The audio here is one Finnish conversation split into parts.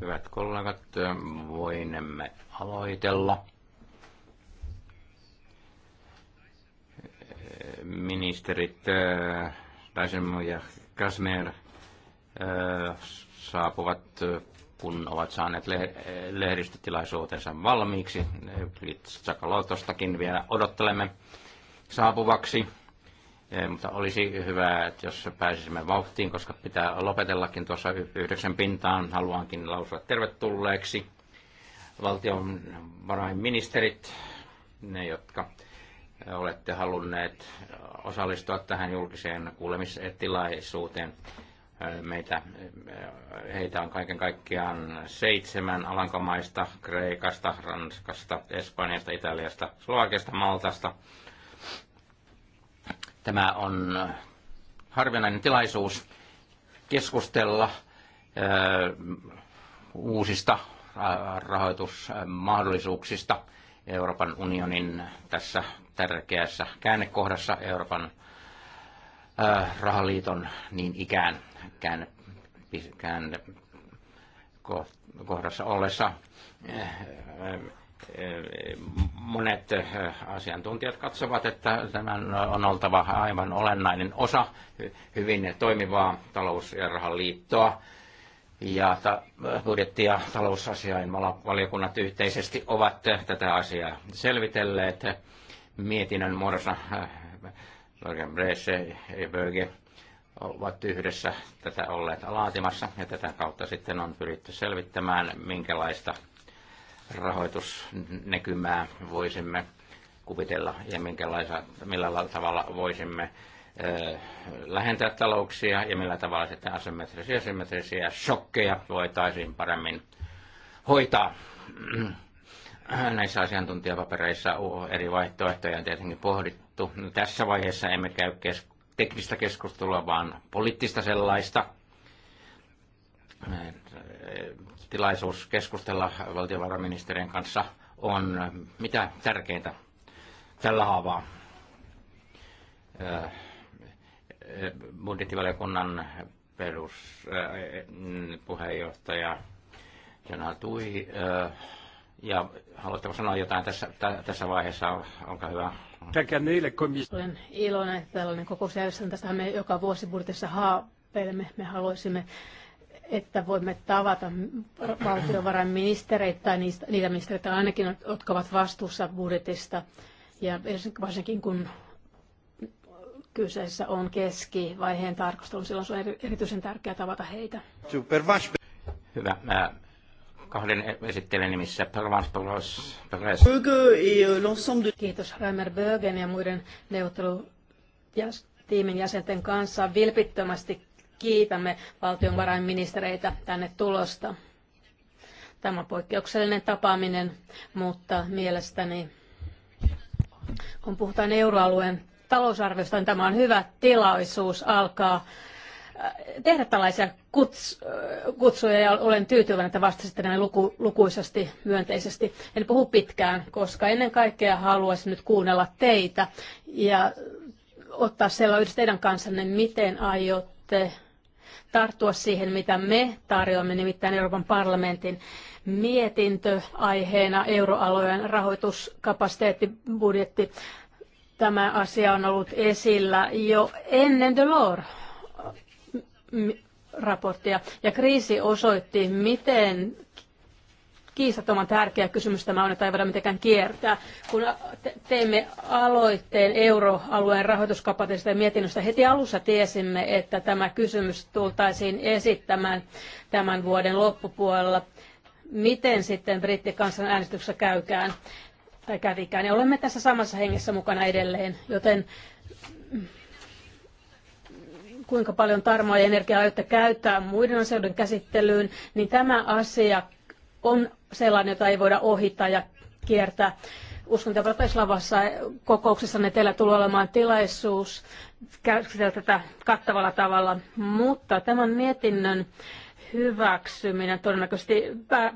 Hyvät kollegat, voinemme aloitella. Ministerit äh, Dajemo ja Kasmer äh, saapuvat, äh, kun ovat saaneet lehdistötilaisuutensa valmiiksi. Sakalotostakin vielä odottelemme saapuvaksi mutta olisi hyvä, että jos pääsisimme vauhtiin, koska pitää lopetellakin tuossa yhdeksän pintaan, haluankin lausua tervetulleeksi varainministerit, ne jotka olette halunneet osallistua tähän julkiseen kuulemistilaisuuteen. Meitä, heitä on kaiken kaikkiaan seitsemän Alankomaista, Kreikasta, Ranskasta, Espanjasta, Italiasta, Slovakiasta, Maltasta – Tämä on äh, harvinainen tilaisuus keskustella äh, uusista äh, rahoitusmahdollisuuksista Euroopan unionin tässä tärkeässä käännekohdassa Euroopan rahaliiton niin ikään käänne, kohdassa ollessa monet eh, asiantuntijat katsovat, että tämän on oltava aivan olennainen osa hyvin toimivaa talous- ja rahaliittoa. Ja ta- budjetti- ja talousasiain valiokunnat yhteisesti ovat eh, tätä asiaa selvitelleet mietinnön muodossa. Eh, Bresse ja Böge ovat yhdessä tätä olleet laatimassa ja tätä kautta sitten on pyritty selvittämään, minkälaista rahoitusnäkymää voisimme kuvitella ja minkälaisa, millä tavalla voisimme lähentää talouksia ja millä tavalla sitten asymmetrisiä ja symmetrisiä shokkeja voitaisiin paremmin hoitaa. Näissä asiantuntijapapereissa eri vaihtoehtoja on tietenkin pohdittu. No, tässä vaiheessa emme käy kes- teknistä keskustelua, vaan poliittista sellaista tilaisuus keskustella valtiovarainministerin kanssa on mitä tärkeintä tällä haavaa. Budjettivaliokunnan peruspuheenjohtaja Jana Tui. Ja haluatteko sanoa jotain tässä, tässä vaiheessa? Olkaa hyvä. Olen iloinen, että tällainen kokous järjestetään. Tästähän me joka vuosi budjetissa haaveilemme. Me haluaisimme että voimme tavata valtiovarainministereitä tai niistä, niitä ministereitä ainakin, jotka ovat vastuussa budjetista. Ja varsinkin kun kyseessä on keskivaiheen tarkastelu, silloin se on erityisen tärkeää tavata heitä. Hyvä. Mä kahden esittelen nimissä Pervans Kiitos Reimer Bögen ja muiden neuvottelu tiimin jäsenten kanssa vilpittömästi kiitämme valtionvarainministereitä tänne tulosta. Tämä on poikkeuksellinen tapaaminen, mutta mielestäni kun puhutaan euroalueen talousarviosta, niin tämä on hyvä tilaisuus alkaa äh, tehdä tällaisia äh, kutsuja ja olen tyytyväinen, että vastasitte näin luku, lukuisasti myönteisesti. En puhu pitkään, koska ennen kaikkea haluaisin nyt kuunnella teitä ja ottaa selvä yhdessä teidän kanssanne, miten aiotte tarttua siihen, mitä me tarjoamme, nimittäin Euroopan parlamentin mietintö aiheena euroalueen rahoituskapasiteetti, budjetti. Tämä asia on ollut esillä jo ennen Delors raporttia. Ja kriisi osoitti, miten kiistattoman tärkeä kysymys tämä on, että ei voida mitenkään kiertää. Kun teimme aloitteen euroalueen rahoituskapasiteetista ja mietinnöstä, heti alussa tiesimme, että tämä kysymys tultaisiin esittämään tämän vuoden loppupuolella. Miten sitten brittikansanäänestyksessä käykään tai kävikään. Ja olemme tässä samassa hengessä mukana edelleen, joten kuinka paljon tarmoa ja energiaa aiotte käyttää muiden asioiden käsittelyyn, niin tämä asia on sellainen, jota ei voida ohittaa ja kiertää. Uskon, että Bratislavassa kokouksessa ne teillä tulee olemaan tilaisuus käsitellä tätä kattavalla tavalla, mutta tämän mietinnön hyväksyminen todennäköisesti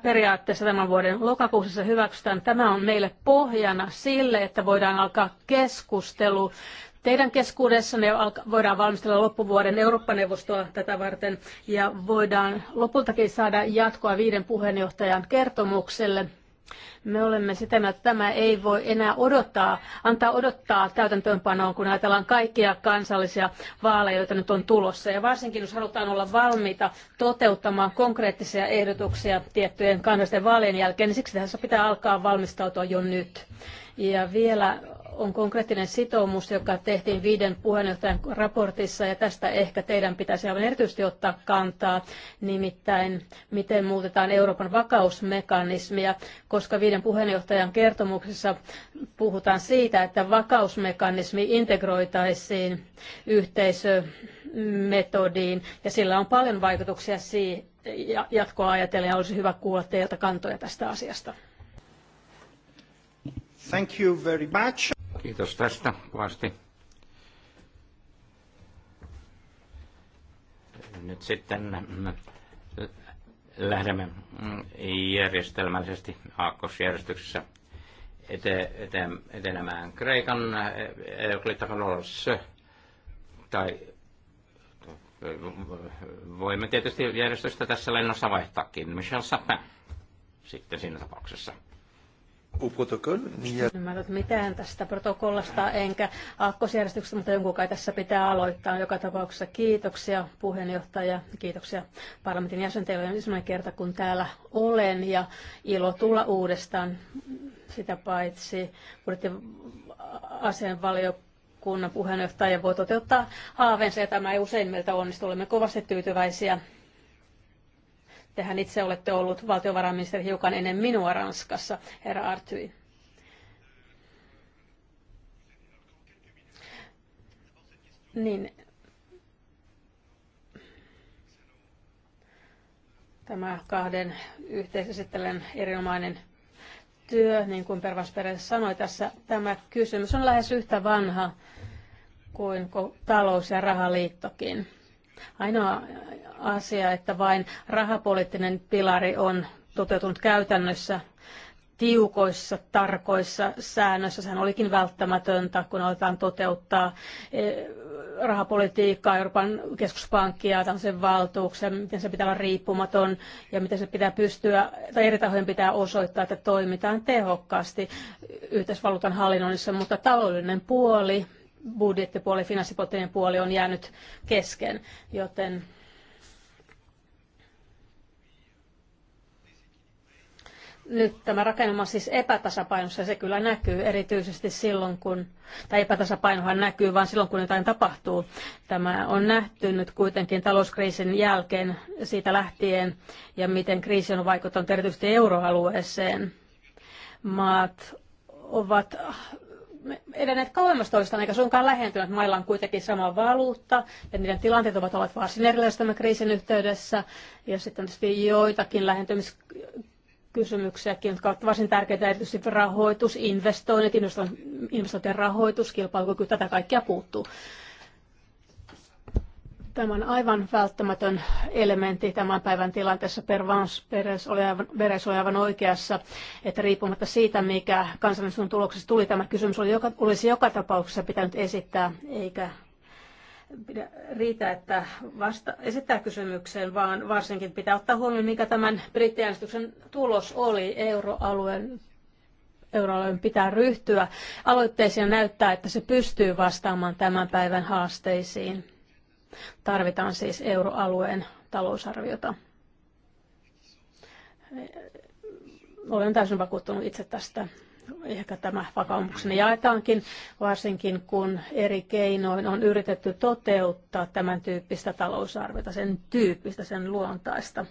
periaatteessa tämän vuoden lokakuussa hyväksytään. Tämä on meille pohjana sille, että voidaan alkaa keskustelu teidän keskuudessanne voidaan valmistella loppuvuoden Eurooppa-neuvostoa tätä varten ja voidaan lopultakin saada jatkoa viiden puheenjohtajan kertomukselle. Me olemme sitä, että tämä ei voi enää odottaa, antaa odottaa täytäntöönpanoon, kun ajatellaan kaikkia kansallisia vaaleja, joita nyt on tulossa. Ja varsinkin, jos halutaan olla valmiita toteuttamaan konkreettisia ehdotuksia tiettyjen kansallisten vaalien jälkeen, niin siksi tässä pitää alkaa valmistautua jo nyt. Ja vielä on konkreettinen sitoumus, joka tehtiin viiden puheenjohtajan raportissa, ja tästä ehkä teidän pitäisi aivan erityisesti ottaa kantaa, nimittäin miten muutetaan Euroopan vakausmekanismia, koska viiden puheenjohtajan kertomuksessa puhutaan siitä, että vakausmekanismi integroitaisiin yhteisömetodiin, ja sillä on paljon vaikutuksia siihen, jatkoa ajatellen, ja olisi hyvä kuulla teiltä kantoja tästä asiasta. Thank you very much. Kiitos tästä kovasti. Nyt sitten mm, lähdemme mm, järjestelmällisesti aakkosjärjestyksessä ete, ete, etenemään Kreikan Euklitakolos eh, eh, tai eh, voimme tietysti järjestystä tässä lennossa vaihtaakin. Michel Sapin sitten siinä tapauksessa. Ymmärrät mitään tästä protokollasta enkä aakkosjärjestyksestä, mutta jonkun kai tässä pitää aloittaa. Joka tapauksessa kiitoksia puheenjohtaja, kiitoksia parlamentin jäsenteille. On ensimmäinen kerta, kun täällä olen ja ilo tulla uudestaan sitä paitsi budjettiasian valiokunnan puheenjohtaja voi toteuttaa haaveensa ja tämä ei usein meiltä onnistu. Olemme kovasti tyytyväisiä Tehän itse olette ollut valtiovarainministeri hiukan ennen minua Ranskassa, herra Artyi. Niin. Tämä kahden yhteisesittelen erinomainen työ, niin kuin Pervas Peres sanoi tässä, tämä kysymys on lähes yhtä vanha kuin talous- ja rahaliittokin. Ainoa asia, että vain rahapoliittinen pilari on toteutunut käytännössä tiukoissa, tarkoissa säännöissä. Sehän olikin välttämätöntä, kun aletaan toteuttaa e, rahapolitiikkaa, Euroopan keskuspankkia, sen valtuuksen, miten se pitää olla riippumaton ja miten se pitää pystyä, tai eri tahojen pitää osoittaa, että toimitaan tehokkaasti yhteisvaluutan hallinnoinnissa, mutta taloudellinen puoli, budjettipuoli, finanssipoliittinen puoli on jäänyt kesken, joten nyt tämä rakennelma on siis epätasapainossa ja se kyllä näkyy erityisesti silloin, kun, tai epätasapainohan näkyy vain silloin, kun jotain tapahtuu. Tämä on nähty nyt kuitenkin talouskriisin jälkeen siitä lähtien ja miten kriisi on vaikuttanut erityisesti euroalueeseen. Maat ovat edenneet kauemmas toistaan, eikä suinkaan lähentyneet. Mailla on kuitenkin sama valuutta, ja niiden tilanteet ovat olleet varsin erilaiset tämän kriisin yhteydessä. Ja sitten tietysti joitakin lähentymiskysymyksiäkin, jotka ovat varsin tärkeitä, erityisesti rahoitus, investoinnit, investointien rahoitus, kilpailukyky, tätä kaikkea puuttuu. Tämä on aivan välttämätön elementti tämän päivän tilanteessa. Pervans oli aivan, Beres oli aivan oikeassa, että riippumatta siitä, mikä kansallisuuden tuloksessa tuli, tämä kysymys oli joka, olisi joka tapauksessa pitänyt esittää, eikä pidä riitä, että vasta, esittää kysymykseen, vaan varsinkin pitää ottaa huomioon, mikä tämän brittiäänestyksen tulos oli euroalueen euroalueen pitää ryhtyä aloitteisiin ja näyttää, että se pystyy vastaamaan tämän päivän haasteisiin Tarvitaan siis euroalueen talousarviota. Olen täysin vakuuttunut itse tästä. Ehkä tämä vakaumukseni jaetaankin, varsinkin kun eri keinoin on yritetty toteuttaa tämän tyyppistä talousarviota, sen tyyppistä, sen luontaista.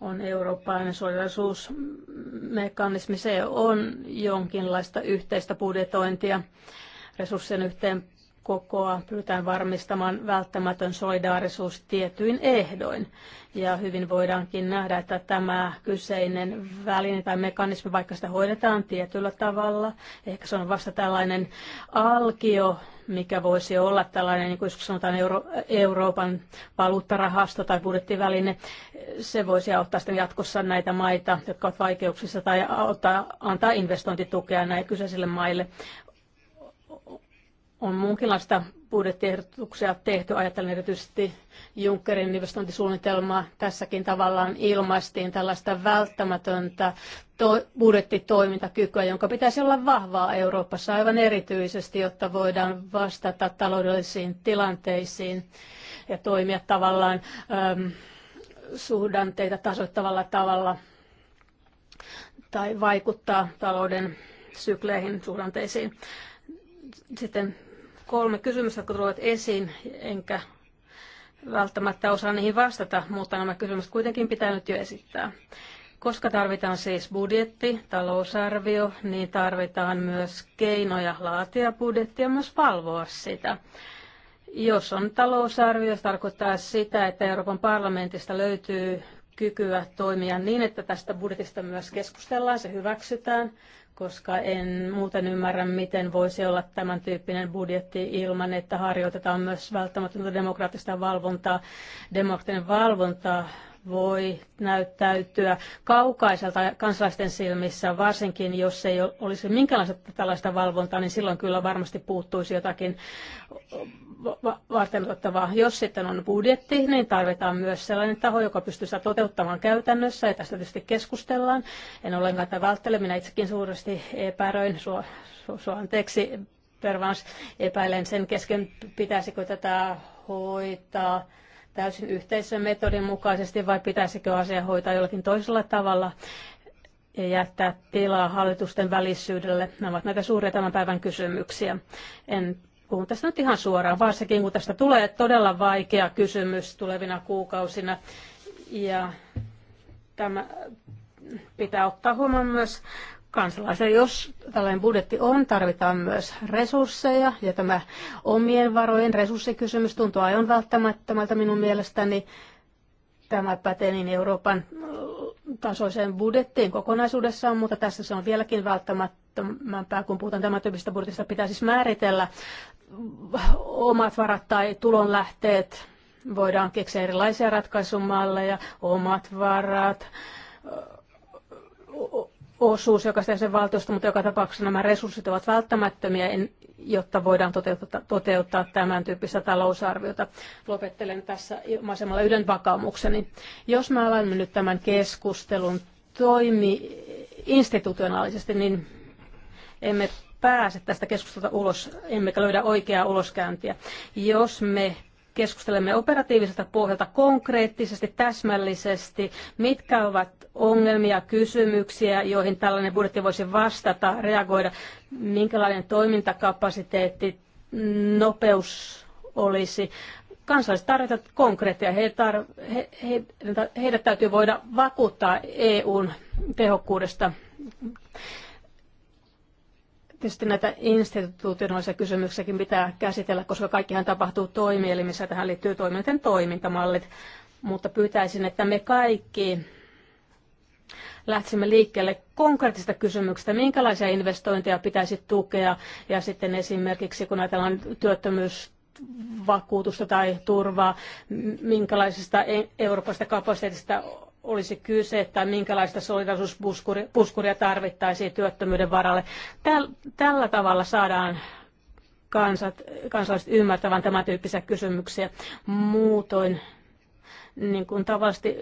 On eurooppalainen solidaisuusmekanismi, se on jonkinlaista yhteistä budjetointia resurssien yhteen kokoa pyritään varmistamaan välttämätön solidaarisuus tietyin ehdoin. Ja hyvin voidaankin nähdä, että tämä kyseinen väline tai mekanismi, vaikka sitä hoidetaan tietyllä tavalla, ehkä se on vasta tällainen alkio, mikä voisi olla tällainen, niin kuin sanotaan, Euro- Euroopan valuuttarahasto tai budjettiväline. Se voisi auttaa sitten jatkossa näitä maita, jotka ovat vaikeuksissa, tai auttaa, antaa investointitukea näille kyseisille maille on muunkinlaista budjettiehdotuksia tehty. Ajattelen erityisesti Junckerin investointisuunnitelmaa. Tässäkin tavallaan ilmaistiin tällaista välttämätöntä to- budjettitoimintakykyä, jonka pitäisi olla vahvaa Euroopassa aivan erityisesti, jotta voidaan vastata taloudellisiin tilanteisiin ja toimia tavallaan ähm, suhdanteita tasoittavalla tavalla tai vaikuttaa talouden sykleihin, suhdanteisiin. Sitten kolme kysymystä, jotka tulevat esiin, enkä välttämättä osaa niihin vastata, mutta nämä kysymykset kuitenkin pitää nyt jo esittää. Koska tarvitaan siis budjetti, talousarvio, niin tarvitaan myös keinoja laatia budjettia ja myös valvoa sitä. Jos on talousarvio, se tarkoittaa sitä, että Euroopan parlamentista löytyy kykyä toimia niin, että tästä budjetista myös keskustellaan, se hyväksytään, koska en muuten ymmärrä, miten voisi olla tämän tyyppinen budjetti ilman, että harjoitetaan myös välttämätöntä demokraattista valvontaa. Demokraattinen valvonta voi näyttäytyä kaukaiselta kansalaisten silmissä, varsinkin jos ei olisi minkäänlaista tällaista valvontaa, niin silloin kyllä varmasti puuttuisi jotakin otettavaa. Jos sitten on budjetti, niin tarvitaan myös sellainen taho, joka pystyy sitä toteuttamaan käytännössä, ja tästä tietysti keskustellaan. En ollenkaan tätä välttele, minä itsekin suuresti epäröin, sua, sua anteeksi, Pervans, epäilen sen kesken, pitäisikö tätä hoitaa täysin yhteisön metodin mukaisesti vai pitäisikö asia hoitaa jollakin toisella tavalla ja jättää tilaa hallitusten välisyydelle? Nämä ovat näitä suuria tämän päivän kysymyksiä. En puhu tästä nyt ihan suoraan, varsinkin kun tästä tulee todella vaikea kysymys tulevina kuukausina. Ja tämä pitää ottaa huomioon myös kansalaisia. Jos tällainen budjetti on, tarvitaan myös resursseja ja tämä omien varojen resurssikysymys tuntuu aivan välttämättömältä minun mielestäni. Tämä pätee niin Euroopan tasoiseen budjettiin kokonaisuudessaan, mutta tässä se on vieläkin välttämättömämpää, kun puhutaan tämän tyyppisestä budjetista, pitää siis määritellä omat varat tai tulonlähteet. Voidaan keksiä erilaisia ratkaisumalleja, omat varat, osuus jokaisesta valtiosta, mutta joka tapauksessa nämä resurssit ovat välttämättömiä, jotta voidaan toteuttaa, toteuttaa tämän tyyppistä talousarviota. Lopettelen tässä ilmaisemalla yhden vakaumukseni. Jos mä alamme nyt tämän keskustelun toimi institutionaalisesti, niin emme pääse tästä keskustelusta ulos, emmekä löydä oikeaa uloskäyntiä. Jos me keskustelemme operatiiviselta pohjalta konkreettisesti, täsmällisesti, mitkä ovat ongelmia, kysymyksiä, joihin tällainen budjetti voisi vastata, reagoida, minkälainen toimintakapasiteetti, nopeus olisi. Kansalaiset tarvitsevat konkreettia. He he, he, heidät täytyy voida vakuuttaa EUn tehokkuudesta Tietysti näitä instituutionaalisia kysymyksiäkin pitää käsitellä, koska kaikkihan tapahtuu toimielimissä. Tähän liittyy toimijoiden toimintamallit. Mutta pyytäisin, että me kaikki lähtisimme liikkeelle konkreettisista kysymyksistä, minkälaisia investointeja pitäisi tukea ja sitten esimerkiksi kun ajatellaan työttömyys vakuutusta tai turvaa, minkälaisista e- Euroopasta kapasiteetista olisi kyse tai minkälaista solidaisuuspuskuria tarvittaisiin työttömyyden varalle. Tällä tavalla saadaan kansat, kansalaiset ymmärtävän tämän tyyppisiä kysymyksiä. Muutoin niin kuin tavallisesti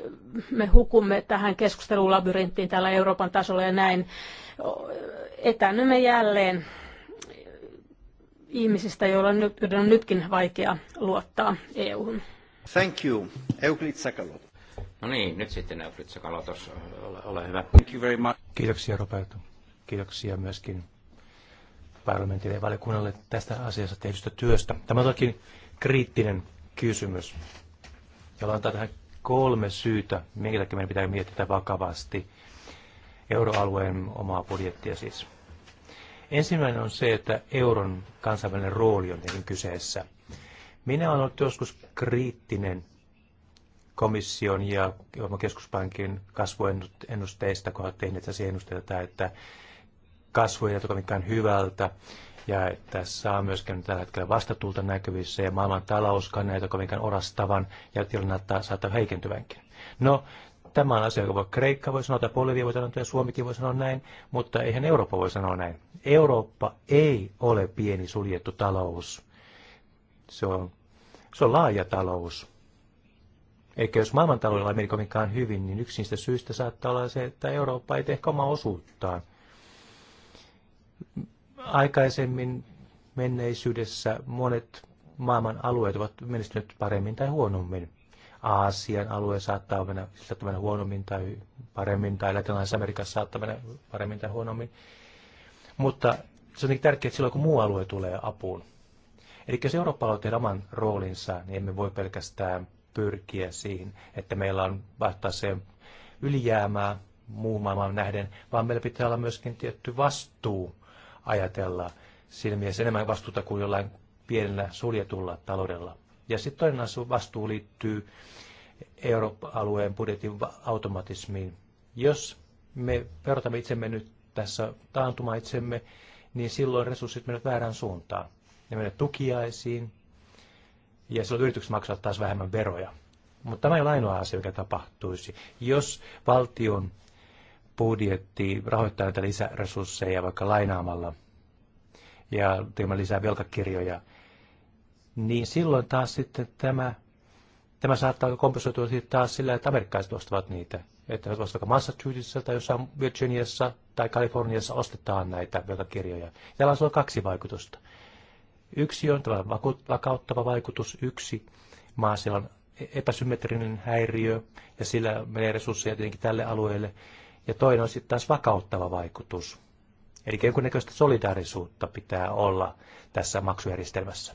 me hukumme tähän keskustelulabyrinttiin täällä Euroopan tasolla ja näin etännymme jälleen ihmisistä, joilla on, nyt, joilla on nytkin vaikea luottaa EU-hun. Thank you. Euclid Sakalot. No niin, nyt sitten ole, ole hyvä. Thank you very much. Kiitoksia Roberto. Kiitoksia myöskin parlamentille ja valiokunnalle tästä asiasta tehdystä työstä. Tämä on toki kriittinen kysymys, jolla antaa tähän kolme syytä, minkä takia meidän pitää miettiä vakavasti euroalueen omaa budjettia siis. Ensimmäinen on se, että euron kansainvälinen rooli on tietenkin kyseessä. Minä olen ollut joskus kriittinen komission ja Euroopan keskuspankin kasvuennusteista, kun ovat tehneet sellaisia ennusteita, että kasvu ei näytä mikään hyvältä ja että saa myöskin tällä hetkellä vastatulta näkyvissä ja maailman talouskaan näytä kovinkaan orastavan ja tilanne saattaa, saattaa heikentyvänkin. No, tämä on asia, joka voi Kreikka voi sanoa, tai Bolivia voi sanoa, ja Suomikin voi sanoa näin, mutta eihän Eurooppa voi sanoa näin. Eurooppa ei ole pieni suljettu talous. Se on, se on laaja talous eikä jos maailmantaloudella ei meni kovinkaan hyvin, niin yksi niistä syistä saattaa olla se, että Eurooppa ei tee omaa osuuttaan. Aikaisemmin menneisyydessä monet maailman alueet ovat menestyneet paremmin tai huonommin. Aasian alue saattaa mennä, saattaa mennä huonommin tai paremmin, tai Latinalaisessa Amerikassa saattaa mennä paremmin tai huonommin. Mutta se on niin tärkeää, että silloin kun muu alue tulee apuun. Eli jos Eurooppa haluaa tehdä oman roolinsa, niin emme voi pelkästään pyrkiä siihen, että meillä on se ylijäämää muun maailman nähden, vaan meillä pitää olla myöskin tietty vastuu ajatella siinä mielessä enemmän vastuuta kuin jollain pienellä suljetulla taloudella. Ja sitten toinen asia, vastuu liittyy alueen budjetin automatismiin. Jos me verotamme itsemme nyt tässä taantuma itsemme, niin silloin resurssit menevät väärään suuntaan. Ne menevät tukiaisiin, ja silloin yritykset maksavat taas vähemmän veroja. Mutta tämä ei ole ainoa asia, mikä tapahtuisi. Jos valtion budjetti rahoittaa näitä lisäresursseja vaikka lainaamalla ja tekemään lisää velkakirjoja, niin silloin taas sitten tämä, tämä saattaa kompensoitua siitä taas sillä, että amerikkalaiset ostavat niitä. Että jos vaikka Massachusettsissa tai jossain Virginiassa tai Kaliforniassa ostetaan näitä velkakirjoja. Täällä on kaksi vaikutusta. Yksi on tämä vakauttava vaikutus, yksi maaseudun epäsymmetrinen häiriö ja sillä menee resursseja tietenkin tälle alueelle. Ja toinen on sitten taas vakauttava vaikutus. Eli jonkunnäköistä solidaarisuutta pitää olla tässä maksujärjestelmässä.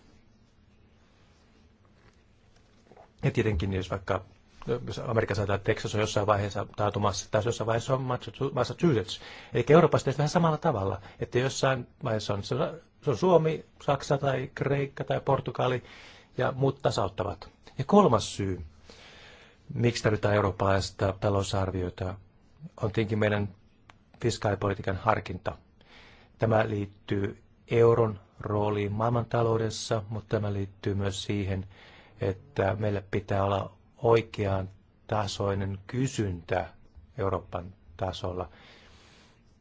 Ja tietenkin, jos vaikka jos Amerikka sanotaan, että Texas on jossain vaiheessa taatumassa, tai jossain vaiheessa on Massachusetts. Eli Euroopassa tehdään vähän samalla tavalla, että jossain vaiheessa on se on Suomi, Saksa tai Kreikka tai Portugali ja muut tasauttavat. Ja kolmas syy, miksi tarvitaan eurooppalaista talousarviota, on tietenkin meidän fiskaalipolitiikan harkinta. Tämä liittyy euron rooliin maailmantaloudessa, mutta tämä liittyy myös siihen, että meillä pitää olla oikean tasoinen kysyntä Euroopan tasolla.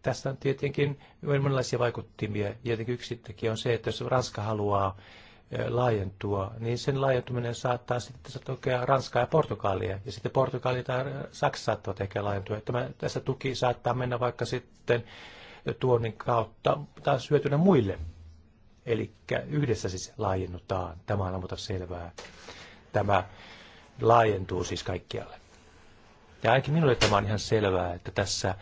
Tässä on tietenkin monenlaisia vaikuttimia. Ja tietenkin yksi tekijä on se, että jos Ranska haluaa laajentua, niin sen laajentuminen saattaa sitten tukea Ranskaa ja Portugalia, ja sitten Portugalia tai Saksa saattaa ehkä laajentua. Tämä, tässä tuki saattaa mennä vaikka sitten tuonnin kautta taas hyötynä muille. Eli yhdessä siis laajennutaan. Tämä on muuta selvää. Tämä laajentuu siis kaikkialle. Ja ainakin minulle tämä on ihan selvää, että tässä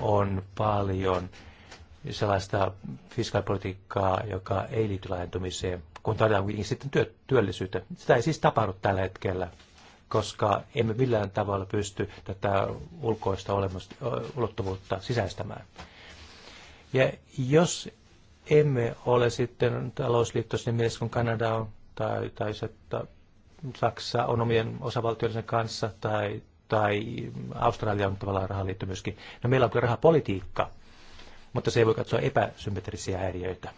on paljon sellaista fiskaalipolitiikkaa, joka ei liity laajentumiseen, kun tarvitaan kuitenkin sitten työ, työllisyyttä. Sitä ei siis tapahdu tällä hetkellä, koska emme millään tavalla pysty tätä ulkoista olemusta, ulottuvuutta sisäistämään. Ja jos emme ole sitten talousliittossa niin mielessä, kun Kanada on, tai, tai Saksa on omien osavaltioiden kanssa, tai tai Australia on tavallaan rahaliitto myöskin. No meillä on kyllä rahapolitiikka, mutta se ei voi katsoa epäsymmetrisiä häiriöitä.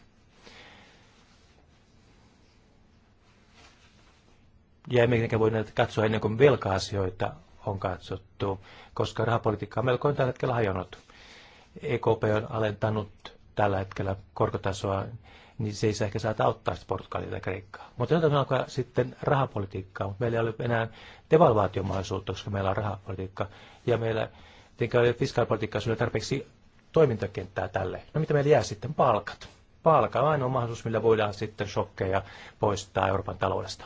Ja emme voi näitä katsoa ennen kuin velka-asioita on katsottu, koska rahapolitiikka on melkoin tällä hetkellä hajonnut. EKP on alentanut tällä hetkellä korkotasoa niin se ei ehkä saata auttaa sitä Portugalia tai Kreikkaa. Mutta nyt on alkaa sitten rahapolitiikkaa, mutta meillä ei ole enää devalvaatiomahdollisuutta, koska meillä on rahapolitiikka. Ja meillä tietenkään ole fiskaalipolitiikkaa, jos tarpeeksi toimintakenttää tälle. No mitä meillä jää sitten? Palkat. Palka on ainoa mahdollisuus, millä voidaan sitten shokkeja poistaa Euroopan taloudesta.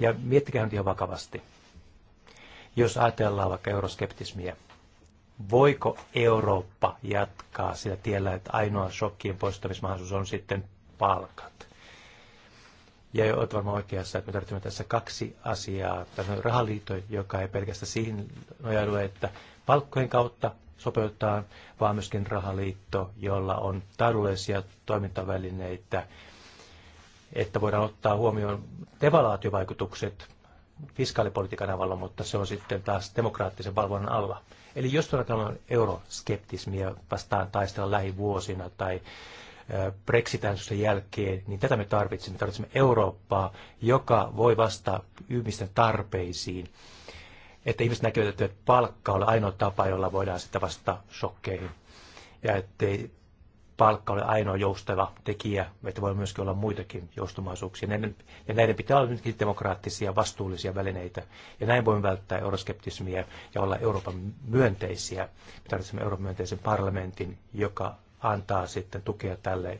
Ja miettikää nyt ihan vakavasti. Jos ajatellaan vaikka euroskeptismiä, voiko Eurooppa jatkaa sillä tiellä, että ainoa shokkien poistamismahdollisuus on sitten palkat. Ja olet varmaan oikeassa, että me tarvitsemme tässä kaksi asiaa. Tässä on rahaliitto, joka ei pelkästään siihen nojaudu, että palkkojen kautta sopeutetaan, vaan myöskin rahaliitto, jolla on taloudellisia toimintavälineitä, että voidaan ottaa huomioon devalaatiovaikutukset fiskaalipolitiikan avalla, mutta se on sitten taas demokraattisen valvonnan alla. Eli jos todellakin on euroskeptismiä vastaan taistella lähivuosina tai brexit jälkeen, niin tätä me tarvitsemme. Me tarvitsemme Eurooppaa, joka voi vastata ihmisten tarpeisiin. Että ihmiset näkevät, että palkka on ainoa tapa, jolla voidaan sitä vastata shokkeihin. Ja ettei palkka ole ainoa joustava tekijä, että voi myöskin olla muitakin joustomaisuuksia. Ja näiden pitää olla myöskin demokraattisia, vastuullisia välineitä. Ja näin voimme välttää euroskeptismiä ja olla Euroopan myönteisiä. Me tarvitsemme Euroopan myönteisen parlamentin, joka antaa sitten tukea tälle,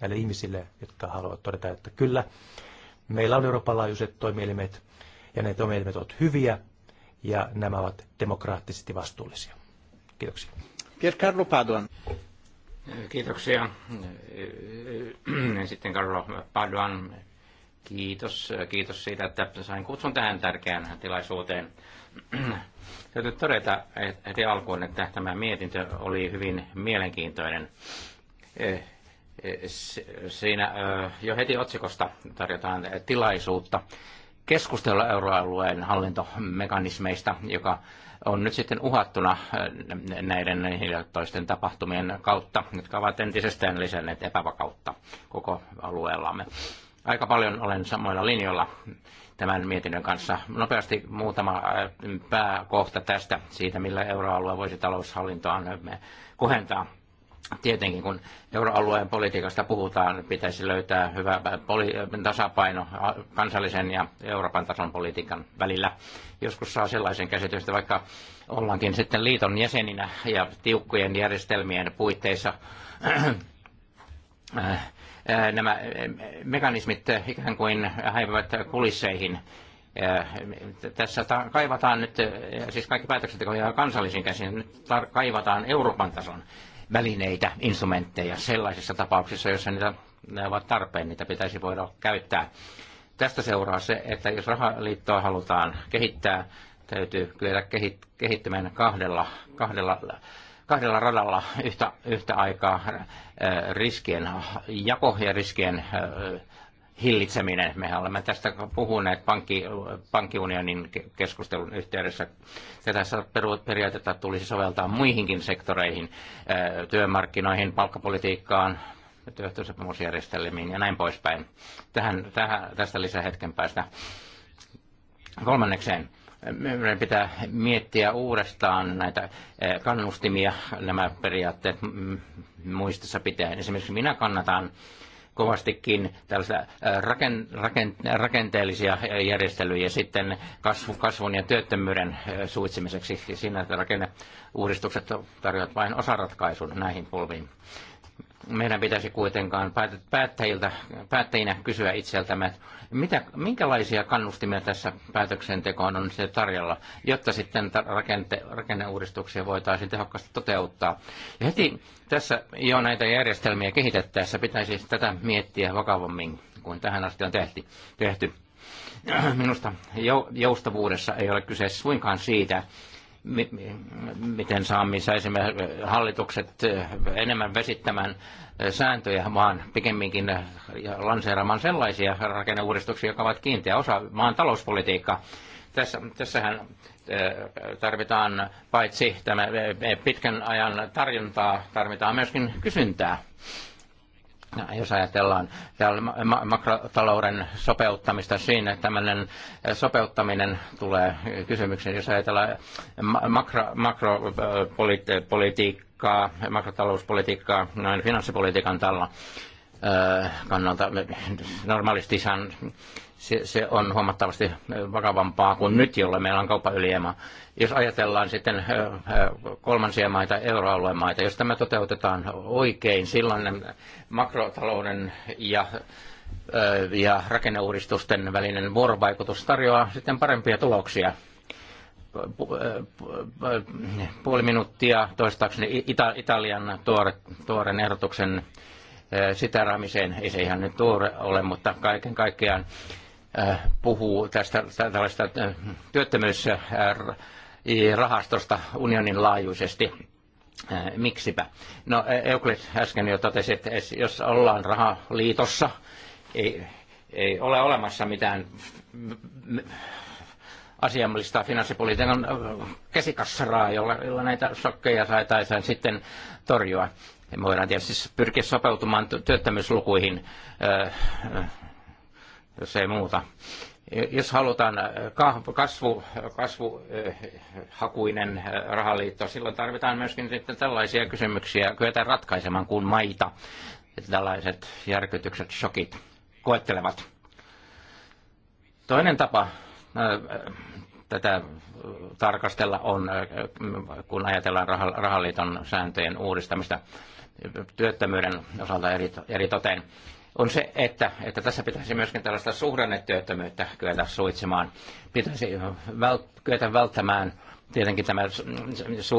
näille ihmisille, jotka haluavat todeta, että kyllä, meillä on Euroopan laajuiset toimielimet, ja ne toimielimet ovat hyviä, ja nämä ovat demokraattisesti vastuullisia. Kiitoksia. Carlo Paduan. Kiitoksia. Sitten Carlo Paduan, kiitos, kiitos siitä, että sain kutsun tähän tärkeään tilaisuuteen. Täytyy todeta heti alkuun, että tämä mietintö oli hyvin mielenkiintoinen. Siinä jo heti otsikosta tarjotaan tilaisuutta keskustella euroalueen hallintomekanismeista, joka on nyt sitten uhattuna äh, näiden hiljattoisten tapahtumien kautta, jotka ovat entisestään lisänneet epävakautta koko alueellamme. Aika paljon olen samoilla linjoilla tämän mietinnön kanssa. Nopeasti muutama äh, pääkohta tästä, siitä millä euroalue voisi taloushallintoa kohentaa Tietenkin kun euroalueen politiikasta puhutaan, pitäisi löytää hyvä tasapaino kansallisen ja Euroopan tason politiikan välillä. Joskus saa sellaisen käsityksen, vaikka ollaankin sitten liiton jäseninä ja tiukkojen järjestelmien puitteissa nämä mekanismit ikään kuin häivävät kulisseihin. Tässä kaivataan nyt, siis kaikki päätöksenteko ja kansallisiin käsin, nyt kaivataan Euroopan tason välineitä, instrumentteja sellaisissa tapauksissa, joissa niitä, ne ovat tarpeen, niitä pitäisi voida käyttää. Tästä seuraa se, että jos rahaliittoa halutaan kehittää, täytyy kyetä kehit, kahdella, kahdella, kahdella radalla yhtä, yhtä aikaa äh, riskien jako ja riskien äh, hillitseminen. Mehän olemme tästä puhuneet pankki, pankkiunionin keskustelun yhteydessä. Tätä periaatetta tulisi soveltaa muihinkin sektoreihin, työmarkkinoihin, palkkapolitiikkaan, työehtosopimusjärjestelmiin ja näin poispäin. Tähän, tähän, tästä lisää hetken päästä. Kolmannekseen, meidän pitää miettiä uudestaan näitä kannustimia, nämä periaatteet muistissa pitää. Esimerkiksi minä kannatan kovastikin tällaisia rakenteellisia järjestelyjä sitten kasvu, kasvun ja työttömyyden suitsimiseksi. Siinä rakenneuudistukset tarjoavat vain osaratkaisun näihin polviin. Meidän pitäisi kuitenkaan päättäjiltä, päättäjinä kysyä itseltämme, mitä, minkälaisia kannustimia tässä päätöksentekoon on se tarjolla, jotta sitten rakente, rakenneuudistuksia voitaisiin tehokkaasti toteuttaa? Ja heti tässä jo näitä järjestelmiä kehitettäessä pitäisi tätä miettiä vakavammin kuin tähän asti on tehty. tehty. Minusta joustavuudessa ei ole kyse suinkaan siitä, miten saamme, saisimme hallitukset eh, enemmän vesittämään eh, sääntöjä, vaan pikemminkin eh, lanseeraamaan sellaisia rakenneuudistuksia, jotka ovat kiinteä osa maan talouspolitiikkaa. Tässä, tässähän tarvitaan paitsi tämä pitkän ajan tarjontaa, tarvitaan myöskin kysyntää. No, jos ajatellaan makrotalouden sopeuttamista siinä, tämmöinen sopeuttaminen tulee kysymykseen, jos ajatellaan makro, makropolitiikkaa, makrotalouspolitiikkaa noin finanssipolitiikan tällä kannalta normaalistihan se, se on huomattavasti äh, vakavampaa kuin nyt, jolla meillä on kauppaylijäämä. Jos ajatellaan sitten äh, äh, kolmansia maita, euroalueen maita, jos tämä toteutetaan oikein, silloin makrotalouden ja ja rakenneuudistusten välinen vuorovaikutus tarjoaa sitten parempia tuloksia. Puoli minuuttia toistaakseni Ita- Italian tuore, tuoren ehdotuksen raamiseen. Ei se ihan nyt tuore ole, mutta kaiken kaikkiaan Äh, puhuu tästä tällaista äh, työttömyysrahastosta äh, unionin laajuisesti. Miksipä? No Euclid äsken jo totesi, että jos ollaan rahaliitossa, ei, ei ole olemassa mitään asiallista finanssipolitiikan käsikassaraa, jolla, jolla näitä sokkeja saataisiin sitten torjua. Me voidaan tietysti pyrkiä sopeutumaan työttömyyslukuihin jos ei muuta. Jos halutaan äh, kasvu, kasvuhakuinen äh, äh, rahaliitto, silloin tarvitaan myöskin sitten tällaisia kysymyksiä kyetään ratkaisemaan kuin maita, että tällaiset järkytykset, shokit koettelevat. Toinen tapa tätä tarkastella on, kun ajatellaan rahaliiton sääntöjen uudistamista työttömyyden osalta eri, eri toteen on se, että, että tässä pitäisi myöskin tällaista suhdannetyöttömyyttä kyetä suitsimaan. Pitäisi vält, kyetä välttämään tietenkin tämä,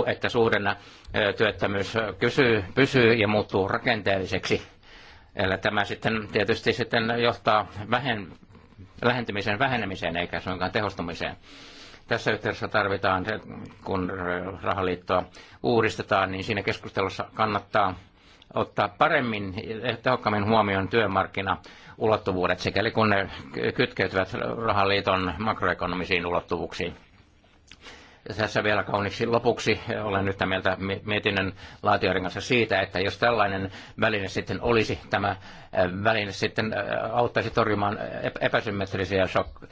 että suhdannetyöttömyys kysyy, pysyy ja muuttuu rakenteelliseksi. Eli tämä sitten tietysti sitten johtaa vähen, lähentymisen vähenemiseen eikä suinkaan tehostumiseen. Tässä yhteydessä tarvitaan, kun rahaliittoa uudistetaan, niin siinä keskustelussa kannattaa ottaa paremmin tehokkaammin huomioon ulottuvuudet, sikäli kun ne kytkeytyvät rahaliiton makroekonomisiin ulottuvuuksiin. Ja tässä vielä kauniksi lopuksi olen nyt mieltä mietinnön laatioiden kanssa siitä, että jos tällainen väline sitten olisi, tämä äh, väline sitten äh, auttaisi torjumaan epäsymmetrisiä shok-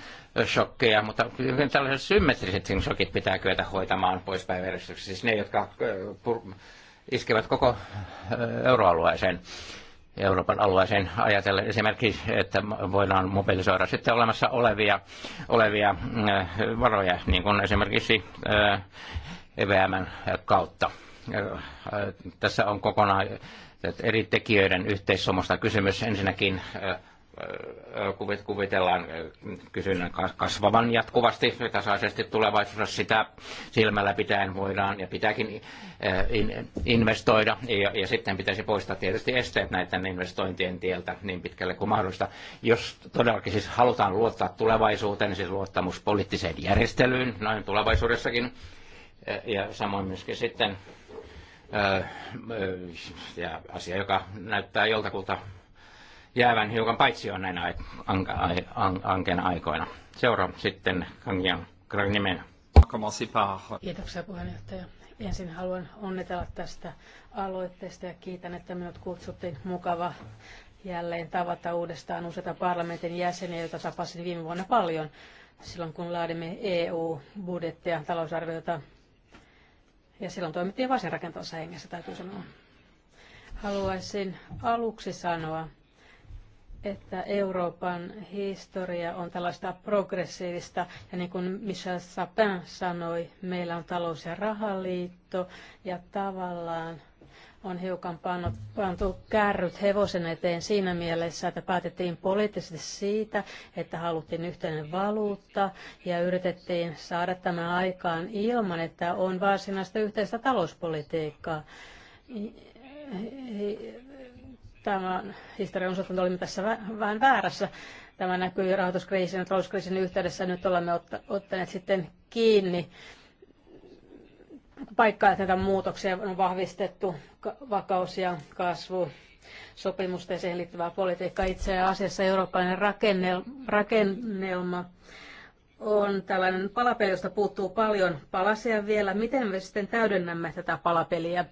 shokkeja, mutta tällaiset symmetriset shokit pitää kyetä hoitamaan pois päiväjärjestyksessä, siis ne, jotka äh, iskevät koko äh, euroalueeseen. Euroopan alueeseen ajatellen esimerkiksi, että voidaan mobilisoida sitten olemassa olevia, olevia äh, varoja, niin kuin esimerkiksi äh, EVM kautta. Tässä on kokonaan eri tekijöiden yhteissomusta kysymys. Ensinnäkin kuvitellaan kysynnän kasvavan jatkuvasti tasaisesti tulevaisuudessa sitä silmällä pitäen voidaan ja pitääkin investoida ja, ja sitten pitäisi poistaa tietysti esteet näiden investointien tieltä niin pitkälle kuin mahdollista. Jos todellakin siis halutaan luottaa tulevaisuuteen, siis luottamus poliittiseen järjestelyyn, noin tulevaisuudessakin, ja samoin myöskin sitten ja asia, joka näyttää joltakulta jäävän hiukan paitsi on näinä ankeina an, an, an, aikoina. Seuraa sitten Kangian Kragnimen. Kiitoksia puheenjohtaja. Ensin haluan onnitella tästä aloitteesta ja kiitän, että minut kutsuttiin. Mukava jälleen tavata uudestaan useita parlamentin jäseniä, joita tapasin viime vuonna paljon silloin, kun laadimme EU-budjettia, talousarviota. Ja silloin toimittiin vasenrakentavassa hengessä, täytyy sanoa. Haluaisin aluksi sanoa, että Euroopan historia on tällaista progressiivista, ja niin kuin Michel Sapin sanoi, meillä on talous- ja rahaliitto, ja tavallaan on hiukan pannut, pantu kärryt hevosen eteen siinä mielessä, että päätettiin poliittisesti siitä, että haluttiin yhteinen valuutta ja yritettiin saada tämä aikaan ilman, että on varsinaista yhteistä talouspolitiikkaa tämän historian osalta olimme tässä vähän väärässä. Tämä näkyy rahoituskriisin ja talouskriisin yhteydessä. Nyt olemme ottaneet sitten kiinni paikkaa tätä muutoksia on vahvistettu vakaus- ja kasvu sopimusta ja siihen liittyvää politiikkaa. Itse asiassa eurooppalainen rakennelma on tällainen palapeli, josta puuttuu paljon palasia vielä. Miten me sitten täydennämme tätä palapeliä?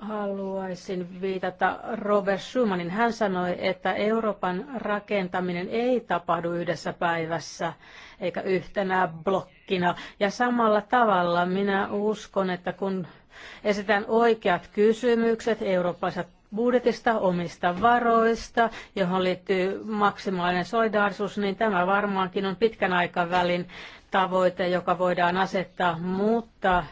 Haluaisin viitata Robert Schumannin. Hän sanoi, että Euroopan rakentaminen ei tapahdu yhdessä päivässä eikä yhtenä blokkina. Ja samalla tavalla minä uskon, että kun esitän oikeat kysymykset eurooppalaisesta budjetista, omista varoista, johon liittyy maksimaalinen solidaarisuus, niin tämä varmaankin on pitkän aikavälin tavoite, joka voidaan asettaa, mutta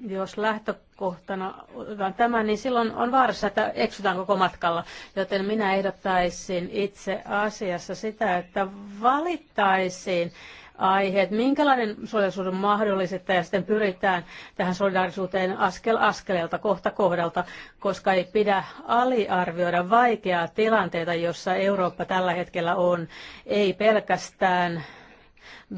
jos lähtö kohtana otetaan tämä, niin silloin on vaarassa, että eksytään koko matkalla. Joten minä ehdottaisin itse asiassa sitä, että valittaisiin aiheet, minkälainen solidaarisuus on mahdollista ja sitten pyritään tähän solidaarisuuteen askel askeleelta, kohta kohdalta, koska ei pidä aliarvioida vaikeaa tilanteita, jossa Eurooppa tällä hetkellä on, ei pelkästään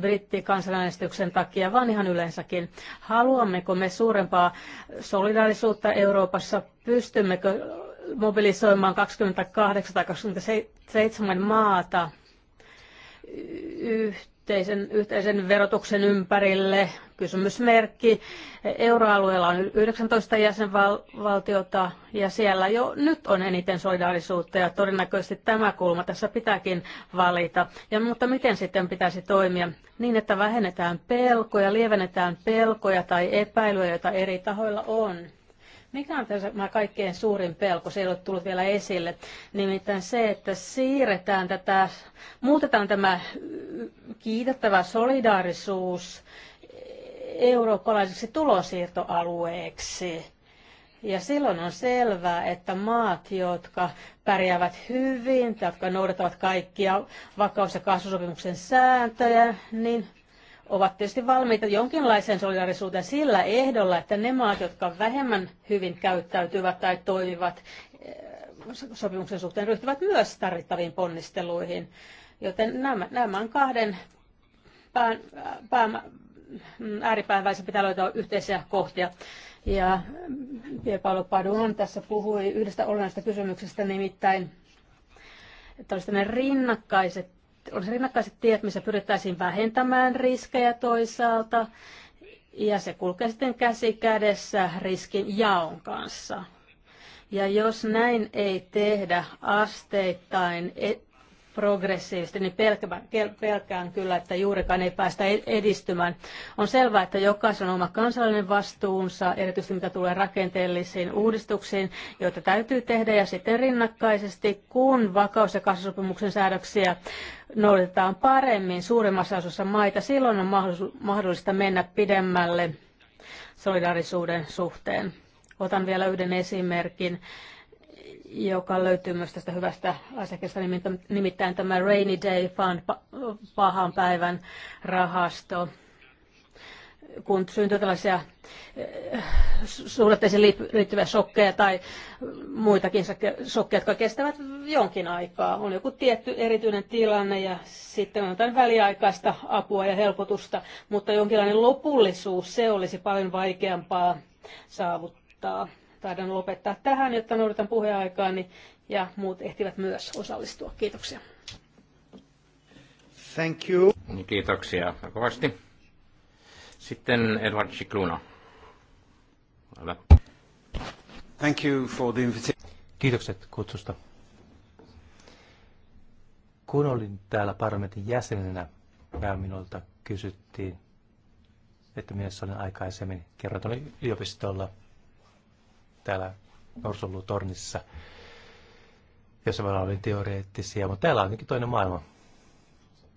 brittikansanäänestyksen takia, vaan ihan yleensäkin. Haluammeko me suurempaa solidaarisuutta Euroopassa? Pystymmekö mobilisoimaan 28 tai 27 maata yhteen? yhteisen, yhteisen verotuksen ympärille. Kysymysmerkki. Euroalueella on 19 jäsenvaltiota ja siellä jo nyt on eniten solidaarisuutta ja todennäköisesti tämä kulma tässä pitääkin valita. Ja, mutta miten sitten pitäisi toimia? Niin, että vähennetään pelkoja, lievennetään pelkoja tai epäilyjä, joita eri tahoilla on mikä on tämä kaikkein suurin pelko? Se ei ole tullut vielä esille. Nimittäin se, että siirretään tätä, muutetaan tämä kiitettävä solidaarisuus eurooppalaiseksi tulosiirtoalueeksi. Ja silloin on selvää, että maat, jotka pärjäävät hyvin, jotka noudattavat kaikkia vakaus- ja kasvusopimuksen sääntöjä, niin ovat tietysti valmiita jonkinlaiseen solidarisuuteen sillä ehdolla, että ne maat, jotka vähemmän hyvin käyttäytyvät tai toimivat eh, sopimuksen suhteen, ryhtyvät myös tarvittaviin ponnisteluihin. Joten nämä, nämä on kahden pään, pään, ääripään välissä pitää löytää yhteisiä kohtia. Ja Pierpaolo Paduan tässä puhui yhdestä olennaisesta kysymyksestä, nimittäin että ne rinnakkaiset olisi rinnakkaiset tiet, missä pyrittäisiin vähentämään riskejä toisaalta, ja se kulkee sitten käsi kädessä riskin jaon kanssa. Ja jos näin ei tehdä asteittain progressiivisesti, niin pelkään, pelkään kyllä, että juurikaan ei päästä edistymään. On selvää, että jokaisen on oma kansallinen vastuunsa, erityisesti mitä tulee rakenteellisiin uudistuksiin, joita täytyy tehdä, ja sitten rinnakkaisesti, kun vakaus- ja kasvusopimuksen säädöksiä noudatetaan paremmin suurimmassa osassa maita, silloin on mahdollista mennä pidemmälle solidaarisuuden suhteen. Otan vielä yhden esimerkin joka löytyy myös tästä hyvästä asiakirjasta, nimittäin tämä Rainy Day Fund, pahan päivän rahasto. Kun syntyy tällaisia eh, suhdatteisiin liittyviä shokkeja tai muitakin shokkeja, jotka kestävät jonkin aikaa. On joku tietty erityinen tilanne ja sitten on jotain väliaikaista apua ja helpotusta, mutta jonkinlainen lopullisuus, se olisi paljon vaikeampaa saavuttaa taidan lopettaa tähän, jotta noudatan puheaikaani ja muut ehtivät myös osallistua. Kiitoksia. Thank you. Niin, kiitoksia kovasti. Sitten Edward Cicluna. Thank you for the invitation. Kiitokset kutsusta. Kun olin täällä parlamentin jäsenenä, minulta kysyttiin, että minä olin aikaisemmin, kerran yliopistolla – täällä tornissa, jossa meillä oli teoreettisia, mutta täällä on jotenkin toinen maailma.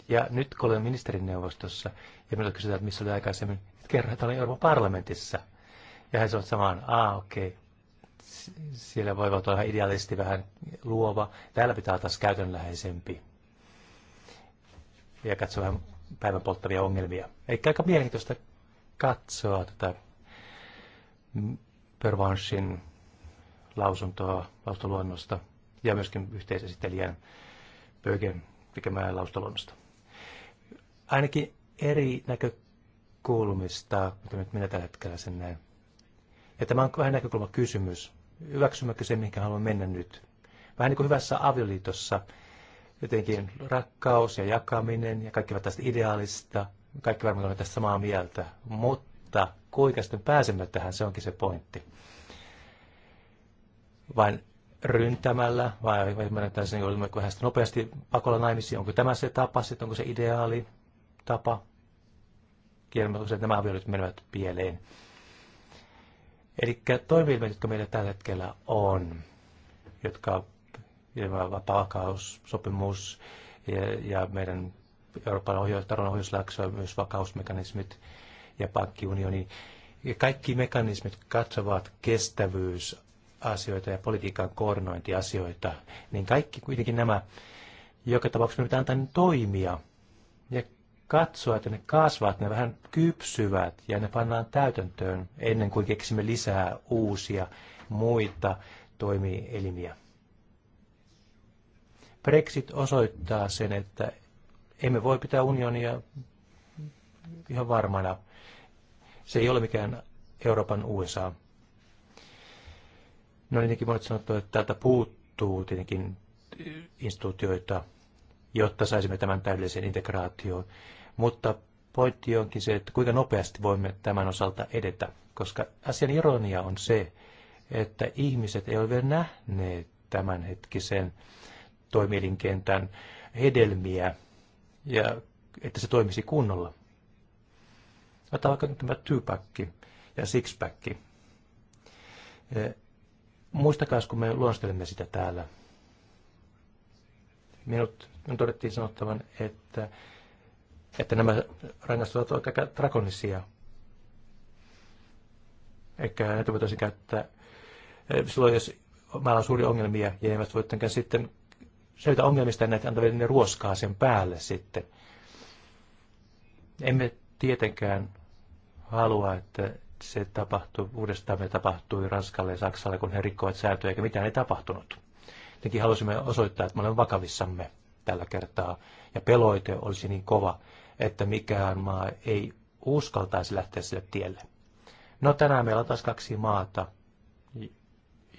Ja nyt kun olen ministerineuvostossa, ja minulta kysytään, että missä oli aikaisemmin, että kerran, että olin Euroopan parlamentissa. Ja hän sanoi samaan, aa okei, okay. siellä voi olla ihan idealisti, vähän luova. Täällä pitää olla taas käytönläheisempi. Ja katsoa vähän päivän polttavia ongelmia. Eli aika mielenkiintoista katsoa tätä Pervanssin lausuntoa, lausuntoluonnosta ja myöskin yhteisesittelijän Pöyken tekemää lausuntoluonnosta. Ainakin eri näkökulmista, mitä nyt minä tällä hetkellä sen näen. Ja tämä on vähän näkökulma kysymys. Hyväksymmekö se, mihin haluan mennä nyt? Vähän niin kuin hyvässä avioliitossa, jotenkin rakkaus ja jakaminen ja kaikki ovat tästä ideaalista, kaikki varmaan ovat tästä samaa mieltä, mutta mutta kuinka sitten pääsemme tähän, se onkin se pointti. Vain ryntämällä vai, vai ymmärretään sen, olemmeko hän sitten nopeasti pakolla naimisiin, onko tämä se tapa sitten, onko se ideaali tapa, kielmätkö se, että nämä avioliitot menevät pieleen. Eli toimielimet, jotka meillä tällä hetkellä on, jotka vapaakaussopimus ja, ja meidän Euroopan ohjaus, ohjausjakso ja myös vakausmekanismit, ja pankkiunioni. Ja kaikki mekanismit katsovat kestävyysasioita ja politiikan koordinointiasioita, niin kaikki kuitenkin nämä joka tapauksessa me pitää antaa toimia ja katsoa, että ne kasvavat, ne vähän kypsyvät ja ne pannaan täytäntöön ennen kuin keksimme lisää uusia muita toimielimiä. Brexit osoittaa sen, että emme voi pitää unionia ihan varmana se ei ole mikään Euroopan USA. No niinkin monet sanottu, että täältä puuttuu tietenkin instituutioita, jotta saisimme tämän täydellisen integraation. Mutta pointti onkin se, että kuinka nopeasti voimme tämän osalta edetä, koska asian ironia on se, että ihmiset ei ole vielä nähneet tämänhetkisen toimielinkentän hedelmiä ja että se toimisi kunnolla. Mä vaikka nyt tämä two-pack ja six-pack. E, Muistakaa, kun me luonnostelemme sitä täällä. Minut, minun todettiin sanottavan, että, että nämä rangaistukset ovat aika drakonisia. Eikä näitä voitaisiin käyttää e, silloin, jos meillä on suuria ongelmia ja niin ne eivät voi sitten selvitä ongelmista ja näitä antaa ne ruoskaa sen päälle sitten. Emme tietenkään halua, että se tapahtui, uudestaan me tapahtui Ranskalle ja Saksalle, kun he rikkoivat sääntöjä, eikä mitään ei tapahtunut. Tietenkin halusimme osoittaa, että me olemme vakavissamme tällä kertaa, ja peloite olisi niin kova, että mikään maa ei uskaltaisi lähteä sille tielle. No tänään meillä on taas kaksi maata,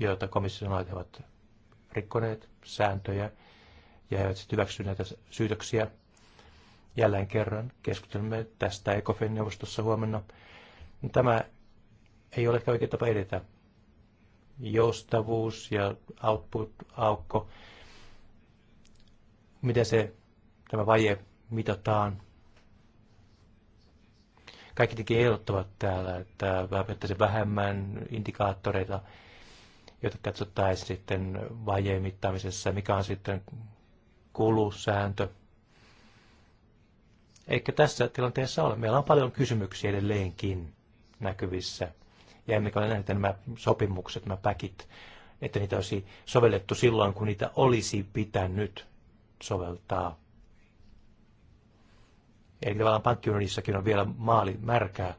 joita komissio ovat rikkoneet sääntöjä ja eivät sitten hyväksy näitä syytöksiä. Jälleen kerran keskustelemme tästä ECOFIN neuvostossa huomenna. Niin tämä ei ole ehkä oikea tapa edetä. Joustavuus ja output-aukko, miten se, tämä vaje mitataan. Kaikki teki ehdottavat täällä, että vähän vähemmän indikaattoreita, joita katsottaisiin sitten vajeen mittaamisessa, mikä on sitten kulusääntö – eikä tässä tilanteessa ole. Meillä on paljon kysymyksiä edelleenkin näkyvissä. Ja emmekä ole nähneet nämä sopimukset, nämä päkit, että niitä olisi sovellettu silloin, kun niitä olisi pitänyt soveltaa. Eli tavallaan pankkiunionissakin on vielä maali märkää,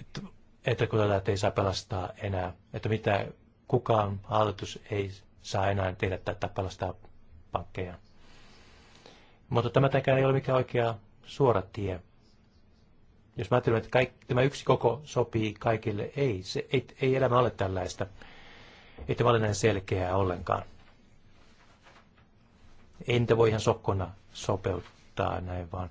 että, että kun tätä ei saa pelastaa enää, että mitä kukaan hallitus ei saa enää tehdä tätä pelastaa pankkeja. Mutta tämäkään ei ole mikään oikea suora tie. Jos mä ajattelen, että kaikki, tämä yksi koko sopii kaikille, ei, se, ei, ei elämä ole tällaista. Ei tämä ole näin selkeää ollenkaan. Entä voi ihan sokkona sopeuttaa näin vaan.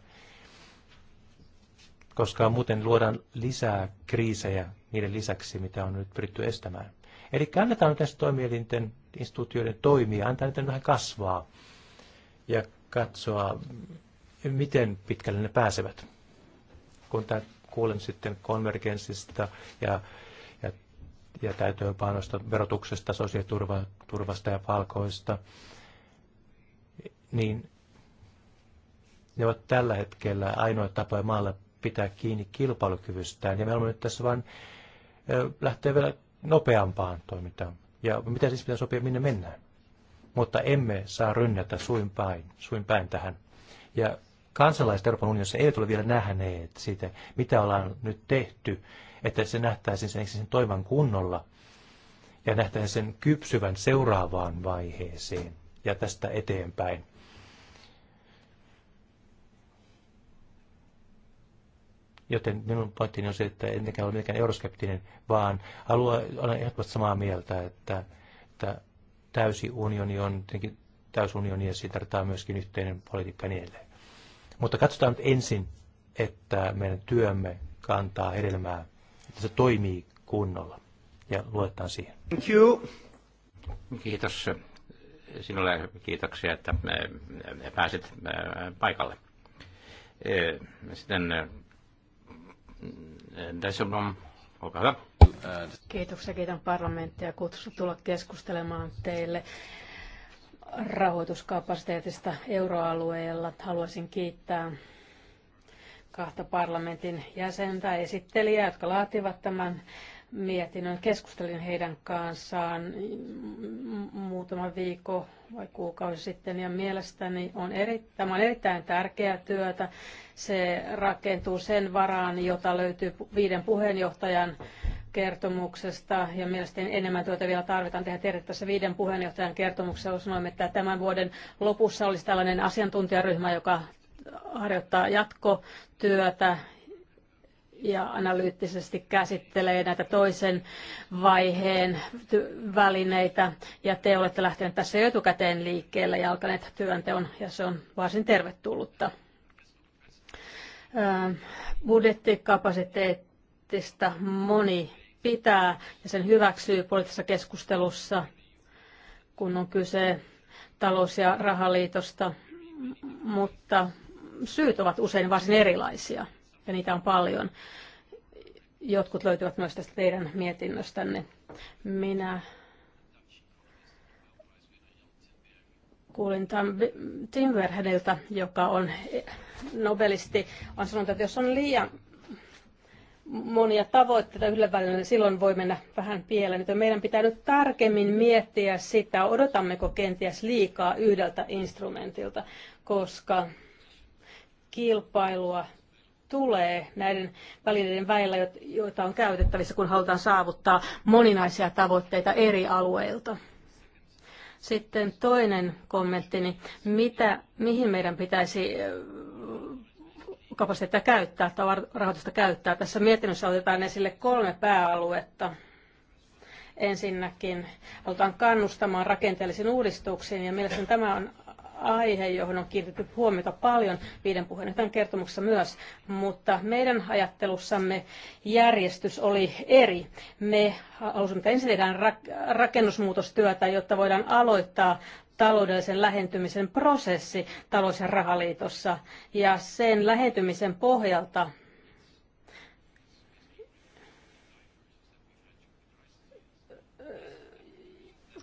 Koska muuten luodaan lisää kriisejä niiden lisäksi, mitä on nyt pyritty estämään. Eli annetaan nyt näistä toimielinten instituutioiden toimia, antaa niiden vähän kasvaa ja katsoa, miten pitkälle ne pääsevät. Kun kuulen sitten konvergenssista ja, ja, ja täytöönpanosta, verotuksesta, sosiaaliturvasta ja palkoista, niin ne ovat tällä hetkellä ainoa tapa maalla pitää kiinni kilpailukyvystään. Ja me olemme nyt tässä vain lähteä vielä nopeampaan toimintaan. Ja mitä siis pitää sopia, minne mennään? mutta emme saa rynnätä suin päin, suin päin tähän. Ja kansalaiset Euroopan unionissa eivät ole vielä nähneet siitä, mitä ollaan nyt tehty, että se nähtäisiin sen, sen toivan kunnolla ja nähtäisiin sen kypsyvän seuraavaan vaiheeseen ja tästä eteenpäin. Joten minun pointtini on se, että en ole mitenkään euroskeptinen, vaan haluan, olen ehdottomasti samaa mieltä, että, että täysi unioni on tietenkin unioni ja siitä tarvitaan myöskin yhteinen politiikka ja niin edelleen. Mutta katsotaan nyt ensin, että meidän työmme kantaa hedelmää, että se toimii kunnolla ja luetaan siihen. Thank you. Kiitos sinulle kiitoksia, että eh, eh, pääsit eh, paikalle. Sitten on, olkaa hyvä. Kiitoksia, kiitän parlamenttia kutsusta tulla keskustelemaan teille rahoituskapasiteetista euroalueella. Haluaisin kiittää kahta parlamentin jäsentä, esittelijää, jotka laativat tämän mietinnön. Keskustelin heidän kanssaan muutama viikko vai kuukausi sitten ja mielestäni on eri, tämä on erittäin tärkeää työtä. Se rakentuu sen varaan, jota löytyy viiden puheenjohtajan kertomuksesta ja mielestäni enemmän työtä tuota vielä tarvitaan tehdä. tiedä tässä viiden puheenjohtajan kertomuksessa sanoimme, että tämän vuoden lopussa olisi tällainen asiantuntijaryhmä, joka harjoittaa jatkotyötä ja analyyttisesti käsittelee näitä toisen vaiheen välineitä. Ja te olette lähteneet tässä jo etukäteen liikkeelle ja alkaneet työnteon, ja se on varsin tervetullutta. Öö, budjettikapasiteettista moni pitää ja sen hyväksyy poliittisessa keskustelussa, kun on kyse talous- ja rahaliitosta, mutta syyt ovat usein varsin erilaisia ja niitä on paljon. Jotkut löytyvät myös tästä teidän mietinnöstänne. Minä kuulin Tim Verhedeltä, joka on e- nobelisti, on sanonut, että jos on liian monia tavoitteita yhdellä välillä, niin silloin voi mennä vähän pieleen. Joten meidän pitää nyt tarkemmin miettiä sitä, odotammeko kenties liikaa yhdeltä instrumentilta, koska kilpailua tulee näiden välineiden väillä, joita on käytettävissä, kun halutaan saavuttaa moninaisia tavoitteita eri alueilta. Sitten toinen kommentti, niin mitä, mihin meidän pitäisi kapasiteettia käyttää tai rahoitusta käyttää. Tässä mietinnössä otetaan esille kolme pääaluetta. Ensinnäkin halutaan kannustamaan rakenteellisiin uudistuksiin ja mielestäni tämä on aihe, johon on kiinnitetty huomiota paljon viiden puheenjohtajan kertomuksessa myös, mutta meidän ajattelussamme järjestys oli eri. Me halusimme, että ensin tehdään rakennusmuutostyötä, jotta voidaan aloittaa taloudellisen lähentymisen prosessi talous- ja rahaliitossa. Ja sen lähentymisen pohjalta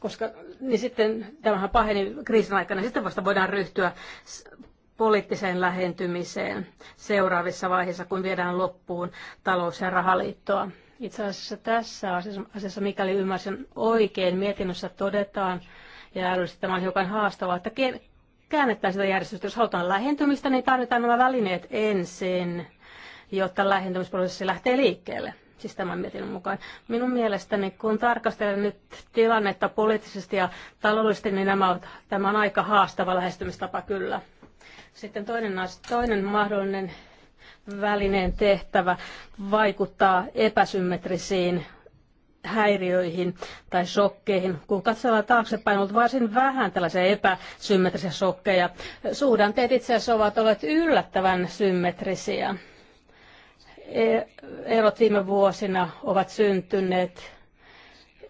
koska niin sitten tämähän paheni kriisin aikana, sitten vasta voidaan ryhtyä poliittiseen lähentymiseen seuraavissa vaiheissa, kun viedään loppuun talous- ja rahaliittoa. Itse asiassa tässä asiassa, mikäli ymmärsin oikein, mietinnössä todetaan, ja älyllisesti tämä on hiukan haastavaa, että käännetään sitä järjestystä. Jos halutaan lähentymistä, niin tarvitaan nämä välineet ensin, jotta lähentymisprosessi lähtee liikkeelle. Siis tämän mietin mukaan. Minun mielestäni, kun tarkastelen nyt tilannetta poliittisesti ja taloudellisesti, niin nämä tämä on aika haastava lähestymistapa kyllä. Sitten toinen, toinen mahdollinen välineen tehtävä vaikuttaa epäsymmetrisiin häiriöihin tai shokkeihin. Kun katsotaan taaksepäin, on ollut varsin vähän tällaisia epäsymmetrisiä shokkeja. Suhdanteet itse asiassa ovat olleet yllättävän symmetrisiä. E- erot viime vuosina ovat syntyneet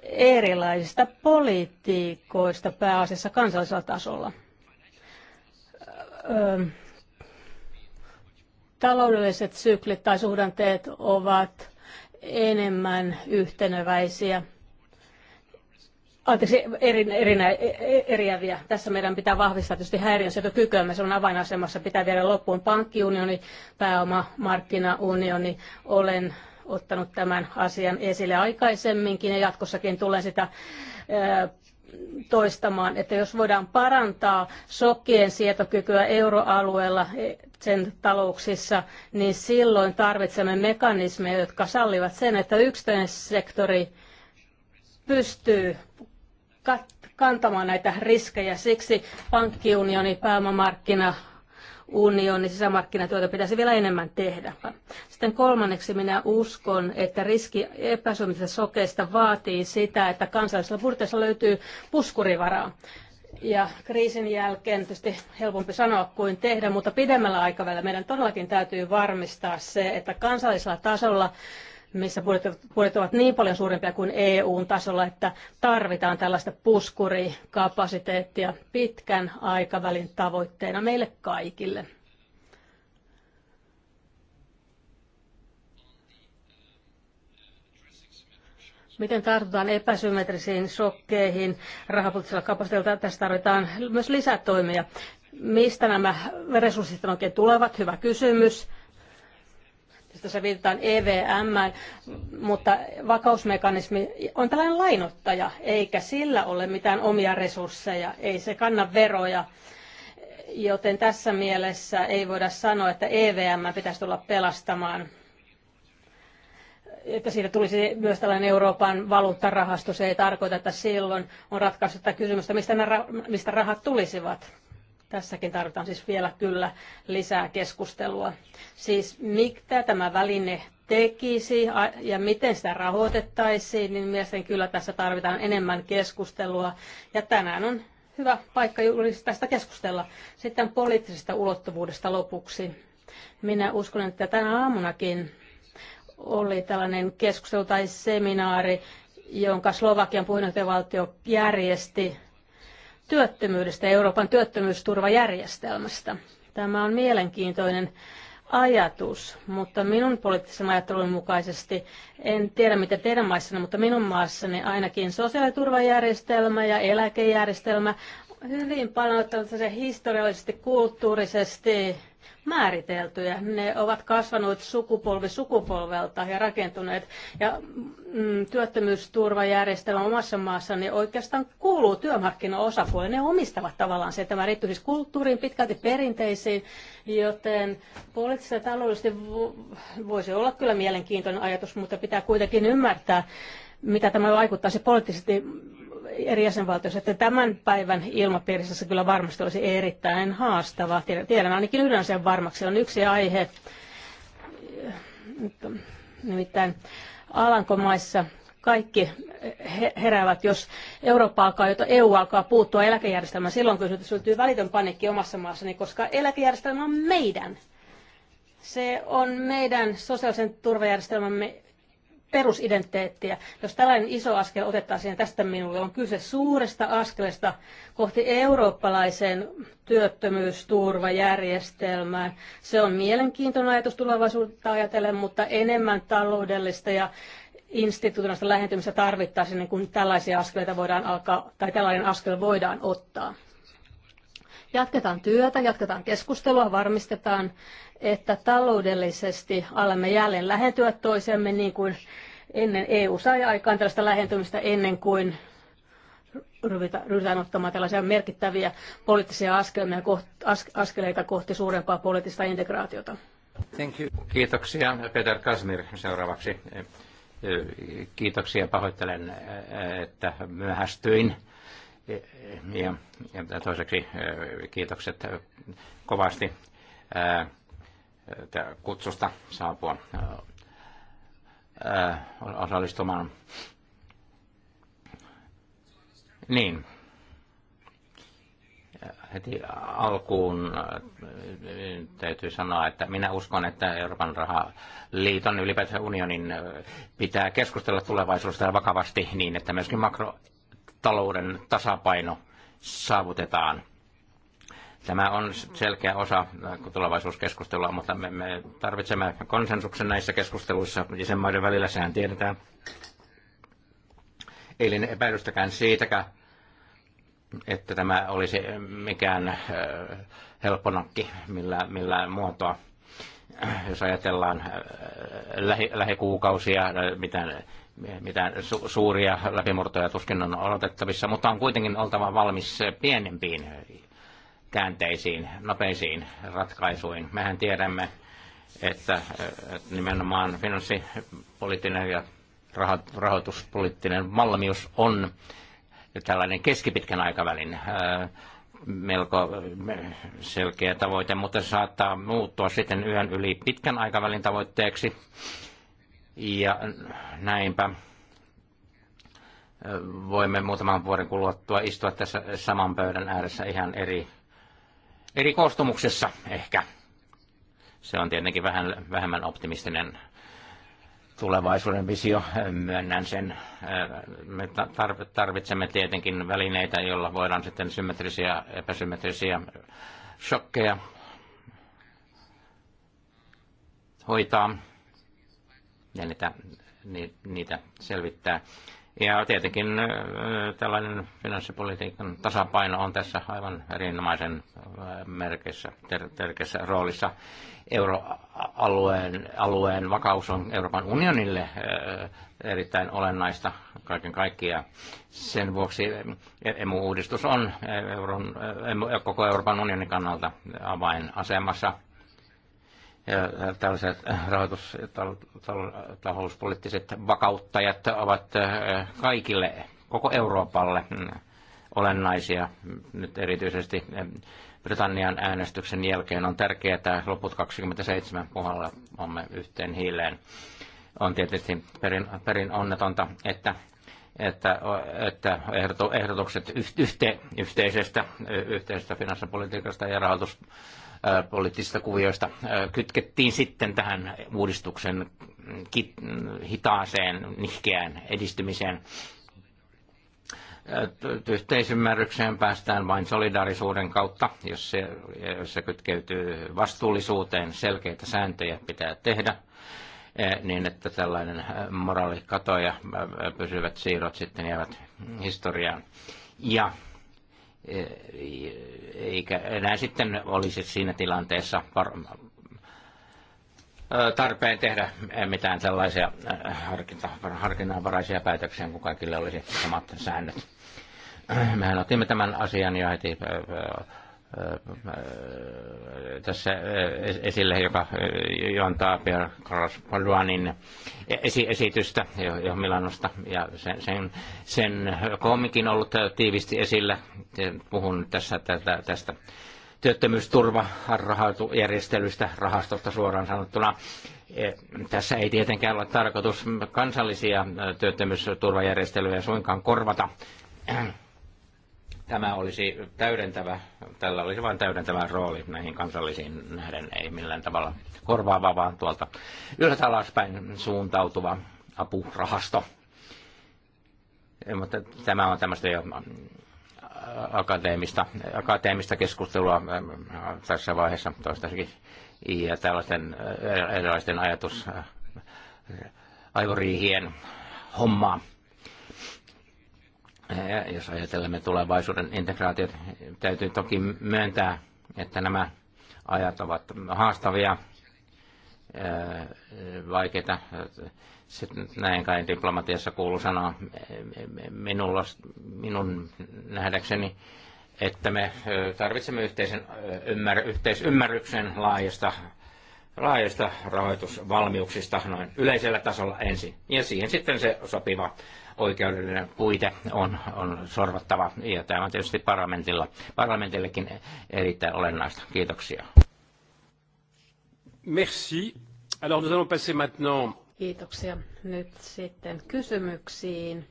erilaisista politiikoista pääasiassa kansallisella tasolla. Öö, taloudelliset syklit tai suhdanteet ovat enemmän yhteneväisiä anteeksi, eri, erinä, eriäviä. Tässä meidän pitää vahvistaa tietysti häiriönsietokykyämme. Se on avainasemassa. Pitää viedä loppuun pankkiunioni, pääomamarkkinaunioni. Olen ottanut tämän asian esille aikaisemminkin ja jatkossakin tulen sitä toistamaan, että jos voidaan parantaa sokkien sietokykyä euroalueella eh, sen talouksissa, niin silloin tarvitsemme mekanismeja, jotka sallivat sen, että yksityinen sektori pystyy kantamaan näitä riskejä. Siksi pankkiunioni, pääomamarkkina, unionin sisämarkkinatyötä pitäisi vielä enemmän tehdä. Sitten kolmanneksi minä uskon, että riski epäsuomisesta sokeista vaatii sitä, että kansallisella budjetissa löytyy puskurivaraa. Ja kriisin jälkeen tietysti helpompi sanoa kuin tehdä, mutta pidemmällä aikavälillä meidän todellakin täytyy varmistaa se, että kansallisella tasolla missä budjetit ovat niin paljon suurempia kuin EUn tasolla, että tarvitaan tällaista puskurikapasiteettia pitkän aikavälin tavoitteena meille kaikille. Miten tartutaan epäsymmetrisiin shokkeihin rahapoliittisella kapasiteetilla? Tässä tarvitaan myös lisätoimia. Mistä nämä resurssit oikein tulevat? Hyvä kysymys tässä viitataan EVM, mutta vakausmekanismi on tällainen lainottaja, eikä sillä ole mitään omia resursseja, ei se kanna veroja. Joten tässä mielessä ei voida sanoa, että EVM pitäisi tulla pelastamaan että siitä tulisi myös tällainen Euroopan valuuttarahasto. Se ei tarkoita, että silloin on ratkaistu tätä kysymystä, mistä, mistä rahat tulisivat. Tässäkin tarvitaan siis vielä kyllä lisää keskustelua. Siis mitä tämä väline tekisi ja miten sitä rahoitettaisiin, niin mielestäni kyllä tässä tarvitaan enemmän keskustelua. Ja tänään on hyvä paikka juuri tästä keskustella. Sitten poliittisesta ulottuvuudesta lopuksi. Minä uskon, että tänä aamunakin oli tällainen keskustelu tai seminaari, jonka Slovakian puheenjohtajavaltio järjesti työttömyydestä ja Euroopan työttömyysturvajärjestelmästä. Tämä on mielenkiintoinen ajatus, mutta minun poliittisen ajattelun mukaisesti, en tiedä mitä teidän maissanne, mutta minun maassani ainakin sosiaaliturvajärjestelmä ja eläkejärjestelmä hyvin paljon se historiallisesti, kulttuurisesti, määriteltyjä. Ne ovat kasvaneet sukupolvi sukupolvelta ja rakentuneet. Ja mm, työttömyysturvajärjestelmä omassa maassa niin oikeastaan kuuluu työmarkkinaosapuolelle. Ne omistavat tavallaan se. Tämä riittyy siis kulttuuriin, pitkälti perinteisiin, joten poliittisesti ja taloudellisesti voisi olla kyllä mielenkiintoinen ajatus, mutta pitää kuitenkin ymmärtää, mitä tämä vaikuttaisi poliittisesti eri jäsenvaltioissa, että tämän päivän ilmapiirissä se kyllä varmasti olisi erittäin haastavaa. Tiedän ainakin yhden asian varmaksi. On yksi aihe, nimittäin Alankomaissa kaikki heräävät, jos Eurooppa alkaa, jota EU alkaa puuttua eläkejärjestelmään. Silloin kyllä syntyy välitön panikki omassa maassani, koska eläkejärjestelmä on meidän. Se on meidän sosiaalisen turvajärjestelmämme perusidentiteettiä. Jos tällainen iso askel otettaisiin, niin tästä minulle on kyse suuresta askelesta kohti eurooppalaiseen työttömyysturvajärjestelmään. Se on mielenkiintoinen ajatus tulevaisuutta ajatellen, mutta enemmän taloudellista ja instituutioista lähentymistä tarvittaisiin, niin kun tällaisia askeleita voidaan alkaa, tai tällainen askel voidaan ottaa. Jatketaan työtä, jatketaan keskustelua, varmistetaan, että taloudellisesti alamme jälleen lähentyä toisemme niin kuin ennen EU sai aikaan tällaista lähentymistä ennen kuin ryhdytään ottamaan tällaisia merkittäviä poliittisia askelmia, askeleita kohti suurempaa poliittista integraatiota. Thank you. Kiitoksia. Peter Kasmir seuraavaksi. Kiitoksia. Pahoittelen, että myöhästyin. Ja, ja toiseksi kiitokset kovasti kutsusta saapua osallistumaan. Niin. Heti alkuun täytyy sanoa, että minä uskon, että Euroopan rahaliiton, ylipäätään unionin, pitää keskustella tulevaisuudesta vakavasti niin, että myöskin makrotalouden tasapaino saavutetaan – Tämä on selkeä osa äh, tulevaisuuskeskustelua, mutta me, me tarvitsemme konsensuksen näissä keskusteluissa jäsenmaiden välillä, sehän tiedetään. eli epäilystäkään siitäkään, että tämä olisi mikään äh, helponakki millä millään muotoa. Jos ajatellaan äh, lähi, lähikuukausia, mitään, mitään su, suuria läpimurtoja tuskin on odotettavissa, mutta on kuitenkin oltava valmis pienempiin käänteisiin, nopeisiin ratkaisuihin. Mehän tiedämme, että nimenomaan finanssipoliittinen ja rahoituspoliittinen valmius on tällainen keskipitkän aikavälin äh, melko selkeä tavoite, mutta se saattaa muuttua sitten yön yli pitkän aikavälin tavoitteeksi. Ja näinpä äh, voimme muutaman vuoden kuluttua istua tässä saman pöydän ääressä ihan eri eri koostumuksessa ehkä. Se on tietenkin vähän vähemmän optimistinen tulevaisuuden visio, myönnän sen. Me tarvitsemme tietenkin välineitä, joilla voidaan sitten symmetrisiä, epäsymmetrisiä shokkeja hoitaa ja niitä, niitä selvittää. Ja tietenkin tällainen finanssipolitiikan tasapaino on tässä aivan erinomaisen merkissä, ter- tärkeässä roolissa. Euroalueen alueen vakaus on Euroopan unionille erittäin olennaista kaiken kaikkiaan. Sen vuoksi emu-uudistus on euron, koko Euroopan unionin kannalta avainasemassa ja äh, tällaiset äh, rahoitus- ja talouspoliittiset vakauttajat ovat äh, kaikille, koko Euroopalle mm, olennaisia. Nyt erityisesti Britannian äänestyksen jälkeen on tärkeää, että loput 27 puhalla olemme yhteen hiileen. On tietysti perin, perin onnetonta, että että, että ehdotukset yhte, yhteisestä, yhteisestä finanssipolitiikasta ja rahoitus, poliittisista kuvioista kytkettiin sitten tähän uudistuksen hitaaseen, nihkeään edistymiseen. Yhteisymmärrykseen päästään vain solidaarisuuden kautta, jos se, jos se kytkeytyy vastuullisuuteen, selkeitä sääntöjä pitää tehdä e, niin, että tällainen moraalikato ja pysyvät siirrot sitten jäävät historiaan. Ja E, eikä enää sitten olisi siinä tilanteessa tarpeen tehdä mitään sellaisia harkinta, harkinnanvaraisia päätöksiä, kun kaikille olisi samat säännöt. Mehän otimme tämän asian jo heti tässä esille, joka juontaa Pierre Corresponduanin esitystä jo Milanosta. Ja sen, sen, sen koomikin ollut tiivisti esillä. Puhun tässä tästä tästä työttömyysturvajärjestelystä, rahastosta suoraan sanottuna. E, tässä ei tietenkään ole tarkoitus kansallisia työttömyysturvajärjestelyjä suinkaan korvata Tämä olisi täydentävä, tällä olisi vain täydentävä rooli näihin kansallisiin nähden, ei millään tavalla korvaava, vaan tuolta ylhäältä alaspäin suuntautuva apurahasto. Mutta tämä on tämmöistä jo mm, akateemista, akateemista keskustelua mm, tässä vaiheessa toistaiseksi ja tällaisten äh, erilaisten ajatus äh, aivoriihien hommaa jos ajatellemme tulevaisuuden integraatiot, täytyy toki myöntää, että nämä ajat ovat haastavia, vaikeita. Sitten näin kai diplomatiassa kuuluu sanoa minulla, minun nähdäkseni, että me tarvitsemme yhteisen ymmär, yhteisymmärryksen laajasta, laajasta rahoitusvalmiuksista noin yleisellä tasolla ensin. Ja siihen sitten se sopiva oikeudellinen puite on, on sorvattava. Ja tämä on tietysti parlamentilla, parlamentillekin erittäin olennaista. Kiitoksia. Merci. Alors nous allons passer maintenant... Kiitoksia. Nyt sitten kysymyksiin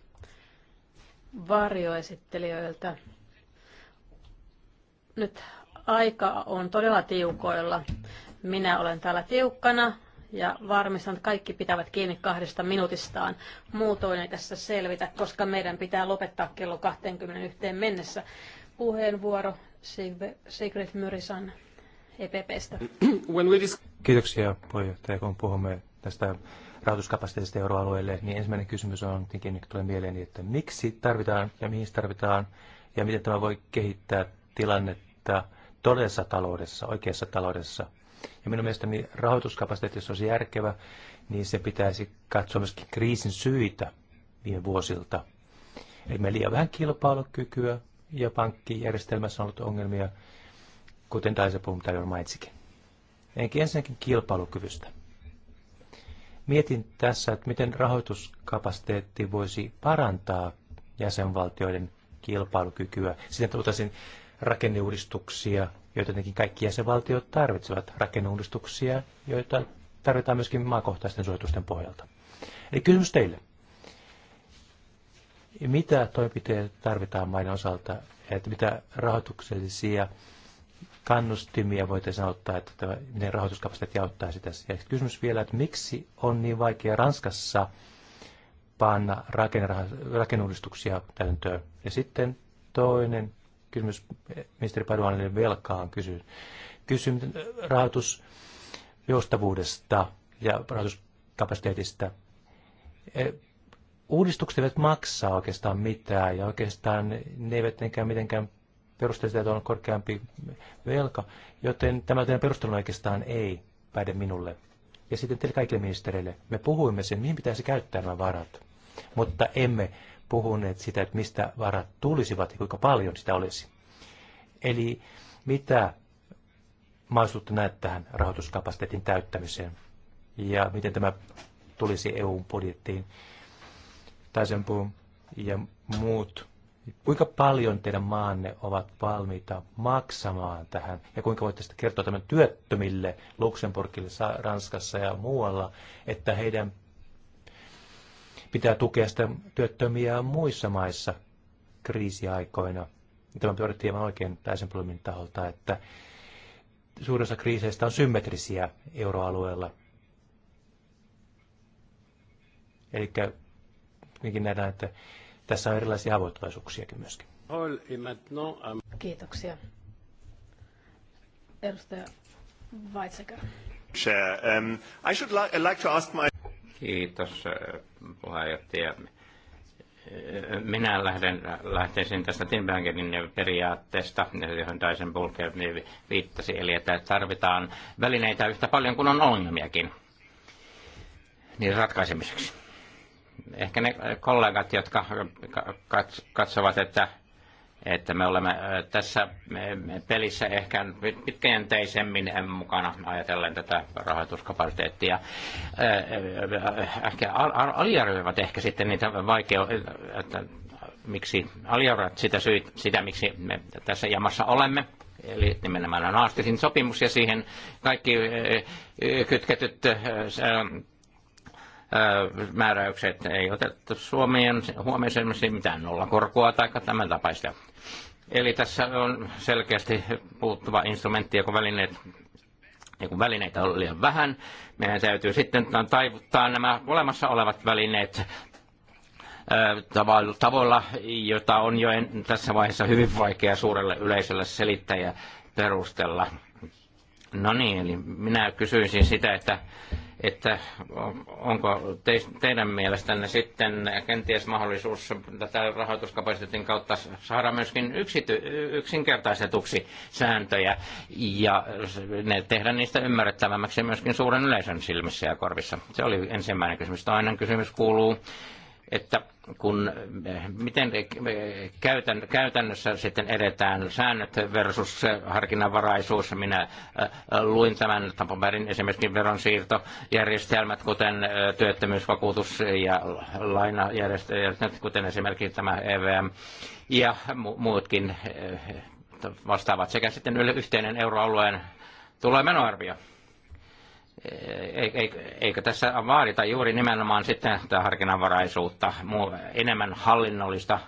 varjoesittelijöiltä. Nyt aika on todella tiukoilla. Minä olen täällä tiukkana, ja varmistan, että kaikki pitävät kiinni kahdesta minuutistaan. Muutoin ei tässä selvitä, koska meidän pitää lopettaa kello 21 mennessä. Puheenvuoro Sigrid Myrisan EPPstä. Kiitoksia puheenjohtaja, kun puhumme tästä rahoituskapasiteetista euroalueelle, niin ensimmäinen kysymys on tietenkin tulee mieleeni, että miksi tarvitaan ja mihin tarvitaan ja miten tämä voi kehittää tilannetta todellisessa taloudessa, oikeassa taloudessa, ja minun mielestäni rahoituskapasiteetti, jos olisi järkevä, niin se pitäisi katsoa myöskin kriisin syitä viime vuosilta. Eli meillä liian vähän kilpailukykyä ja pankkijärjestelmässä on ollut ongelmia, kuten Taisepum täällä mainitsikin. Enkin ensinnäkin kilpailukyvystä. Mietin tässä, että miten rahoituskapasiteetti voisi parantaa jäsenvaltioiden kilpailukykyä. Sitten tuotaisiin rakenneuudistuksia joita tietenkin kaikki jäsenvaltiot tarvitsevat, rakenneuudistuksia, joita tarvitaan myöskin maakohtaisten suositusten pohjalta. Eli kysymys teille. Mitä toimenpiteitä tarvitaan maiden osalta, että mitä rahoituksellisia kannustimia voitaisiin auttaa, että tämä, miten rahoituskapasiteetti auttaisi tässä. Ja kysymys vielä, että miksi on niin vaikea Ranskassa panna rakenneuudistuksia täytäntöön. Ja sitten toinen kysymys ministeri Paduanille velkaan kysyy. Kysymys rahoitusjoustavuudesta ja rahoituskapasiteetista. E, uudistukset eivät maksaa oikeastaan mitään ja oikeastaan ne eivät niinkään mitenkään perustele että on korkeampi velka, joten tämä teidän perustelu oikeastaan ei päde minulle. Ja sitten teille kaikille ministereille. Me puhuimme sen, mihin pitäisi käyttää nämä varat, mutta emme puhuneet sitä, että mistä varat tulisivat ja kuinka paljon sitä olisi. Eli mitä mahdollisuutta näet tähän rahoituskapasiteetin täyttämiseen ja miten tämä tulisi EU-budjettiin? Taisenpuun ja muut. Kuinka paljon teidän maanne ovat valmiita maksamaan tähän? Ja kuinka voitte sitten kertoa tämän työttömille Luxemburgille, Ranskassa ja muualla, että heidän pitää tukea sitä työttömiä muissa maissa kriisiaikoina. Tämä todettiin ihan oikein Dijsselbloemin taholta, että suurissa kriiseistä on symmetrisiä euroalueella. Eli kuitenkin nähdään, että tässä on erilaisia avoittavaisuuksiakin myöskin. Kiitoksia. Edustaja Weizsäcker. Chair, um, I should like to ask my... Kiitos äh, puheenjohtaja. Äh, minä lähden, lähtisin tästä Timbergenin periaatteesta, johon Dyson Bulke viittasi, eli että tarvitaan välineitä yhtä paljon kuin on ongelmiakin niiden ratkaisemiseksi. Ehkä ne kollegat, jotka katsovat, että että me olemme tässä pelissä ehkä pitkäjänteisemmin mukana ajatellen tätä rahoituskapasiteettia. Ehkä aliarvioivat ehkä sitten niitä vaikeo, että miksi aliarvioivat sitä, syyt, sitä, miksi me tässä jamassa olemme. Eli nimenomaan Aastisin sopimus ja siihen kaikki kytketyt määräykset ei otettu Suomeen huomioon mitään nollakorkoa tai tämän tapaista Eli tässä on selkeästi puuttuva instrumentti, joko välineet ja kun välineitä on liian vähän, meidän täytyy sitten taivuttaa nämä olemassa olevat välineet tavoilla, jota on jo tässä vaiheessa hyvin vaikea suurelle yleisölle selittää ja perustella. No niin, eli minä kysyisin sitä, että että ähm, onko te, teidän mielestänne sitten kenties mahdollisuus tätä rahoituskapasiteetin kautta saada myöskin yksity, yksinkertaistetuksi sääntöjä ja ne tehdä niistä ymmärrettävämmäksi myöskin suuren yleisön silmissä ja korvissa? Se oli ensimmäinen kysymys. Toinen kysymys kuuluu, että kun eh, miten eh, käytän, käytännössä sitten edetään säännöt versus harkinnanvaraisuus. Minä eh, luin tämän tapamäärin esimerkiksi veronsiirtojärjestelmät, kuten työttömyysvakuutus ja lainajärjestelmät, kuten esimerkiksi tämä EVM ja muutkin vastaavat sekä sitten yhteinen euroalueen tulee menoarvio eikö tässä vaadita juuri nimenomaan sitten harkinnanvaraisuutta, enemmän hallinnollista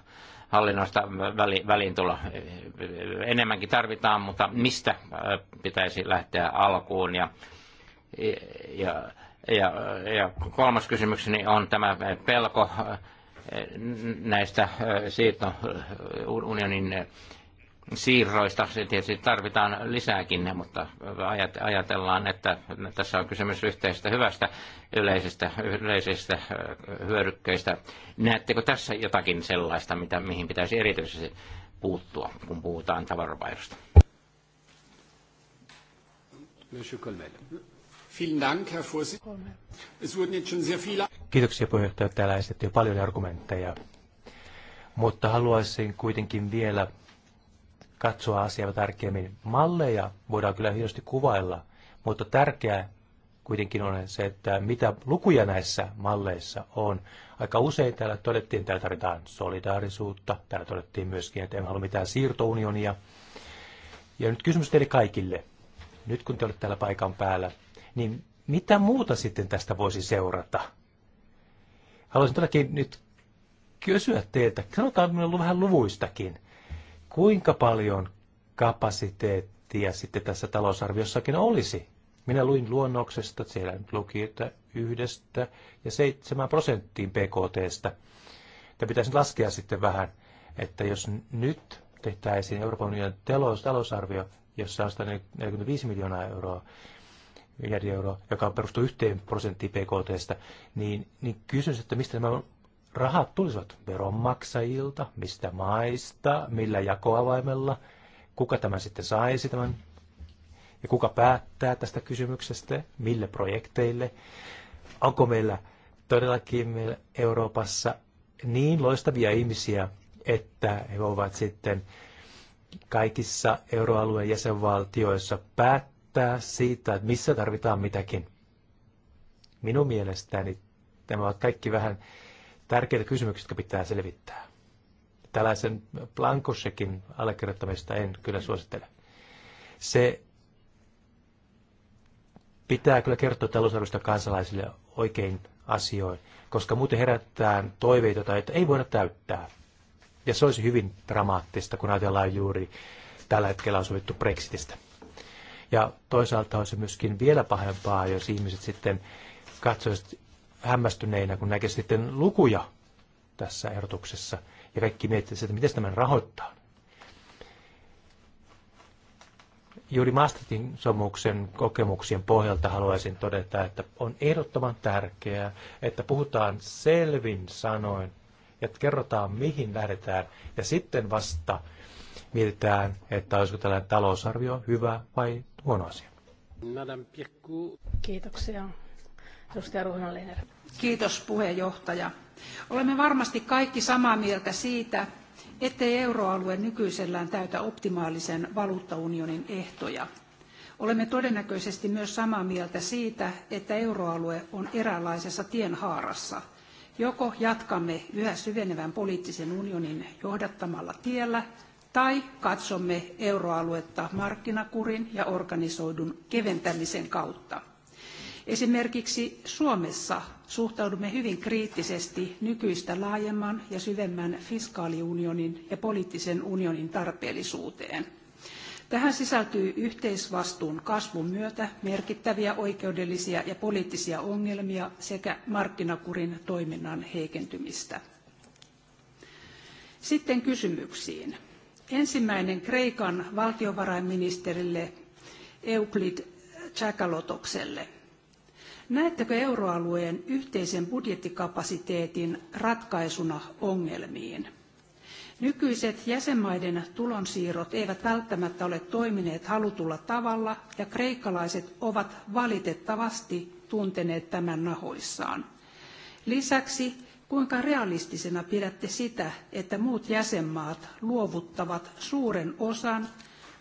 hallinnosta väliintulo enemmänkin tarvitaan, mutta mistä äh, pitäisi lähteä alkuun. Ja, ja, ja, ja kolmas kysymykseni on tämä pelko äh, näistä äh, siirtounionin siirroista. Se tietysti tarvitaan lisääkin, mutta ajatellaan, että tässä on kysymys yhteisestä hyvästä yleisestä, yleisistä hyödykkeistä. Näettekö tässä jotakin sellaista, mitä, mihin pitäisi erityisesti puuttua, kun puhutaan tavaravaihdosta? Kiitoksia puheenjohtaja. Täällä esitettiin paljon argumentteja, mutta haluaisin kuitenkin vielä katsoa asiaa tarkemmin. Malleja voidaan kyllä hienosti kuvailla, mutta tärkeää kuitenkin on se, että mitä lukuja näissä malleissa on. Aika usein täällä todettiin, että täällä tarvitaan solidaarisuutta, täällä todettiin myöskin, että emme halua mitään siirtounionia. Ja nyt kysymys teille kaikille, nyt kun te olette täällä paikan päällä, niin mitä muuta sitten tästä voisi seurata? Haluaisin todellakin nyt kysyä teiltä, sanotaan minulle vähän luvuistakin kuinka paljon kapasiteettia sitten tässä talousarviossakin olisi. Minä luin luonnoksesta, siellä nyt luki, että yhdestä ja seitsemän prosenttiin PKTstä. Tämä pitäisi laskea sitten vähän, että jos nyt tehtäisiin Euroopan unionin talous, talousarvio, jossa on 145 miljoonaa euroa, miljardia euroa, joka perustuu yhteen prosenttiin PKTstä, niin, niin kysyn, että mistä nämä rahat tulisivat veronmaksajilta, mistä maista, millä jakoavaimella, kuka tämän sitten saisi tämän ja kuka päättää tästä kysymyksestä, mille projekteille. Onko meillä todellakin meillä Euroopassa niin loistavia ihmisiä, että he voivat sitten kaikissa euroalueen jäsenvaltioissa päättää siitä, että missä tarvitaan mitäkin. Minun mielestäni tämä on kaikki vähän tärkeitä kysymyksiä, jotka pitää selvittää. Tällaisen plankosekin allekirjoittamista en kyllä suosittele. Se pitää kyllä kertoa talousarvoista kansalaisille oikein asioin, koska muuten herättään toiveita, joita ei voida täyttää. Ja se olisi hyvin dramaattista, kun ajatellaan juuri tällä hetkellä on sovittu Brexitistä. Ja toisaalta on se myöskin vielä pahempaa, jos ihmiset sitten katsoisivat hämmästyneinä, kun näkee sitten lukuja tässä ehdotuksessa ja kaikki miettii, että miten tämän rahoittaa. Juuri Maastrichtin sopimuksen kokemuksien pohjalta haluaisin todeta, että on ehdottoman tärkeää, että puhutaan selvin sanoin ja kerrotaan, mihin lähdetään. Ja sitten vasta mietitään, että olisiko tällainen talousarvio hyvä vai huono asia. Kiitoksia. Edustaja Ruohonen Lehner. Kiitos puheenjohtaja. Olemme varmasti kaikki samaa mieltä siitä, ettei euroalue nykyisellään täytä optimaalisen valuuttaunionin ehtoja. Olemme todennäköisesti myös samaa mieltä siitä, että euroalue on eräänlaisessa tienhaarassa. Joko jatkamme yhä syvenevän poliittisen unionin johdattamalla tiellä, tai katsomme euroaluetta markkinakurin ja organisoidun keventämisen kautta. Esimerkiksi Suomessa suhtaudumme hyvin kriittisesti nykyistä laajemman ja syvemmän fiskaaliunionin ja poliittisen unionin tarpeellisuuteen. Tähän sisältyy yhteisvastuun kasvun myötä merkittäviä oikeudellisia ja poliittisia ongelmia sekä markkinakurin toiminnan heikentymistä. Sitten kysymyksiin. Ensimmäinen Kreikan valtiovarainministerille Euclid Tsakalotokselle. Näettekö euroalueen yhteisen budjettikapasiteetin ratkaisuna ongelmiin? Nykyiset jäsenmaiden tulonsiirrot eivät välttämättä ole toimineet halutulla tavalla ja kreikkalaiset ovat valitettavasti tunteneet tämän nahoissaan. Lisäksi kuinka realistisena pidätte sitä, että muut jäsenmaat luovuttavat suuren osan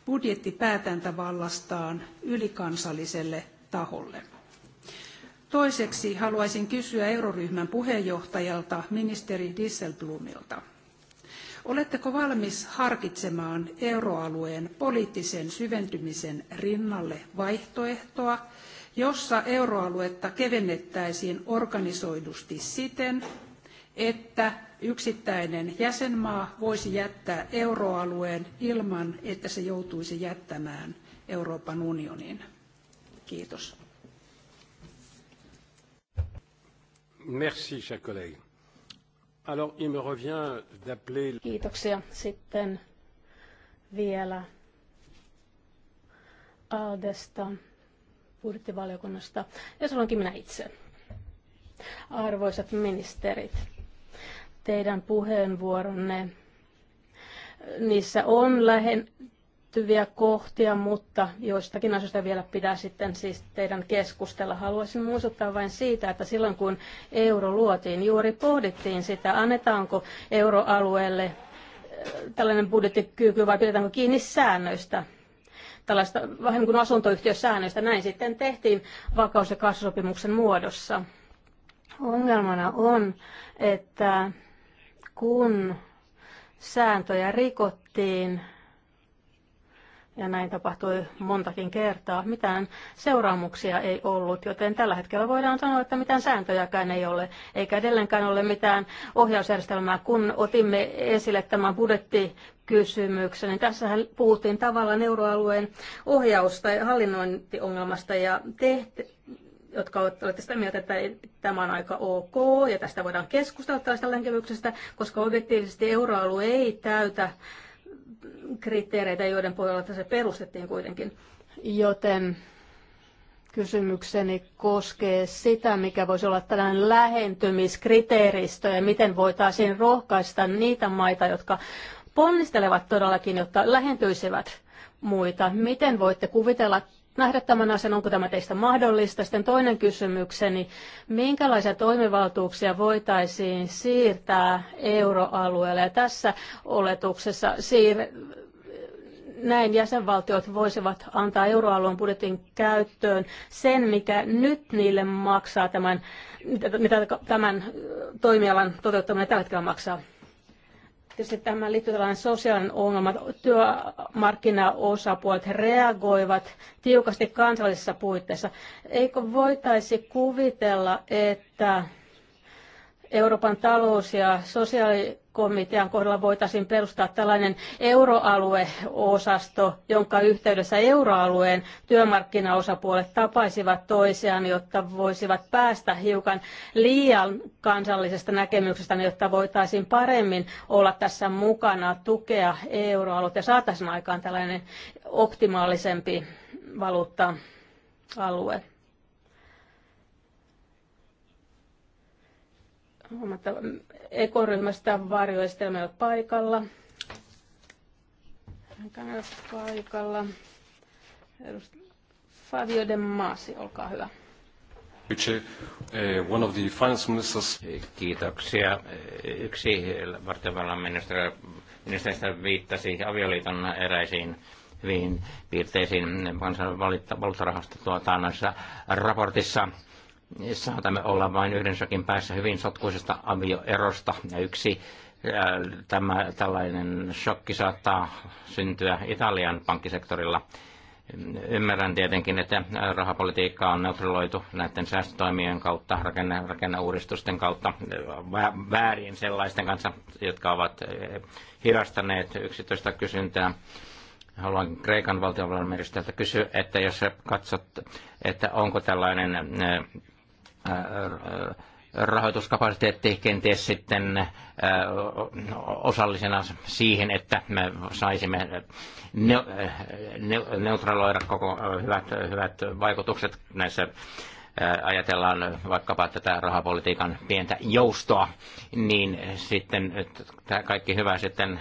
budjettipäätäntävallastaan ylikansalliselle taholle? Toiseksi haluaisin kysyä euroryhmän puheenjohtajalta ministeri Disselblumilta. Oletteko valmis harkitsemaan euroalueen poliittisen syventymisen rinnalle vaihtoehtoa, jossa euroaluetta kevennettäisiin organisoidusti siten, että yksittäinen jäsenmaa voisi jättää euroalueen ilman, että se joutuisi jättämään Euroopan unionin? Kiitos. Merci, cher collègue. Alors, il me revient d'appeler... Kiitoksia. Sitten vielä Aldesta, budjettivaliokunnasta, ja sanonkin minä itse. Arvoisat ministerit, teidän puheenvuoronne, niissä on lähen, liittyviä kohtia, mutta joistakin asioista vielä pitää sitten siis teidän keskustella. Haluaisin muistuttaa vain siitä, että silloin kun euro luotiin, juuri pohdittiin sitä, annetaanko euroalueelle äh, tällainen budjettikyky vai pidetäänkö kiinni säännöistä tällaista vähän niin kuin asuntoyhtiösäännöistä. Näin sitten tehtiin vakaus- ja kasvusopimuksen muodossa. Ongelmana on, että kun sääntöjä rikottiin, ja näin tapahtui montakin kertaa. Mitään seuraamuksia ei ollut, joten tällä hetkellä voidaan sanoa, että mitään sääntöjäkään ei ole, eikä edelleenkään ole mitään ohjausjärjestelmää. Kun otimme esille tämän budjettikysymyksen, niin tässähän puhuttiin tavallaan euroalueen ohjaus- tai hallinnointiongelmasta ja tehtä, jotka olette sitä mieltä, että tämä on aika ok ja tästä voidaan keskustella tällaista länkevyksestä, koska objektiivisesti euroalue ei täytä kriteereitä, joiden pohjalta se perustettiin kuitenkin. Joten kysymykseni koskee sitä, mikä voisi olla tällainen lähentymiskriteeristö ja miten voitaisiin rohkaista niitä maita, jotka ponnistelevat todellakin, jotta lähentyisivät muita. Miten voitte kuvitella nähdä tämän asian, onko tämä teistä mahdollista. Sitten toinen kysymykseni, minkälaisia toimivaltuuksia voitaisiin siirtää euroalueelle? Ja tässä oletuksessa siir- näin jäsenvaltiot voisivat antaa euroalueen budjetin käyttöön sen, mikä nyt niille maksaa tämän, mitä tämän toimialan toteuttaminen tällä hetkellä maksaa. Tietysti tämä liittyy tällainen sosiaalinen ongelma. Työmarkkinaosapuolet reagoivat tiukasti kansallisessa puitteissa. Eikö voitaisi kuvitella, että Euroopan talous- ja sosiaali- komitean kohdalla voitaisiin perustaa tällainen euroalueosasto, jonka yhteydessä euroalueen työmarkkinaosapuolet tapaisivat toisiaan, jotta voisivat päästä hiukan liian kansallisesta näkemyksestä, niin jotta voitaisiin paremmin olla tässä mukana, tukea euroalueet ja saataisiin aikaan tällainen optimaalisempi valuutta-alue ekoryhmästä varjoistelma ei ole paikalla. Hän ei ole paikalla. Fabio De Masi, olkaa hyvä. Eh, one of the finance ministers. Kiitoksia. Yksi vartiovallan ministeri, ministeristä viittasi avioliiton eräisiin hyvin piirteisiin kansan valtarahoista tuota, raportissa saatamme olla vain yhden sakin päässä hyvin sotkuisesta avioerosta. Ja yksi ää, tämä, tällainen shokki saattaa syntyä Italian pankkisektorilla. Ymmärrän tietenkin, että rahapolitiikka on neutraloitu näiden säästötoimien kautta, rakenne, rakenneuudistusten kautta, väärien sellaisten kanssa, jotka ovat hirastaneet yksityistä kysyntää haluan Kreikan valtiovallan kysyä, että jos katsot, että onko tällainen rahoituskapasiteetti kenties sitten osallisena siihen, että me saisimme neutraloida koko hyvät, hyvät vaikutukset näissä ajatellaan vaikkapa tätä rahapolitiikan pientä joustoa, niin sitten kaikki hyvä sitten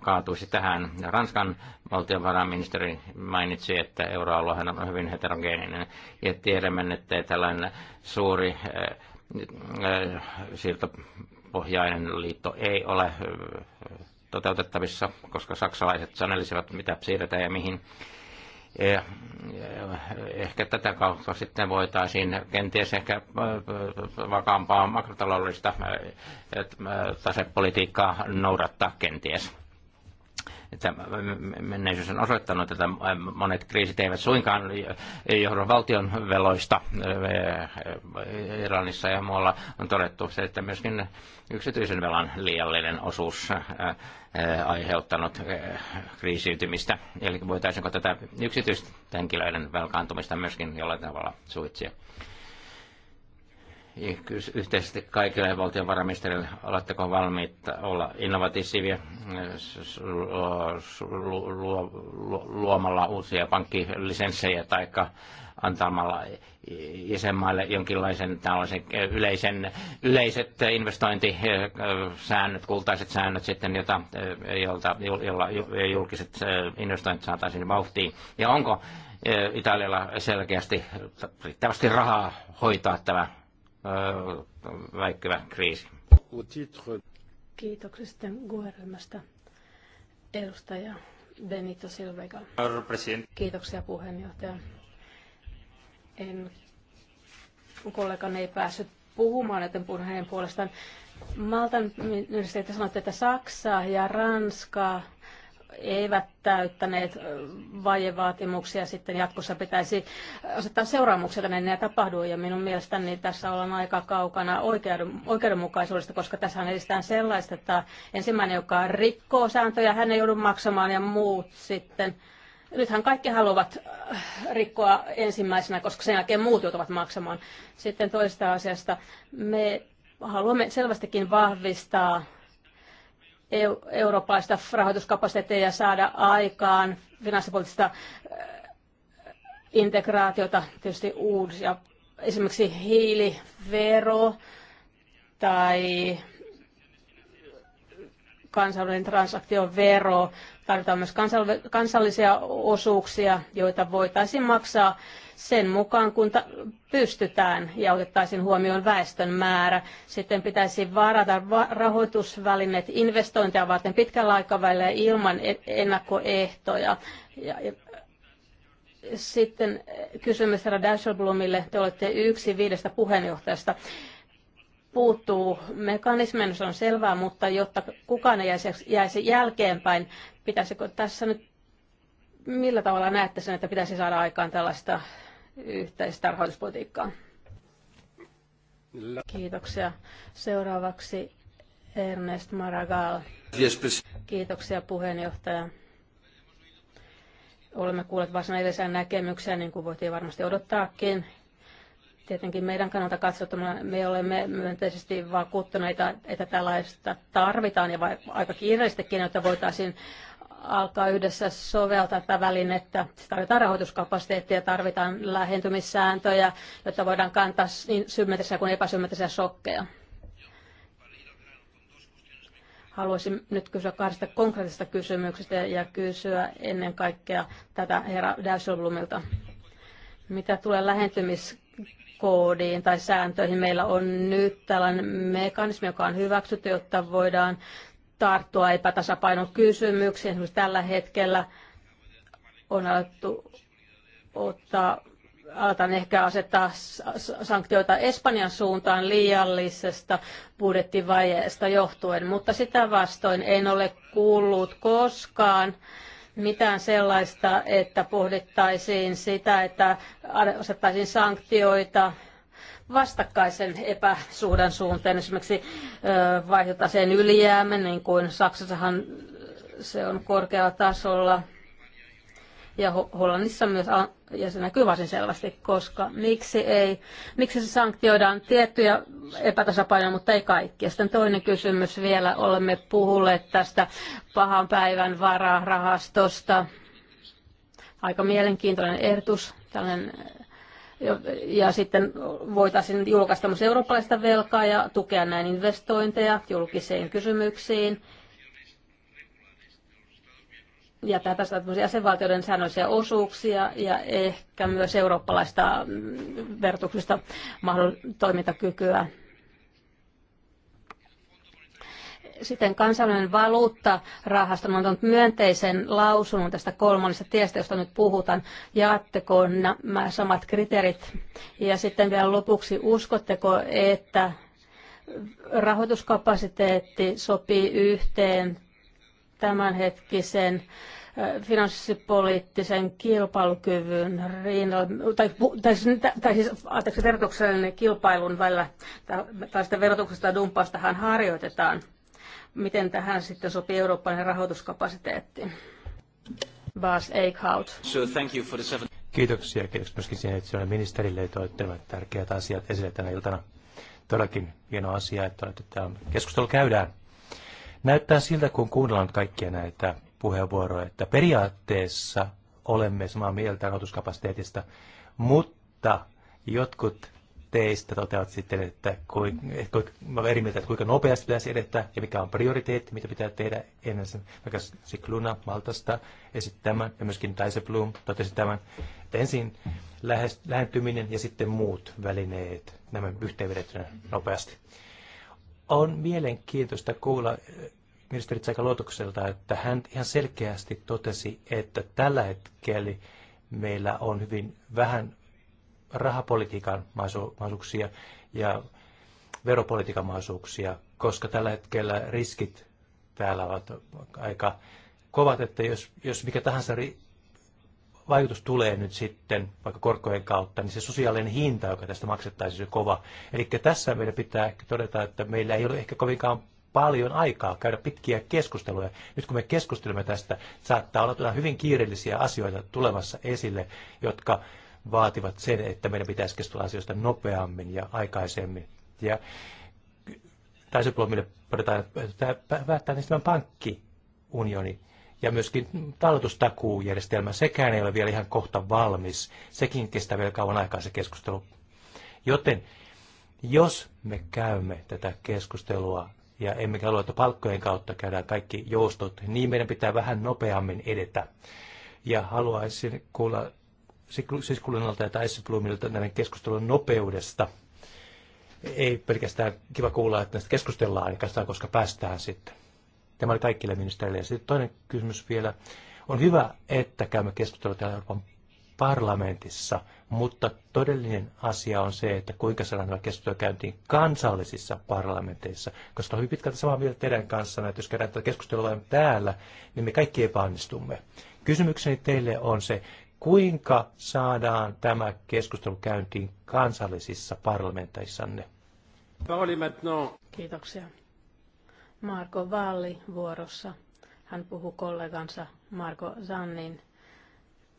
kaatuisi tähän. Ranskan valtiovarainministeri mainitsi, että euroalue on hyvin heterogeeninen ja tiedämme, että tällainen suuri siirtopohjainen liitto ei ole toteutettavissa, koska saksalaiset sanelisivat, mitä siirretään ja mihin ehkä tätä kautta sitten voitaisiin kenties ehkä äh, äh, vakaampaa makrotaloudellista äh, tasepolitiikkaa noudattaa kenties että menneisyys on osoittanut, että monet kriisit eivät suinkaan johdu valtion veloista Iranissa ja muualla on todettu se, että myöskin yksityisen velan liiallinen osuus äh, äh, aiheuttanut äh, kriisiytymistä. Eli voitaisiinko tätä yksityisten henkilöiden velkaantumista myöskin jollain tavalla suitsia? yhteisesti kaikille valtiovarainministerille, oletteko valmiita olla innovatiivisia luomalla uusia pankkilisenssejä tai antamalla jäsenmaille jonkinlaisen tällaisen yleisen, yleiset investointisäännöt, kultaiset säännöt sitten, jota, jolta, jolla julkiset investoinnit saataisiin vauhtiin. Ja onko eh, Italialla selkeästi riittävästi rahaa hoitaa tämä väikkyvä kriisi. Kiitoksesta sitten edustaja Benito Silvega. Kiitoksia puheenjohtaja. En, kollegani ei päässyt puhumaan, joten puhun hänen puolestaan. Maltan ministeri, sanoitte, että Saksa ja Ranska eivät täyttäneet vajevaatimuksia, sitten jatkossa pitäisi asettaa seuraamuksia, että näin tapahtuu. Ja minun mielestäni tässä ollaan aika kaukana oikeudenmukaisuudesta, koska tässä edistään sellaista, että ensimmäinen, joka rikkoo sääntöjä, hän ei joudu maksamaan ja muut sitten nythän kaikki haluavat äh, rikkoa ensimmäisenä, koska sen jälkeen muut joutuvat maksamaan. Sitten toista asiasta. Me haluamme selvästikin vahvistaa eurooppalaista rahoituskapasiteettia ja saada aikaan finanssipoliittista integraatiota, tietysti uusia, esimerkiksi hiilivero tai kansallinen transaktiovero. Tarvitaan myös kansallisia osuuksia, joita voitaisiin maksaa sen mukaan, kun pystytään ja otettaisiin huomioon väestön määrä. Sitten pitäisi varata va- rahoitusvälineet investointia varten pitkällä aikavälillä ilman e- ennakkoehtoja. Ja, ja, sitten kysymys herra Dashelblomille. Te olette yksi viidestä puheenjohtajasta puuttuu mekanismi, no se on selvää, mutta jotta kukaan ei jäisi, jäisi jälkeenpäin, pitäisikö tässä nyt, millä tavalla näette sen, että pitäisi saada aikaan tällaista yhteistä rahoituspolitiikkaa. Kiitoksia. Seuraavaksi Ernest Maragall. Kiitoksia puheenjohtaja. Olemme kuulleet varsin edellisiä näkemyksiä, niin kuin voitiin varmasti odottaakin. Tietenkin meidän kannalta katsottuna me olemme myönteisesti vakuuttuneita, että tällaista tarvitaan ja aika kiireellistäkin, että voitaisiin alkaa yhdessä soveltaa tätä välinettä. Siis tarvitaan rahoituskapasiteettia, tarvitaan lähentymissääntöjä, jotta voidaan kantaa niin symmetrisiä kuin epäsymmetrisiä shokkeja. Haluaisin nyt kysyä kahdesta konkreettisesta kysymyksestä ja kysyä ennen kaikkea tätä herra Dijsselbloomilta. Mitä tulee lähentymis koodiin tai sääntöihin. Meillä on nyt tällainen mekanismi, joka on hyväksytty, jotta voidaan tarttua epätasapainon kysymyksiin. Esimerkiksi tällä hetkellä on alettu ottaa aletaan ehkä asettaa sanktioita Espanjan suuntaan liiallisesta budjettivajeesta johtuen, mutta sitä vastoin en ole kuullut koskaan mitään sellaista, että pohdittaisiin sitä, että asettaisiin sanktioita vastakkaisen epäsuhdan suuntaan. Esimerkiksi vaihtotaseen ylijäämä, niin kuin Saksassahan se on korkealla tasolla. Ja Hollannissa myös, ja se näkyy varsin selvästi, koska miksi, ei, miksi se sanktioidaan tiettyjä epätasapainoja, mutta ei kaikkia. Sitten toinen kysymys vielä, olemme puhuneet tästä pahan päivän vararahastosta. Aika mielenkiintoinen ehdotus, tällainen ja sitten voitaisiin julkaista eurooppalaista velkaa ja tukea näin investointeja julkisiin kysymyksiin. Ja tästä jäsenvaltioiden säännöllisiä osuuksia ja ehkä myös eurooppalaista mm, vertuksista toimintakykyä Sitten kansainvälinen valuutta rahasta on antanut myönteisen lausunnon tästä kolmannesta tiestä, josta nyt puhutaan. Jaatteko nämä samat kriteerit? Ja sitten vielä lopuksi, uskotteko, että rahoituskapasiteetti sopii yhteen tämänhetkisen finanssipoliittisen kilpailukyvyn rinnalla, tai, tai, siis tai siis anteeksi, verotuksellinen kilpailun välillä, tai sitä verotuksesta ja dumpaustahan harjoitetaan miten tähän sitten sopii eurooppalainen rahoituskapasiteetti. Bas Eichhout. So thank you for the seven... Kiitoksia ja kiitos myöskin siihen, että ministerille toivat tärkeät asiat esille tänä iltana. Todellakin hieno asia, että olette keskustelu käydään. Näyttää siltä, kun kuunnellaan kaikkia näitä puheenvuoroja, että periaatteessa olemme samaa mieltä rahoituskapasiteetista, mutta jotkut teistä toteavat sitten, että kuinka, eri mieltä, että kuinka nopeasti pitäisi edetä ja mikä on prioriteetti, mitä pitää tehdä ennen sen, vaikka Sikluna Maltasta esitti tämän ja myöskin Taise Bloom totesi tämän, että ensin lähes, lähentyminen ja sitten muut välineet, nämä yhteenvedettynä nopeasti. On mielenkiintoista kuulla äh, ministeri Tsaikalotokselta, että hän ihan selkeästi totesi, että tällä hetkellä meillä on hyvin vähän rahapolitiikan mahdollisuuksia ja veropolitiikan mahdollisuuksia, koska tällä hetkellä riskit täällä ovat aika kovat, että jos, jos mikä tahansa ri, vaikutus tulee nyt sitten vaikka korkojen kautta, niin se sosiaalinen hinta, joka tästä maksettaisiin, on kova. Eli tässä meidän pitää ehkä todeta, että meillä ei ole ehkä kovinkaan paljon aikaa käydä pitkiä keskusteluja. Nyt kun me keskustelemme tästä, saattaa olla hyvin kiireellisiä asioita tulemassa esille, jotka vaativat sen, että meidän pitäisi keskustella asioista nopeammin ja aikaisemmin. Ja täysiplomille todetaan, että päättää niistä pankkiunioni ja myöskin talletustakuujärjestelmä, sekään ei ole vielä ihan kohta valmis. Sekin kestää vielä kauan aikaa se keskustelu. Joten jos me käymme tätä keskustelua ja emmekä halua, että palkkojen kautta käydään kaikki joustot, niin meidän pitää vähän nopeammin edetä. Ja haluaisin kuulla Siskulinalta ja Blumilta näiden keskustelun nopeudesta. Ei pelkästään kiva kuulla, että näistä keskustellaan, niin koska päästään sitten. Tämä oli kaikille ministerille. Ja sitten toinen kysymys vielä. On hyvä, että käymme keskustelua täällä Euroopan parlamentissa, mutta todellinen asia on se, että kuinka saadaan tämä keskustelu käyntiin kansallisissa parlamenteissa, koska on hyvin pitkälti samaa mieltä teidän kanssa, että jos käydään tätä keskustelua vain täällä, niin me kaikki epäonnistumme. Kysymykseni teille on se, kuinka saadaan tämä keskustelu käyntiin kansallisissa parlamenteissanne? Kiitoksia. Marko Valli vuorossa. Hän puhuu kollegansa Marko Zannin,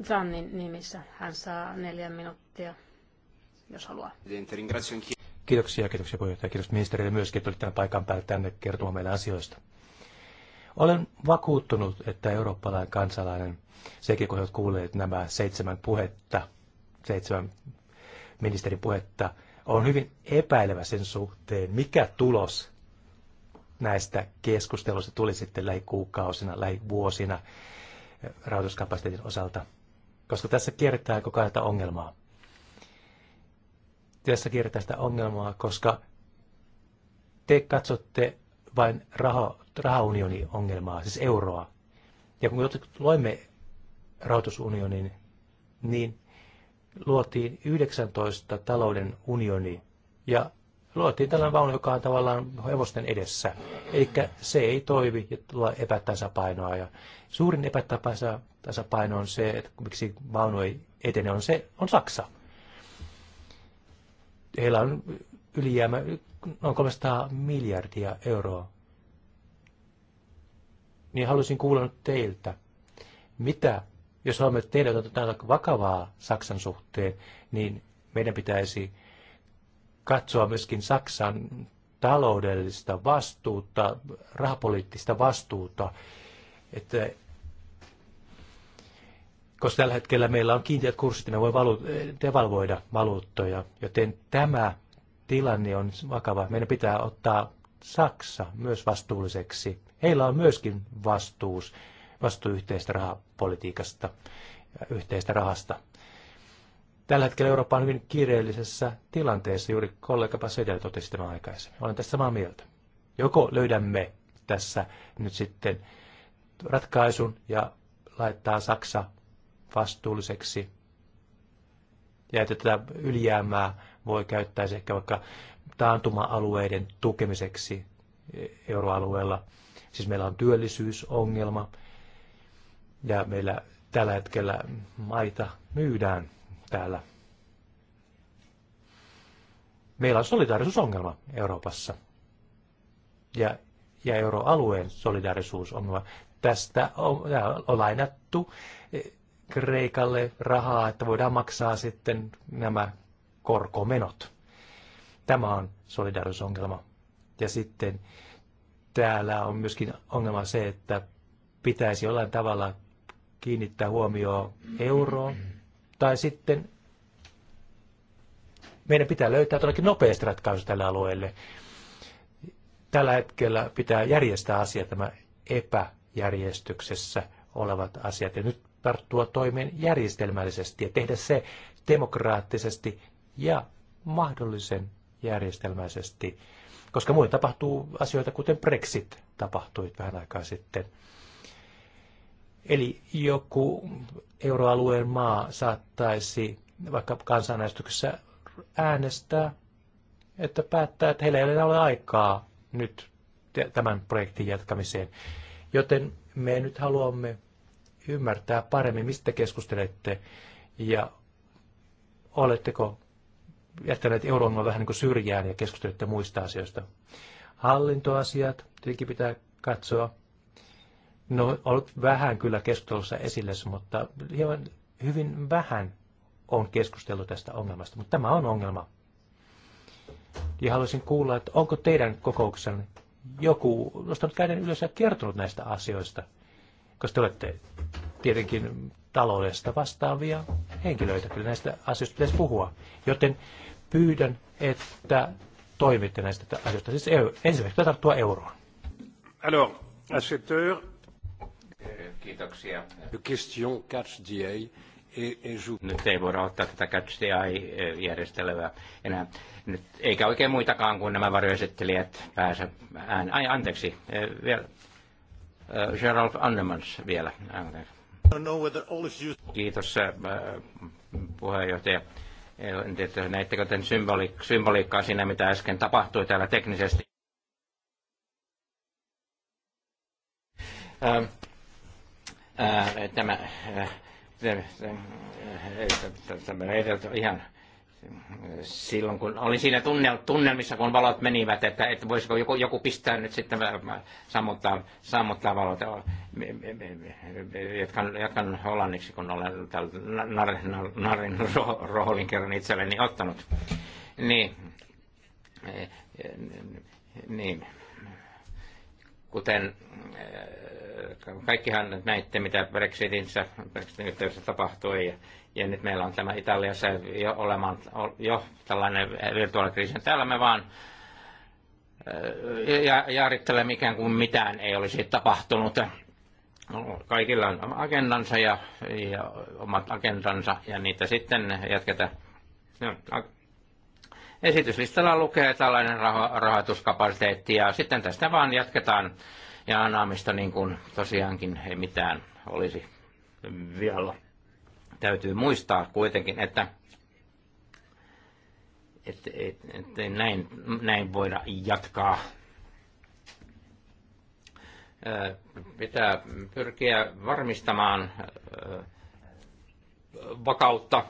Zannin nimissä. Hän saa neljä minuuttia, jos haluaa. Kiitoksia, kiitoksia puheenjohtaja. Kiitos ministerille myöskin, että olit tämän paikan päällä tänne kertomaan meille asioista. Olen vakuuttunut, että eurooppalainen kansalainen, sekin kun he ovat kuulleet nämä seitsemän puhetta, seitsemän ministerin puhetta, on hyvin epäilevä sen suhteen, mikä tulos näistä keskusteluista tuli sitten lähikuukausina, lähivuosina eh, rahoituskapasiteetin osalta. Koska tässä kierretään koko ajan ongelmaa. Tässä kierretään sitä ongelmaa, koska te katsotte vain raha, rahaunioni-ongelmaa, siis euroa. Ja kun loimme rahoitusunionin, niin luotiin 19 talouden unioni ja luotiin tällainen vaunu, joka on tavallaan hevosten edessä. Eli se ei toimi ja tulee epätasapainoa. Ja suurin epätasapaino on se, että miksi vaunu ei etene, on se, on Saksa. Heillä on ylijäämä noin 300 miljardia euroa. Niin haluaisin kuulla nyt teiltä, mitä, jos haluamme tehdä jotain vakavaa Saksan suhteen, niin meidän pitäisi katsoa myöskin Saksan taloudellista vastuuta, rahapoliittista vastuuta, että koska tällä hetkellä meillä on kiinteät kurssit, niin me voi valu- devalvoida valuuttoja, joten tämä tilanne on vakava. Meidän pitää ottaa Saksa myös vastuulliseksi. Heillä on myöskin vastuus, vastuu yhteistä rahapolitiikasta, yhteistä rahasta. Tällä hetkellä Eurooppa on hyvin kiireellisessä tilanteessa, juuri kollega Pasedel totesi tämän aikaisemmin. Olen tässä samaa mieltä. Joko löydämme tässä nyt sitten ratkaisun ja laittaa Saksa vastuulliseksi ja että tätä ylijäämää voi käyttää se ehkä vaikka taantuma-alueiden tukemiseksi euroalueella. Siis meillä on työllisyysongelma ja meillä tällä hetkellä maita myydään täällä. Meillä on solidaarisuusongelma Euroopassa ja, ja euroalueen solidaarisuusongelma. Tästä on, on lainattu Kreikalle rahaa, että voidaan maksaa sitten nämä korkomenot. Tämä on solidaarisuusongelma. Ja sitten täällä on myöskin ongelma se, että pitäisi jollain tavalla kiinnittää huomioon euroon, tai sitten meidän pitää löytää todellakin nopeasti ratkaisu tälle alueelle. Tällä hetkellä pitää järjestää asia tämä epäjärjestyksessä olevat asiat, ja nyt tarttua toimeen järjestelmällisesti ja tehdä se demokraattisesti ja mahdollisen järjestelmäisesti, koska muuten tapahtuu asioita, kuten Brexit tapahtui vähän aikaa sitten. Eli joku euroalueen maa saattaisi vaikka kansanäänestyksessä äänestää, että päättää, että heillä ei enää ole aikaa nyt tämän projektin jatkamiseen. Joten me nyt haluamme ymmärtää paremmin, mistä keskustelette ja oletteko jättäneet euroongelman vähän niin kuin syrjään ja keskustelette muista asioista. Hallintoasiat tietenkin pitää katsoa. No, ollut vähän kyllä keskustelussa esille, mutta hieman, hyvin vähän on keskustellut tästä ongelmasta, mutta tämä on ongelma. Ja haluaisin kuulla, että onko teidän kokouksen joku nostanut käden ylös ja kertonut näistä asioista, koska te olette tietenkin taloudesta vastaavia henkilöitä. Kyllä näistä asioista pitäisi puhua. Joten pyydän, että toimitte näistä asioista. Siis EU, ensimmäiseksi tarttua euroon. Alors, acheteur. Kiitoksia. Question catch DA. Nyt ei voida ottaa tätä catch e, järjestelyä enää. Nyt, eikä oikein muitakaan kuin nämä varjoesittelijät pääse ään. Ai, anteeksi. E, vielä. E, Gerald Annemans vielä. Anteeksi. Kiitos puheenjohtaja. En tiedä, näittekö tämän symboli, symboliikkaa siinä, mitä äsken tapahtui täällä teknisesti. Ähm, äh, tämä, äh, tämä, tämä, tämä, tämä, tämä, tämä, tämä, tämä, tämä, silloin, kun olin siinä tunnelmissa, kun valot menivät, että, että voisiko joku, joku pistää nyt sitten sammuttaa, sammuttaa valot. Jatkan, jatkan hollanniksi, kun olen täällä narin, narin roolin kerran itselleni ottanut. Niin, e, e, niin, kuten kaikkihan näitte, mitä Brexitissä, Brexitin yhteydessä tapahtui. Ja, ja nyt meillä on tämä Italiassa jo, olemaan, jo tällainen virtuaalikriisi. Täällä me vaan ja, jaarittelemme ikään kuin mitään ei olisi tapahtunut. Kaikilla on agendansa ja, ja omat agendansa ja niitä sitten jatketaan. No, esityslistalla lukee tällainen raho- rahoituskapasiteetti ja sitten tästä vaan jatketaan ja anaamista niin kuin tosiaankin ei mitään olisi vielä. Täytyy muistaa kuitenkin, että et, et, et näin, näin voida jatkaa. Pitää pyrkiä varmistamaan vakautta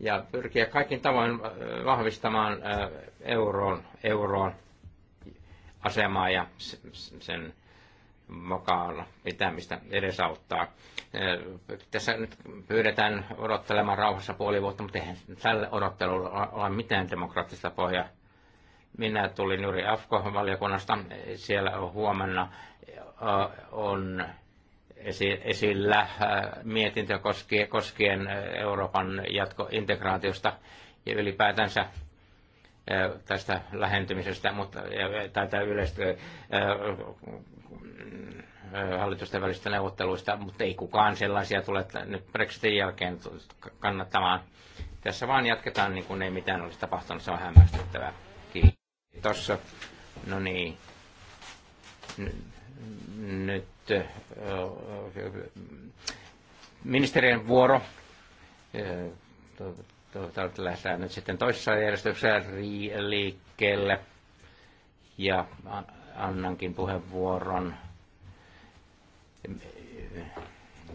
ja pyrkiä kaikin tavoin vahvistamaan euroon, euroon asemaa ja sen vakaalla pitämistä edesauttaa. Tässä nyt pyydetään odottelemaan rauhassa puoli vuotta, mutta eihän tälle odottelulle ole mitään demokraattista pohjaa. Minä tulin juuri AFKO-valiokunnasta. Siellä huomenna on esillä mietintö koskien Euroopan jatkointegraatiosta ja ylipäätänsä tästä lähentymisestä mutta, tai, yleistä hallitusten välistä neuvotteluista, mutta ei kukaan sellaisia tule nyt Brexitin jälkeen kannattamaan. Tässä vaan jatketaan niin kuin ei mitään olisi tapahtunut, se on hämmästyttävää. Kiitos. No niin. Nyt ministerien vuoro lähdetään nyt sitten toisessa järjestyksessä liikkeelle. Ja annankin puheenvuoron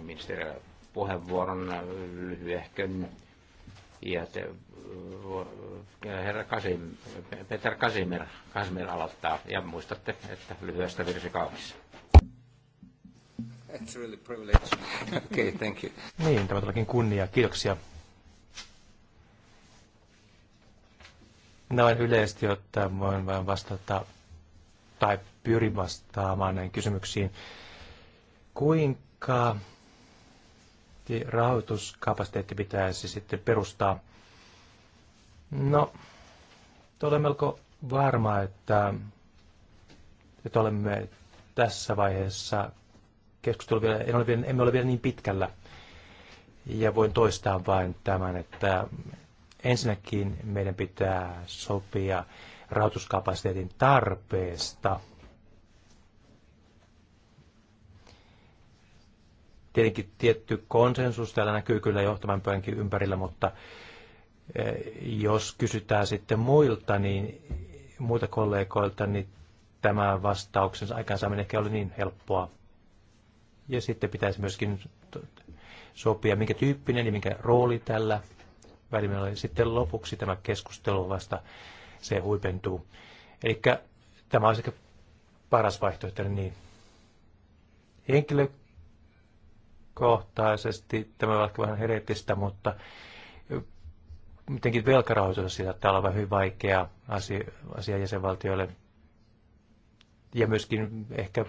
ministeriä puheenvuoron lyhyehkön. Ja te, herra Kasim, Peter Kasimir, Kasimir aloittaa. Ja muistatte, että lyhyestä virsi kaunis. That's really privilege. Okay, thank you. Niin, tämä todellakin kunnia. Kiitoksia Noin yleisesti ottaen voin vain vastata tai pyrin vastaamaan näihin kysymyksiin. Kuinka rahoituskapasiteetti pitäisi sitten perustaa? No, olen melko varma, että, että olemme tässä vaiheessa keskustelu vielä, en ole, vielä, emme ole vielä niin pitkällä. Ja voin toistaa vain tämän, että Ensinnäkin meidän pitää sopia rahoituskapasiteetin tarpeesta. Tietenkin tietty konsensus täällä näkyy kyllä johtavan pöönkin ympärillä, mutta eh, jos kysytään sitten muilta, niin muilta kollegoilta, niin tämä vastauksen aikaansaaminen ehkä oli niin helppoa. Ja sitten pitäisi myöskin sopia, minkä tyyppinen ja minkä rooli tällä välimerelle. Sitten lopuksi tämä keskustelu vasta se huipentuu. Eli tämä on ehkä paras vaihtoehto, niin henkilökohtaisesti tämä on ehkä vähän hereettistä, mutta mitenkin velkarahoitus saattaa olla vähän hyvin vaikea asia, asia jäsenvaltioille. Ja myöskin ehkä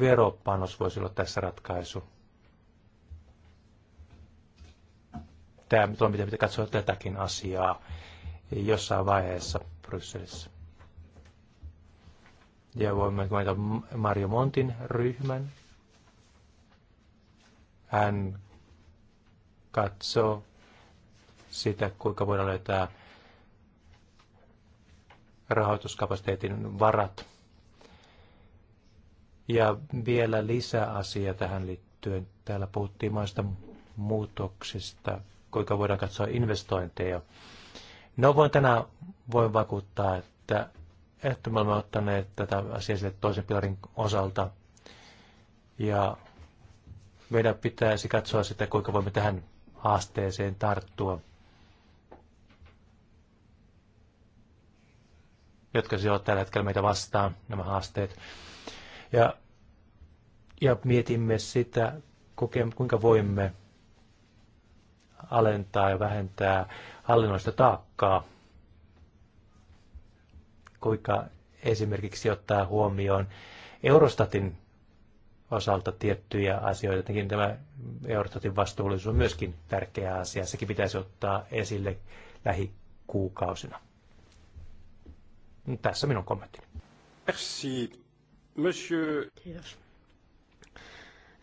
veropanos voisi olla tässä ratkaisu. tämä toimenpide pitää katsoa tätäkin asiaa jossain vaiheessa Brysselissä. Ja voimme mainita Mario Montin ryhmän. Hän katsoo sitä, kuinka voidaan löytää rahoituskapasiteetin varat. Ja vielä lisäasia tähän liittyen. Täällä puhuttiin maista muutoksista kuinka voidaan katsoa investointeja. No voin tänään voin vakuuttaa, että, että me olemme ottaneet tätä asiaa sille toisen pilarin osalta. Ja meidän pitäisi katsoa sitä, kuinka voimme tähän haasteeseen tarttua. jotka siellä tällä hetkellä meitä vastaan, nämä haasteet. Ja, ja mietimme sitä, kuinka voimme alentaa ja vähentää hallinnoista taakkaa, kuinka esimerkiksi ottaa huomioon Eurostatin osalta tiettyjä asioita. Tietenkin tämä Eurostatin vastuullisuus on myöskin tärkeä asia. Sekin pitäisi ottaa esille lähikuukausina. Tässä minun kommenttini. Merci, monsieur. Kiitos.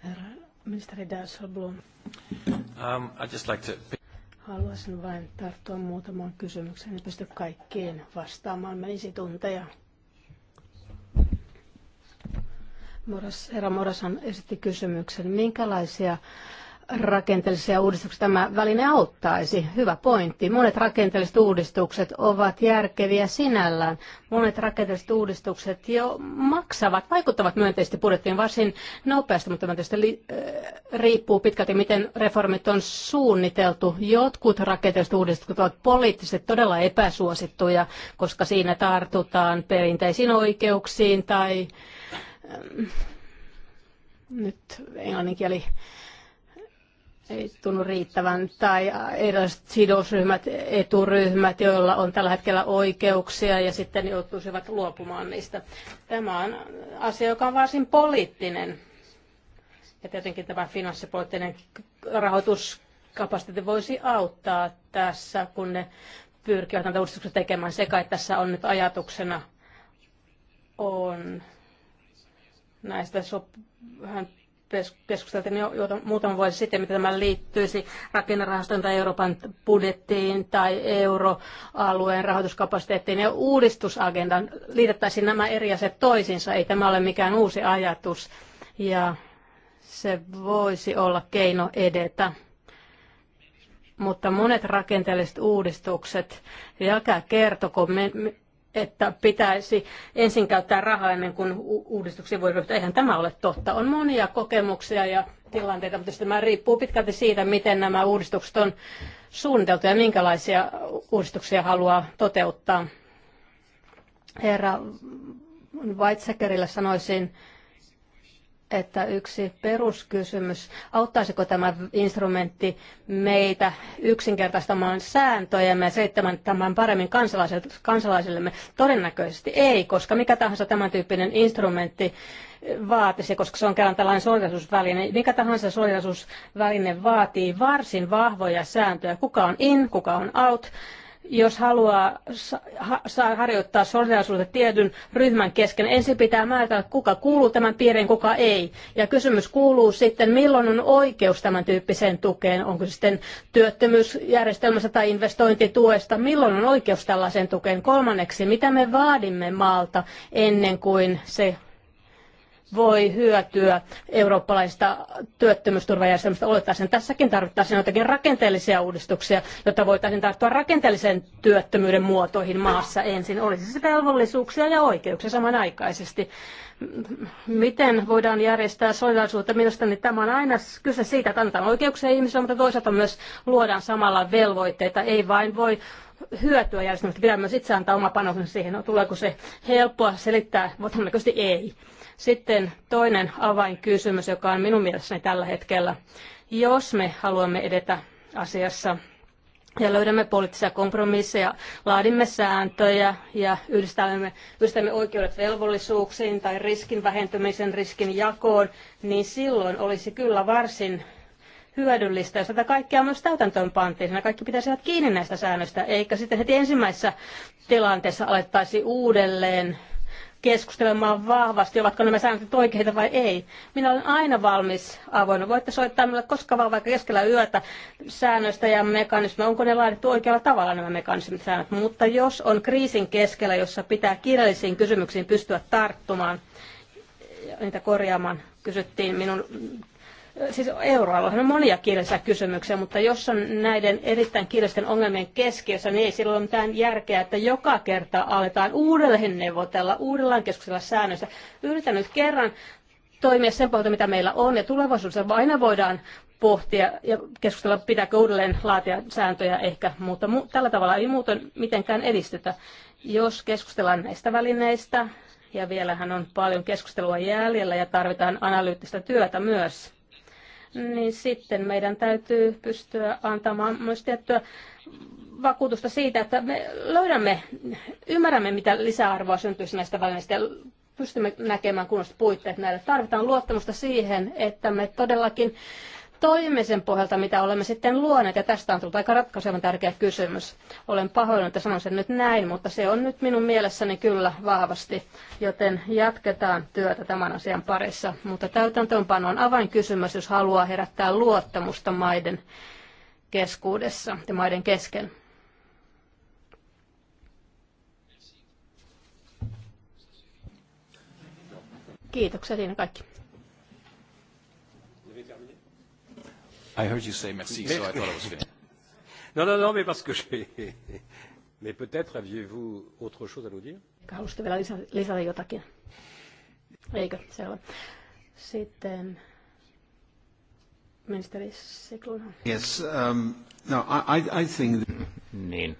Herra ministeri Dasselblom. Um, I'd just like to... Haluaisin vain tarttua muutamaan kysymykseen. En pysty kaikkiin vastaamaan. Menisi tunteja. Moras, herra Morasan esitti kysymyksen, minkälaisia rakenteellisia uudistuksia tämä väline auttaisi. Hyvä pointti. Monet rakenteelliset uudistukset ovat järkeviä sinällään. Monet rakenteelliset uudistukset jo maksavat, vaikuttavat myönteisesti budjettiin varsin nopeasti, mutta tämä tietysti äh, riippuu pitkälti, miten reformit on suunniteltu. Jotkut rakenteelliset uudistukset ovat poliittisesti todella epäsuosittuja, koska siinä tartutaan perinteisiin oikeuksiin tai ähm, nyt englanninkieli kieli ei tunnu riittävän, tai erilaiset sidosryhmät, eturyhmät, joilla on tällä hetkellä oikeuksia ja sitten joutuisivat luopumaan niistä. Tämä on asia, joka on varsin poliittinen. Ja tietenkin tämä finanssipoliittinen rahoituskapasiteetti voisi auttaa tässä, kun ne pyrkivät näitä uudistuksia tekemään. Se kai tässä on nyt ajatuksena on näistä sop- keskusteltiin jo, jo muutama vuosi sitten, miten tämä liittyisi rakennerahaston tai Euroopan budjettiin tai euroalueen rahoituskapasiteettiin ja uudistusagendan. Liitettäisiin nämä eri asiat toisiinsa, ei tämä ole mikään uusi ajatus ja se voisi olla keino edetä. Mutta monet rakenteelliset uudistukset, jakaa kertoko me, me, että pitäisi ensin käyttää rahaa ennen kuin uudistuksia voi ryhtyä. Eihän tämä ole totta. On monia kokemuksia ja tilanteita, mutta tämä riippuu pitkälti siitä, miten nämä uudistukset on suunniteltu ja minkälaisia uudistuksia haluaa toteuttaa. Herra Weizsäckerille sanoisin, että yksi peruskysymys, auttaisiko tämä instrumentti meitä yksinkertaistamaan sääntöjämme ja selittämään tämän paremmin kansalaisillemme? Todennäköisesti ei, koska mikä tahansa tämän tyyppinen instrumentti vaatisi, koska se on kerran tällainen solidarisuusväline. Mikä tahansa solidarisuusväline vaatii varsin vahvoja sääntöjä, kuka on in, kuka on out, jos haluaa saa harjoittaa solidaarisuutta tietyn ryhmän kesken, ensin pitää määrätä, kuka kuuluu tämän piirin, kuka ei. Ja kysymys kuuluu sitten, milloin on oikeus tämän tyyppiseen tukeen, onko se sitten työttömyysjärjestelmässä tai investointituesta, milloin on oikeus tällaiseen tukeen. Kolmanneksi, mitä me vaadimme maalta ennen kuin se voi hyötyä eurooppalaisesta työttömyysturvajärjestelmästä olettaisiin. Tässäkin tarvittaisiin jotakin rakenteellisia uudistuksia, jotta voitaisiin tarttua rakenteellisen työttömyyden muotoihin maassa ensin. Olisi se velvollisuuksia ja oikeuksia samanaikaisesti. Miten voidaan järjestää solidaarisuutta? Mielestäni tämä on aina kyse siitä, että annetaan oikeuksia ihmisille, mutta toisaalta myös luodaan samalla velvoitteita. Ei vain voi hyötyä järjestelmästä, pitää myös itse antaa oma panoksensa siihen, no, tuleeko se helppoa selittää, todennäköisesti ei. Sitten toinen avainkysymys, joka on minun mielestäni tällä hetkellä. Jos me haluamme edetä asiassa ja löydämme poliittisia kompromisseja, laadimme sääntöjä ja yhdistämme, yhdistämme oikeudet velvollisuuksiin tai riskin vähentymisen, riskin jakoon, niin silloin olisi kyllä varsin hyödyllistä, jos tätä kaikkea myös täytäntöön pantiin. Siinä kaikki pitäisivät kiinni näistä säännöistä, eikä sitten heti ensimmäisessä tilanteessa alettaisi uudelleen keskustelemaan vahvasti, ovatko nämä säännöt oikeita vai ei. Minä olen aina valmis avoinna. Voitte soittaa minulle koska vaan vaikka keskellä yötä säännöistä ja mekanismeja, onko ne laadittu oikealla tavalla nämä mekanismit säännöt. Mutta jos on kriisin keskellä, jossa pitää kirjallisiin kysymyksiin pystyä tarttumaan, niitä korjaamaan, kysyttiin minun siis euroalueella on monia kielisiä kysymyksiä, mutta jos on näiden erittäin kielisten ongelmien keskiössä, niin ei silloin ole mitään järkeä, että joka kerta aletaan uudelleen neuvotella, uudellaan keskustella säännöissä. Yritän nyt kerran toimia sen pohjalta, mitä meillä on, ja tulevaisuudessa aina voidaan pohtia ja keskustella, pitääkö uudelleen laatia sääntöjä ehkä, mutta mu- tällä tavalla ei muuten mitenkään edistytä. Jos keskustellaan näistä välineistä, ja vielähän on paljon keskustelua jäljellä ja tarvitaan analyyttistä työtä myös niin sitten meidän täytyy pystyä antamaan myös tiettyä vakuutusta siitä, että me löydämme, ymmärrämme, mitä lisäarvoa syntyisi näistä välineistä ja pystymme näkemään kunnolliset puitteet näille. Tarvitaan luottamusta siihen, että me todellakin Toimimisen pohjalta, mitä olemme sitten luoneet, ja tästä on tullut aika ratkaisevan tärkeä kysymys. Olen pahoillani, että sanon sen nyt näin, mutta se on nyt minun mielessäni kyllä vahvasti, joten jatketaan työtä tämän asian parissa. Mutta täytäntöönpano on avainkysymys, jos haluaa herättää luottamusta maiden keskuudessa ja maiden kesken. Kiitoksia, siinä kaikki. I heard you say merci, so I thought I was finished. Non, non, non, mais parce que j'ai... Mais peut-être aviez-vous autre chose à nous dire? Halusitte vielä lisä, lisätä jotakin. Eikö? Selvä. Sitten ministeri Sikluna. Yes, um, no, I, I think... Niin.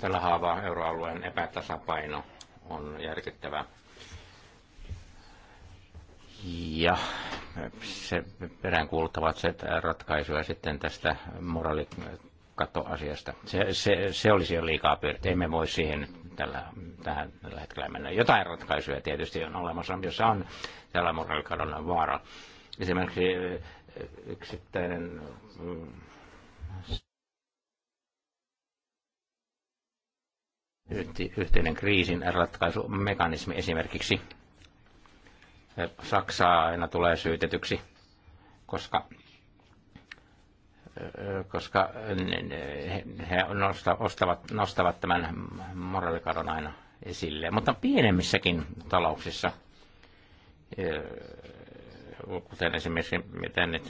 Tällä haavaa euroalueen epätasapaino on järkyttävä ja se peräänkuuluttavat se ratkaisuja sitten tästä moraalikatoasiasta. Se, se, se olisi jo liikaa pyöritty. Emme voi siihen tällä, tähän, tällä hetkellä mennä. Jotain ratkaisuja tietysti on olemassa, jossa on tällä moraalikadon vaara. Esimerkiksi eh, yksittäinen eh, yhteinen kriisin ratkaisumekanismi esimerkiksi Saksaa aina tulee syytetyksi, koska, koska he nostavat, nostavat tämän moraalikadon aina esille. Mutta pienemmissäkin talouksissa, kuten esimerkiksi miten nyt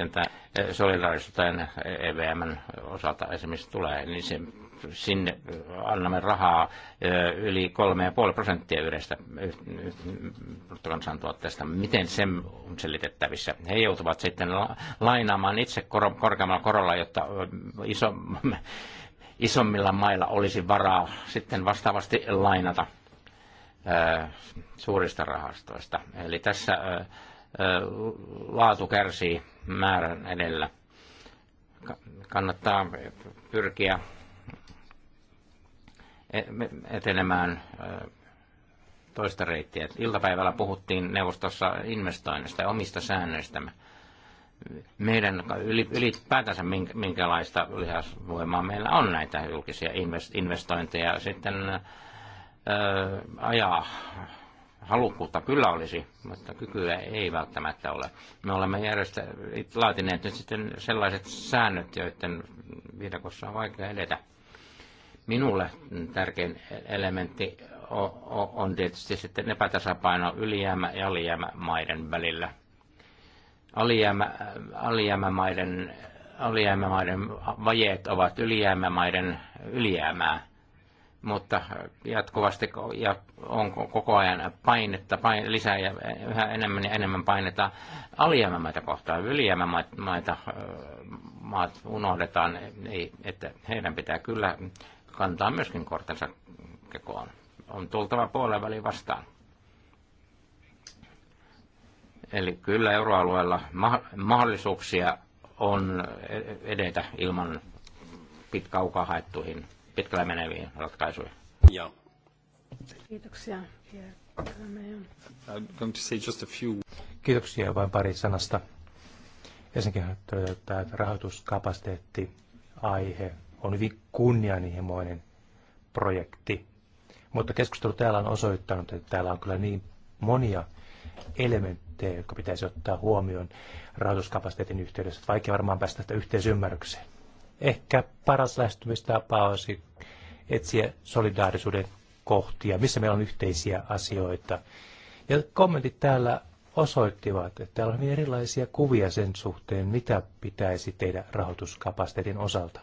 solidaarisuuteen EVMn osalta esimerkiksi tulee, niin se sinne äh, annamme rahaa äh, yli 3,5 prosenttia yhdestä bruttokansantuotteesta. Miten se on selitettävissä? He joutuvat sitten lainaamaan itse kor- korkeammalla korolla, jotta äh, iso, isommilla mailla olisi varaa sitten vastaavasti lainata suurista rahastoista. Eli tässä laatu kärsii määrän edellä. Kannattaa pyrkiä E- etenemään toista reittiä. Iltapäivällä puhuttiin neuvostossa investoinnista ja omista säännöistämme. Meidän ylipäätänsä minkälaista lihasvoimaa meillä on näitä julkisia investointeja sitten ajaa halukkuutta kyllä olisi, mutta kykyä ei välttämättä ole. Me olemme järjestä, laatineet nyt sitten sellaiset säännöt, joiden viidakossa on vaikea edetä. Minulle tärkein elementti on tietysti sitten epätasapaino ylijäämä- ja alijäämämaiden välillä. Alijäämä, alijäämämaiden, alijäämämaiden vajeet ovat ylijäämämaiden ylijäämää, mutta jatkuvasti ja on koko ajan painetta, pain, lisää ja yhä enemmän ja enemmän painetta alijäämämaita kohtaan. Ylijäämämaita maat unohdetaan, että heidän pitää kyllä kantaa myöskin kortensa kekoon. On tultava puolen väliin vastaan. Eli kyllä euroalueella mahdollisuuksia on edetä ilman pitkäukaa haettuihin, pitkälle meneviin ratkaisuihin. Joo. Kiitoksia. I'm going to say just a few. Kiitoksia vain pari sanasta. Ensinnäkin tämä rahoituskapasiteetti aihe on hyvin kunnianhimoinen projekti. Mutta keskustelu täällä on osoittanut, että täällä on kyllä niin monia elementtejä, jotka pitäisi ottaa huomioon rahoituskapasiteetin yhteydessä. vaikea varmaan päästä tästä yhteisymmärrykseen. Ehkä paras lähestymistapa olisi etsiä solidaarisuuden kohtia, missä meillä on yhteisiä asioita. Ja kommentit täällä osoittivat, että täällä on hyvin erilaisia kuvia sen suhteen, mitä pitäisi tehdä rahoituskapasiteetin osalta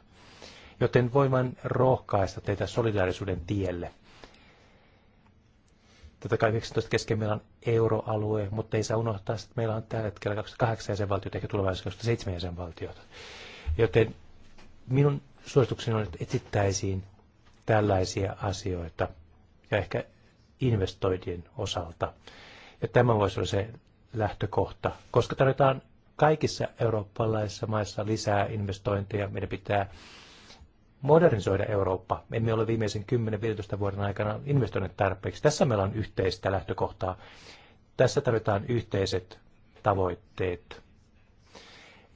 joten voin vain rohkaista teitä solidaarisuuden tielle. Tätä kai 19 kesken meillä on euroalue, mutta ei saa unohtaa, että meillä on tällä hetkellä 28 jäsenvaltiota eikä tulevaisuudessa 27 jäsenvaltiota. Joten minun suositukseni on, että etsittäisiin tällaisia asioita ja ehkä investointien osalta. Ja tämä voisi olla se lähtökohta, koska tarvitaan kaikissa eurooppalaisissa maissa lisää investointeja. Meidän pitää modernisoida Eurooppa. Emme ole viimeisen 10-15 vuoden aikana investoineet tarpeeksi. Tässä meillä on yhteistä lähtökohtaa. Tässä tarvitaan yhteiset tavoitteet.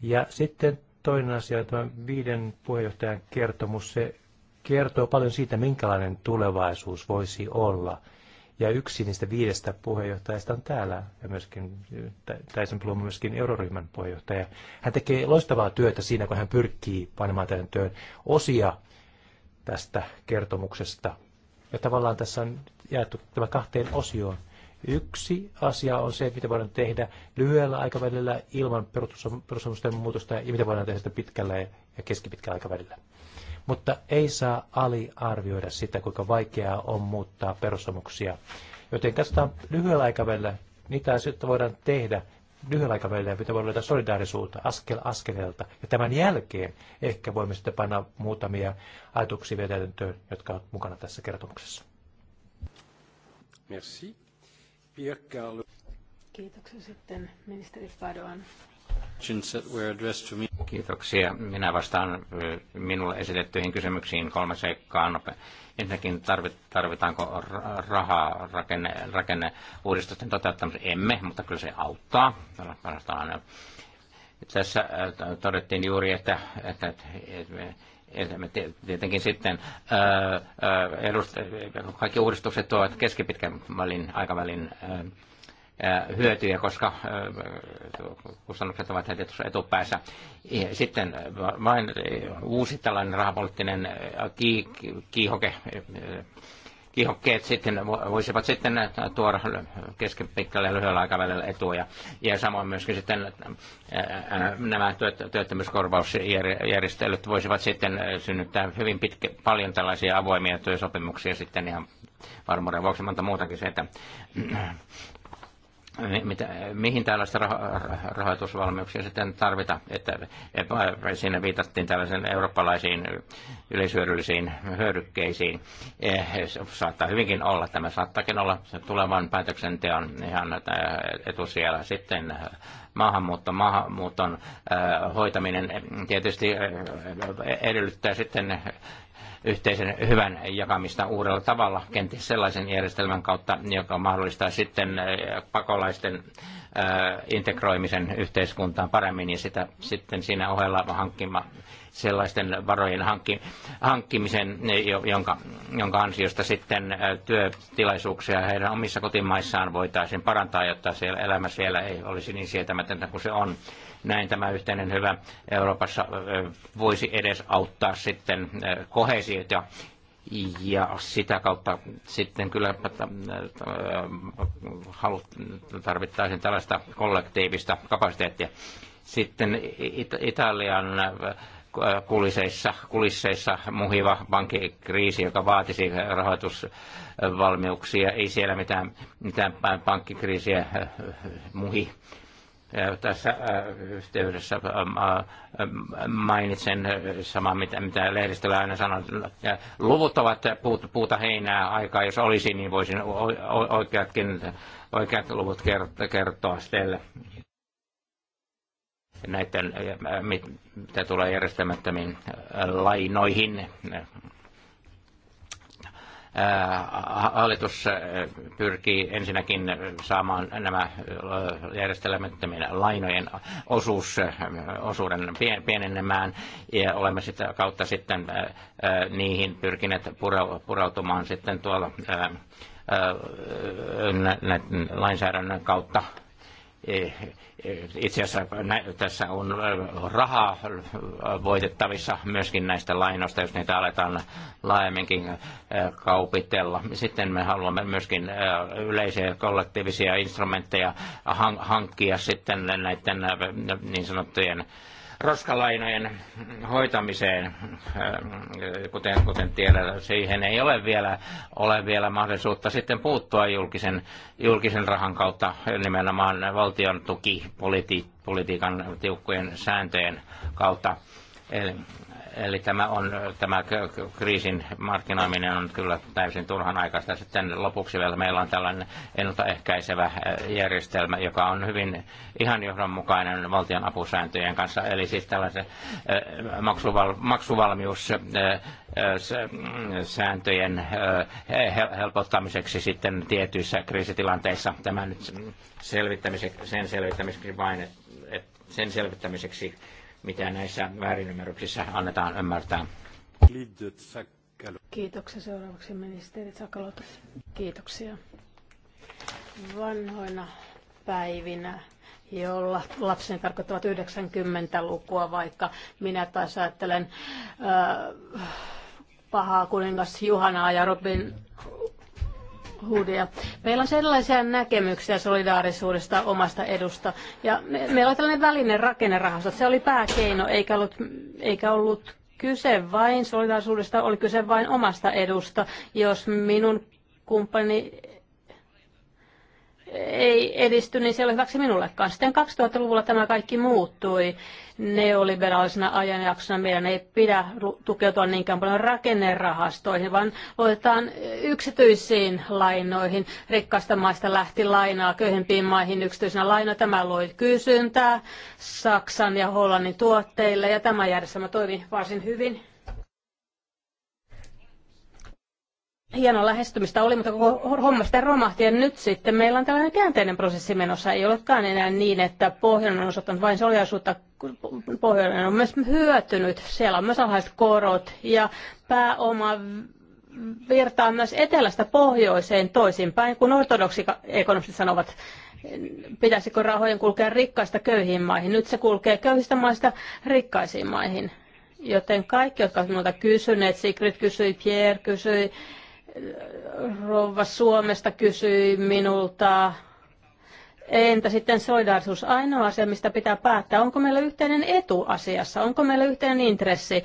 Ja sitten toinen asia, tämä viiden puheenjohtajan kertomus, se kertoo paljon siitä, minkälainen tulevaisuus voisi olla – ja yksi niistä viidestä puheenjohtajasta on täällä, ja myöskin Taisen Blum on myöskin euroryhmän puheenjohtaja. Hän tekee loistavaa työtä siinä, kun hän pyrkii panemaan tämän työn osia tästä kertomuksesta. Ja tavallaan tässä on jaettu tämä kahteen osioon. Yksi asia on se, mitä voidaan tehdä lyhyellä aikavälillä ilman perussopimusten muutosta ja mitä voidaan tehdä pitkällä ja keskipitkällä aikavälillä. Mutta ei saa aliarvioida sitä, kuinka vaikeaa on muuttaa perusomuksia. Joten katsotaan lyhyellä aikavälillä, mitä asioita voidaan tehdä lyhyellä aikavälillä, mitä voidaan löytää solidaarisuutta askel askeleelta. Ja tämän jälkeen ehkä voimme sitten panna muutamia ajatuksia vielä jotka ovat mukana tässä kertomuksessa. Merci. Pierre Kiitoksia sitten ministeri Padoan. Kiitoksia. Minä vastaan eh, minulle esitettyihin kysymyksiin kolme seikkaa. No, ensinnäkin tarvitaanko rahaa rakenne, rakenne uudistusten toteuttamiseen? Emme, mutta kyllä se auttaa. Tässä eh, eh, todettiin juuri, että, että, että, tietenkin sitten ää, edust, kaikki uudistukset tuovat keskipitkän aikavälin ää, hyötyjä, koska kustannukset ovat heti tuossa etupäässä. Sitten vain uusi tällainen rahapoliittinen kiihoke kiihokkeet sitten voisivat sitten tuoda keskipitkällä ja lyhyellä aikavälillä etuja. Ja samoin myöskin sitten nämä työttömyyskorvausjärjestelyt voisivat sitten synnyttää hyvin pitkä, paljon tällaisia avoimia työsopimuksia sitten ihan varmuuden vuoksi monta muutakin se, että mitä, mihin tällaista rahoitusvalmiuksia sitten tarvita, että siinä viitattiin tällaisiin eurooppalaisiin yleisyödyllisiin hyödykkeisiin. Eh, saattaa hyvinkin olla, tämä saattaakin olla se tulevan päätöksenteon ihan etusijalla sitten maahanmuutto, maahanmuuton hoitaminen eh, tietysti edellyttää sitten yhteisen hyvän jakamista uudella tavalla, kenties sellaisen järjestelmän kautta, joka mahdollistaa sitten äh, pakolaisten äh, integroimisen yhteiskuntaan paremmin ja sitä sitten siinä ohella hankkima, sellaisten varojen hankki, hankkimisen, jonka, jonka ansiosta sitten työtilaisuuksia heidän omissa kotimaissaan voitaisiin parantaa, jotta siellä elämä siellä ei olisi niin sietämätöntä kuin se on. Näin tämä yhteinen hyvä Euroopassa voisi edes auttaa sitten kohesiota ja sitä kautta sitten kyllä tarvittaisiin tällaista kollektiivista kapasiteettia. Sitten Italian Äh, kulisseissa, kulisseissa muhiva pankkikriisi, joka vaatisi rahoitusvalmiuksia. Ei siellä mitään, mitään pankkikriisiä äh, muhi. Tässä äh, yhteydessä mainitsen samaa, mitä, mitä lehdistöllä aina sanotaan. Luvut ovat puuta heinää aikaa. Jos olisi, niin voisin oikeatkin, oikeat luvut kertoa teille näiden, eh, eh, mitä tulee järjestämättömiin eh, lainoihin. Hallitus pyrkii ensinnäkin saamaan nämä järjestelmättömien lainojen osuus, osuuden pienenemään ja olemme sitä kautta sitten niihin pyrkineet pureutumaan sitten tuolla lainsäädännön kautta Eh, eh, itse asiassa tässä on eh, rahaa voitettavissa myöskin näistä lainoista, jos niitä aletaan laajemminkin kaupitella. Sitten me haluamme myöskin yleisiä kollektiivisia instrumentteja hankkia sitten näiden niin sanottujen roskalainojen hoitamiseen, äh, kuten, kuten tiedän, siihen ei ole vielä, ole vielä mahdollisuutta sitten puuttua julkisen, julkisen rahan kautta nimenomaan valtion tukipolitiikan tiukkojen sääntöjen kautta. Eli Eli tämä, on, tämä kriisin markkinoiminen on kyllä täysin turhan aikaista. Sitten lopuksi vielä meillä on tällainen ennaltaehkäisevä järjestelmä, joka on hyvin ihan johdonmukainen valtion apusääntöjen kanssa. Eli siis tällaisen maksuval, maksuvalmiussääntöjen helpottamiseksi sitten tietyissä kriisitilanteissa. Tämä nyt selvittämiseksi, sen selvittämiseksi vain, että sen selvittämiseksi mitä näissä väärinymmärryksissä annetaan ymmärtää. Kiitoksia seuraavaksi ministeri Sakalota. Kiitoksia. Vanhoina päivinä jolla lapseni tarkoittavat 90-lukua, vaikka minä taas ajattelen äh, pahaa kuningas Juhanaa ja Robin Hudia. Meillä on sellaisia näkemyksiä solidaarisuudesta omasta edusta. Ja me, meillä on tällainen välinen rakennerahasto. Se oli pääkeino, eikä ollut, eikä ollut kyse vain solidaarisuudesta, oli kyse vain omasta edusta. Jos minun kumppani ei edisty, niin se ei ole hyväksi minullekaan. Sitten 2000-luvulla tämä kaikki muuttui neoliberaalisena ajanjaksona. Meidän ei pidä tukeutua niinkään paljon rakennerahastoihin, vaan luotetaan yksityisiin lainoihin. Rikkaista maista lähti lainaa köyhempiin maihin yksityisenä laina. Tämä loi kysyntää Saksan ja Hollannin tuotteille ja tämä järjestelmä toimi varsin hyvin hieno lähestymistä oli, mutta koko homma sitten romahti. Ja nyt sitten meillä on tällainen käänteinen prosessi menossa. Ei olekaan enää niin, että Pohjoinen on osoittanut vain solidaisuutta. Pohjoinen on myös hyötynyt. Siellä on myös alhaiset korot ja pääoma virtaa myös etelästä pohjoiseen toisinpäin, kun ortodoksi ekonomistit sanovat, pitäisikö rahojen kulkea rikkaista köyhiin maihin. Nyt se kulkee köyhistä maista rikkaisiin maihin. Joten kaikki, jotka ovat minulta kysyneet, Sigrid kysyi, Pierre kysyi, rouva Suomesta kysyi minulta, entä sitten solidaarisuus? Ainoa asia, mistä pitää päättää, onko meillä yhteinen etu asiassa, onko meillä yhteinen intressi?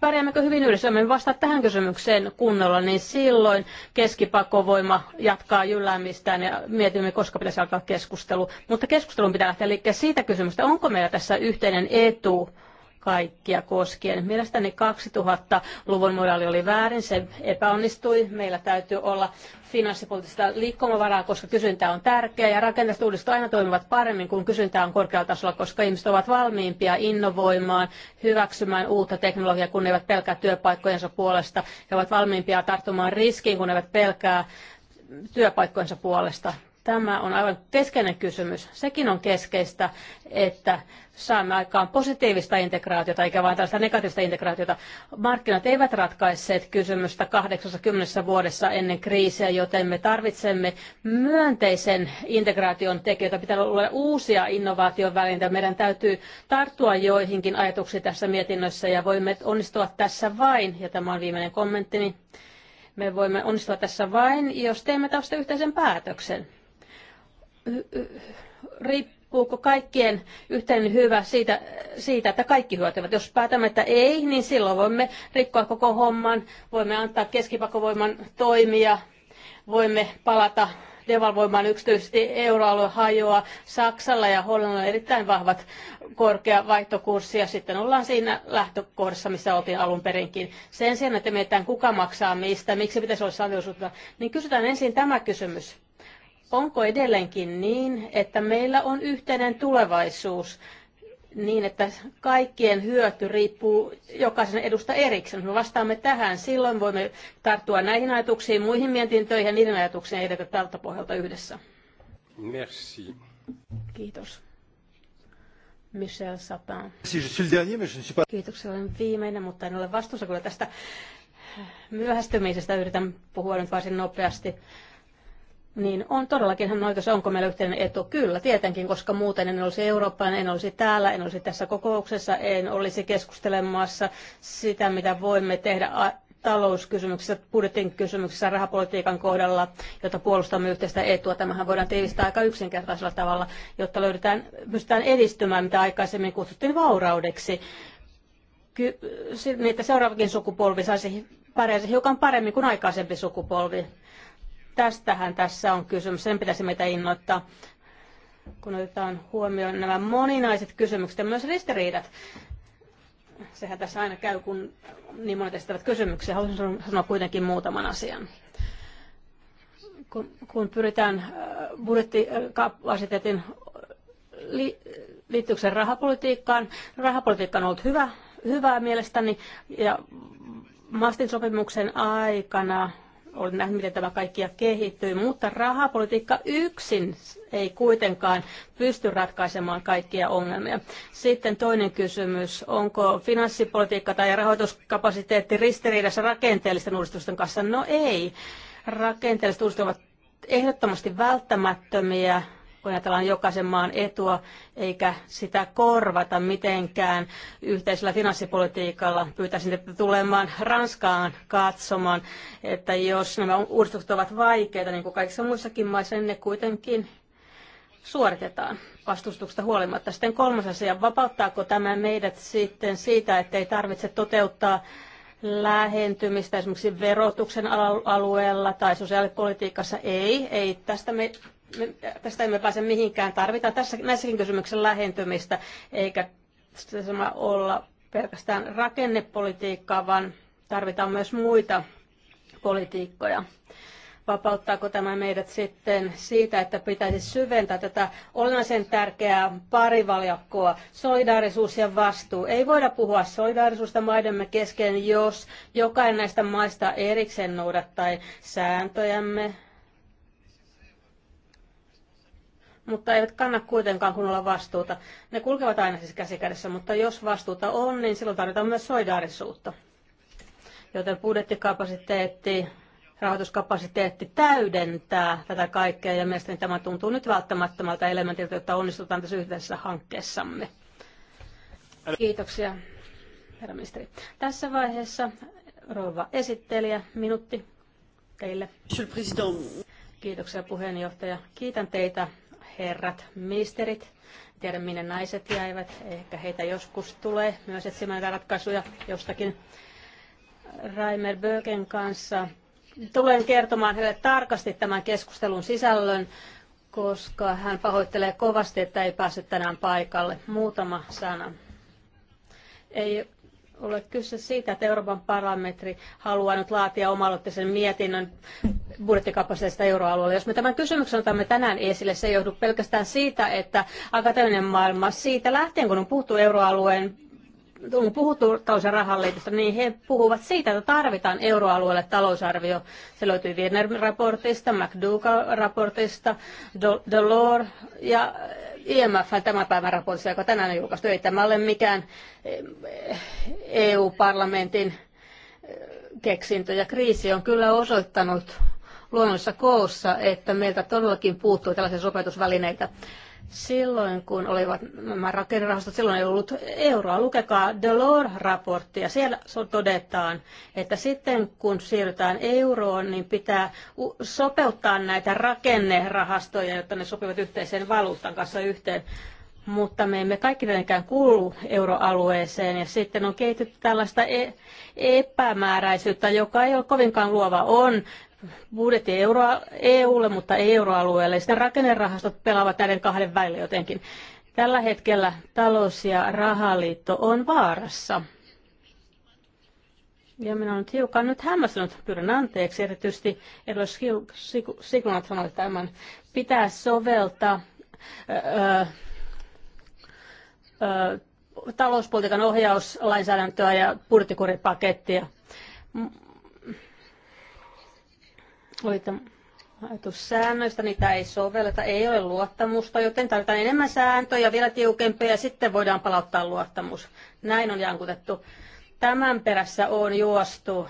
Pärjäämmekö hyvin yhdessä? Me vastaa tähän kysymykseen kunnolla, niin silloin keskipakovoima jatkaa jylläämistään ja mietimme, koska pitäisi alkaa keskustelu. Mutta keskustelun pitää lähteä liikkeelle siitä kysymystä, onko meillä tässä yhteinen etu kaikkia koskien. Mielestäni 2000-luvun moraali oli väärin, se epäonnistui. Meillä täytyy olla finanssipoliittista liikkumavaraa, koska kysyntä on tärkeää ja rakenteelliset uudistukset aina toimivat paremmin, kun kysyntä on korkealla tasolla, koska ihmiset ovat valmiimpia innovoimaan, hyväksymään uutta teknologiaa, kun ne eivät pelkää työpaikkojensa puolesta. ja ovat valmiimpia tarttumaan riskiin, kun ne eivät pelkää työpaikkojensa puolesta. Tämä on aivan keskeinen kysymys. Sekin on keskeistä, että saamme aikaan positiivista integraatiota, eikä vain tällaista negatiivista integraatiota. Markkinat eivät ratkaisseet kysymystä 80 vuodessa ennen kriisiä, joten me tarvitsemme myönteisen integraation tekijöitä. Pitää olla uusia innovaation välineitä. Meidän täytyy tarttua joihinkin ajatuksiin tässä mietinnössä ja voimme onnistua tässä vain, ja tämä on viimeinen kommenttini, me voimme onnistua tässä vain, jos teemme tästä yhteisen päätöksen riippuuko kaikkien yhteinen hyvä siitä, siitä, että kaikki hyötyvät. Jos päätämme, että ei, niin silloin voimme rikkoa koko homman, voimme antaa keskipakovoiman toimia, voimme palata devalvoimaan yksityisesti euroalue hajoaa. Saksalla ja Hollannilla on erittäin vahvat korkea vaihtokurssi ja sitten ollaan siinä lähtökohdassa, missä oltiin alun perinkin. Sen sijaan, että mietitään kuka maksaa mistä, miksi pitäisi olla sanellisuutta, niin kysytään ensin tämä kysymys. Onko edelleenkin niin, että meillä on yhteinen tulevaisuus niin, että kaikkien hyöty riippuu jokaisen edusta erikseen. Jos me vastaamme tähän, silloin voimme tarttua näihin ajatuksiin, muihin mietintöihin ja niiden ajatuksiin edetä tältä pohjalta yhdessä. Merci. Kiitos. Michel Sapin. Kiitoksia, olen viimeinen, mutta en ole vastuussa kyllä tästä myöhästymisestä. Yritän puhua nyt varsin nopeasti niin on todellakin hän oikeus, onko meillä yhteinen etu? Kyllä, tietenkin, koska muuten en olisi eurooppalainen, en olisi täällä, en olisi tässä kokouksessa, en olisi keskustelemassa sitä, mitä voimme tehdä talouskysymyksissä, budjetin kysymyksissä, rahapolitiikan kohdalla, jotta puolustamme yhteistä etua. Tämähän voidaan tiivistää aika yksinkertaisella tavalla, jotta löydetään, pystytään edistymään, mitä aikaisemmin kutsuttiin vauraudeksi. Ky- niin, että seuraavakin sukupolvi saisi pärjäisi hiukan paremmin kuin aikaisempi sukupolvi Tästähän tässä on kysymys. Sen pitäisi meitä innoittaa, kun otetaan huomioon nämä moninaiset kysymykset ja myös ristiriidat. Sehän tässä aina käy, kun niin monet esittävät kysymyksiä. Haluaisin sanoa kuitenkin muutaman asian kun, kun pyritään äh, budjettikapasiteetin äh, li, liittyykseen rahapolitiikkaan. Rahapolitiikka on ollut hyvä, hyvää mielestäni ja Mastin sopimuksen aikana olen nähnyt, miten tämä kaikkia kehittyy, mutta rahapolitiikka yksin ei kuitenkaan pysty ratkaisemaan kaikkia ongelmia. Sitten toinen kysymys, onko finanssipolitiikka tai rahoituskapasiteetti ristiriidassa rakenteellisten uudistusten kanssa? No ei. Rakenteelliset uudistukset ovat ehdottomasti välttämättömiä kun ajatellaan jokaisen maan etua, eikä sitä korvata mitenkään yhteisellä finanssipolitiikalla. Pyytäisin teitä tulemaan Ranskaan katsomaan, että jos nämä uudistukset ovat vaikeita, niin kuin kaikissa muissakin maissa, niin ne kuitenkin suoritetaan vastustuksesta huolimatta. Sitten kolmas asia, vapauttaako tämä meidät sitten siitä, että ei tarvitse toteuttaa lähentymistä esimerkiksi verotuksen alueella tai sosiaalipolitiikassa? Ei, ei tästä me me, tästä emme pääse mihinkään. Tarvitaan tässä, näissäkin kysymyksissä lähentymistä, eikä sama olla pelkästään rakennepolitiikkaa, vaan tarvitaan myös muita politiikkoja. Vapauttaako tämä meidät sitten siitä, että pitäisi syventää tätä olennaisen tärkeää parivaljakkoa, solidaarisuus ja vastuu? Ei voida puhua solidaarisuusta maidemme kesken, jos jokainen näistä maista erikseen noudattaa sääntöjämme, mutta eivät kanna kuitenkaan kunnolla vastuuta. Ne kulkevat aina siis käsikädessä, mutta jos vastuuta on, niin silloin tarvitaan myös solidaarisuutta. Joten budjettikapasiteetti, rahoituskapasiteetti täydentää tätä kaikkea ja mielestäni tämä tuntuu nyt välttämättömältä elementiltä, jotta onnistutaan tässä yhdessä hankkeessamme. Kiitoksia, herra ministeri. Tässä vaiheessa rouva esittelijä, minuutti teille. Kiitoksia puheenjohtaja. Kiitän teitä herrat ministerit. Tiedän, minne naiset jäivät. Ehkä heitä joskus tulee myös etsimään ratkaisuja jostakin. Raimer Böken kanssa. Tulen kertomaan heille tarkasti tämän keskustelun sisällön, koska hän pahoittelee kovasti, että ei pääse tänään paikalle. Muutama sana. Ei ole kyse siitä, että Euroopan parlamentti haluaa nyt laatia oma mietinnön budjettikapasiteetista euroalueella. Jos me tämän kysymyksen otamme tänään esille, se ei johdu pelkästään siitä, että akateeminen maailma siitä lähtien, kun on puhuttu euroalueen on puhuttu talous- ja rahaliitosta, niin he puhuvat siitä, että tarvitaan euroalueelle talousarvio. Se löytyy Wiener-raportista, McDougall-raportista, Delors ja IMFn tämän päivän raportissa, joka tänään on julkaistu. Ei tämä ole mikään EU-parlamentin eh, e eh, keksintö ja kriisi on kyllä osoittanut luonnollisessa koossa, että meiltä todellakin puuttuu tällaisia sopeutusvälineitä. Silloin kun olivat nämä rakennerahastot, silloin ei ollut euroa. Lukekaa Delors-raporttia. Siellä todetaan, että sitten kun siirrytään euroon, niin pitää sopeuttaa näitä rakennerahastoja, jotta ne sopivat yhteiseen valuuttan kanssa yhteen mutta me emme kaikki tietenkään kuulu euroalueeseen ja sitten on kehitetty tällaista e- epämääräisyyttä, joka ei ole kovinkaan luova. On budjetti euroa, EUlle, mutta ei euroalueelle. Sitten rakennerahastot pelaavat näiden kahden välillä jotenkin. Tällä hetkellä talous- ja rahaliitto on vaarassa. Ja minä olen hiukan nyt hämmästynyt, pyydän anteeksi, erityisesti Eros Sikunat sanoi tämän, pitää soveltaa öö, öö, talouspolitiikan ohjauslainsäädäntöä ja budjettikuripakettia. Luitte säännöistä, niitä ei sovelleta, ei ole luottamusta, joten tarvitaan enemmän sääntöjä, vielä tiukempia ja sitten voidaan palauttaa luottamus. Näin on jankutettu. Tämän perässä on juostu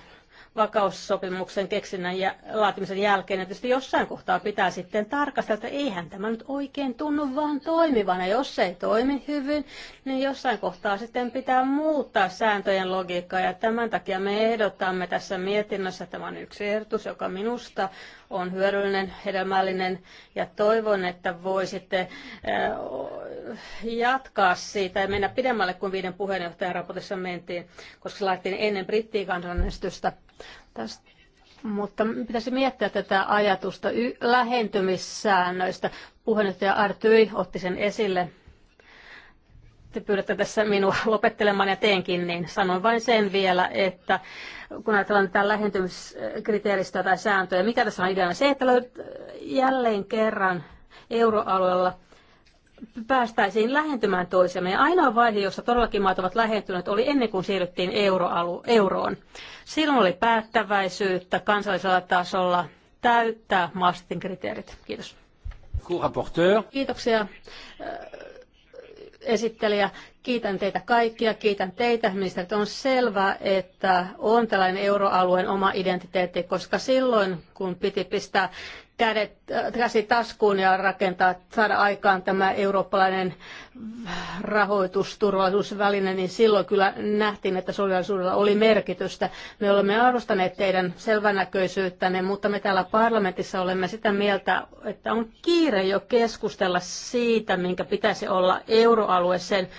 vakaussopimuksen keksinnän ja laatimisen jälkeen. Ja tietysti jossain kohtaa pitää sitten tarkastella, että eihän tämä nyt oikein tunnu vaan toimivan. Ja jos se ei toimi hyvin, niin jossain kohtaa sitten pitää muuttaa sääntöjen logiikkaa. Ja tämän takia me ehdotamme tässä mietinnössä, tämä on yksi ehdotus, joka minusta on hyödyllinen, hedelmällinen ja toivon, että voisitte äh, jatkaa siitä ja mennä pidemmälle kuin viiden puheenjohtajan raportissa mentiin, koska se laitettiin ennen kansanäänestystä Tästä mutta pitäisi miettiä tätä ajatusta y- lähentymissäännöistä. Puheenjohtaja Artyi otti sen esille. Te pyydätte tässä minua lopettelemaan ja teenkin, niin sanon vain sen vielä, että kun ajatellaan tätä lähentymiskriteeristöä tai sääntöjä, mikä tässä on ideana? Se, että löydät jälleen kerran euroalueella päästäisiin lähentymään toisemme. Ja ainoa vaihe, jossa todellakin maat ovat lähentyneet, oli ennen kuin siirryttiin euroalu, euroon. Silloin oli päättäväisyyttä kansallisella tasolla täyttää Maastin kriteerit. Kiitos. Kiitoksia äh, esittelijä. Kiitän teitä kaikkia, kiitän teitä, ministerit. On selvää, että on tällainen euroalueen oma identiteetti, koska silloin, kun piti pistää kädet, äh, käsi taskuun ja rakentaa, saada aikaan tämä eurooppalainen rahoitusturvallisuusväline, niin silloin kyllä nähtiin, että solidaarisuudella oli merkitystä. Me olemme arvostaneet teidän selvänäköisyyttänne, mutta me täällä parlamentissa olemme sitä mieltä, että on kiire jo keskustella siitä, minkä pitäisi olla euroalue sen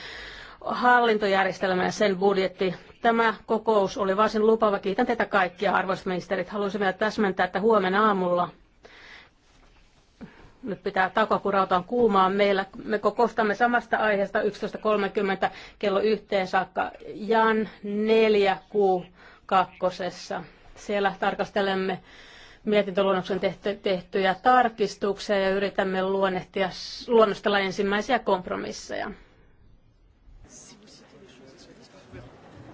hallintojärjestelmä ja sen budjetti. Tämä kokous oli varsin lupava. Kiitän teitä kaikkia, arvoisat ministerit. Haluaisin vielä täsmentää, että huomenna aamulla nyt pitää takakurataan kuumaan meillä. Me kokoustamme samasta aiheesta 11.30 kello yhteen saakka Jan 4 q Siellä tarkastelemme mietintöluonnoksen tehty, tehtyjä tarkistuksia ja yritämme luonnostella ensimmäisiä kompromisseja.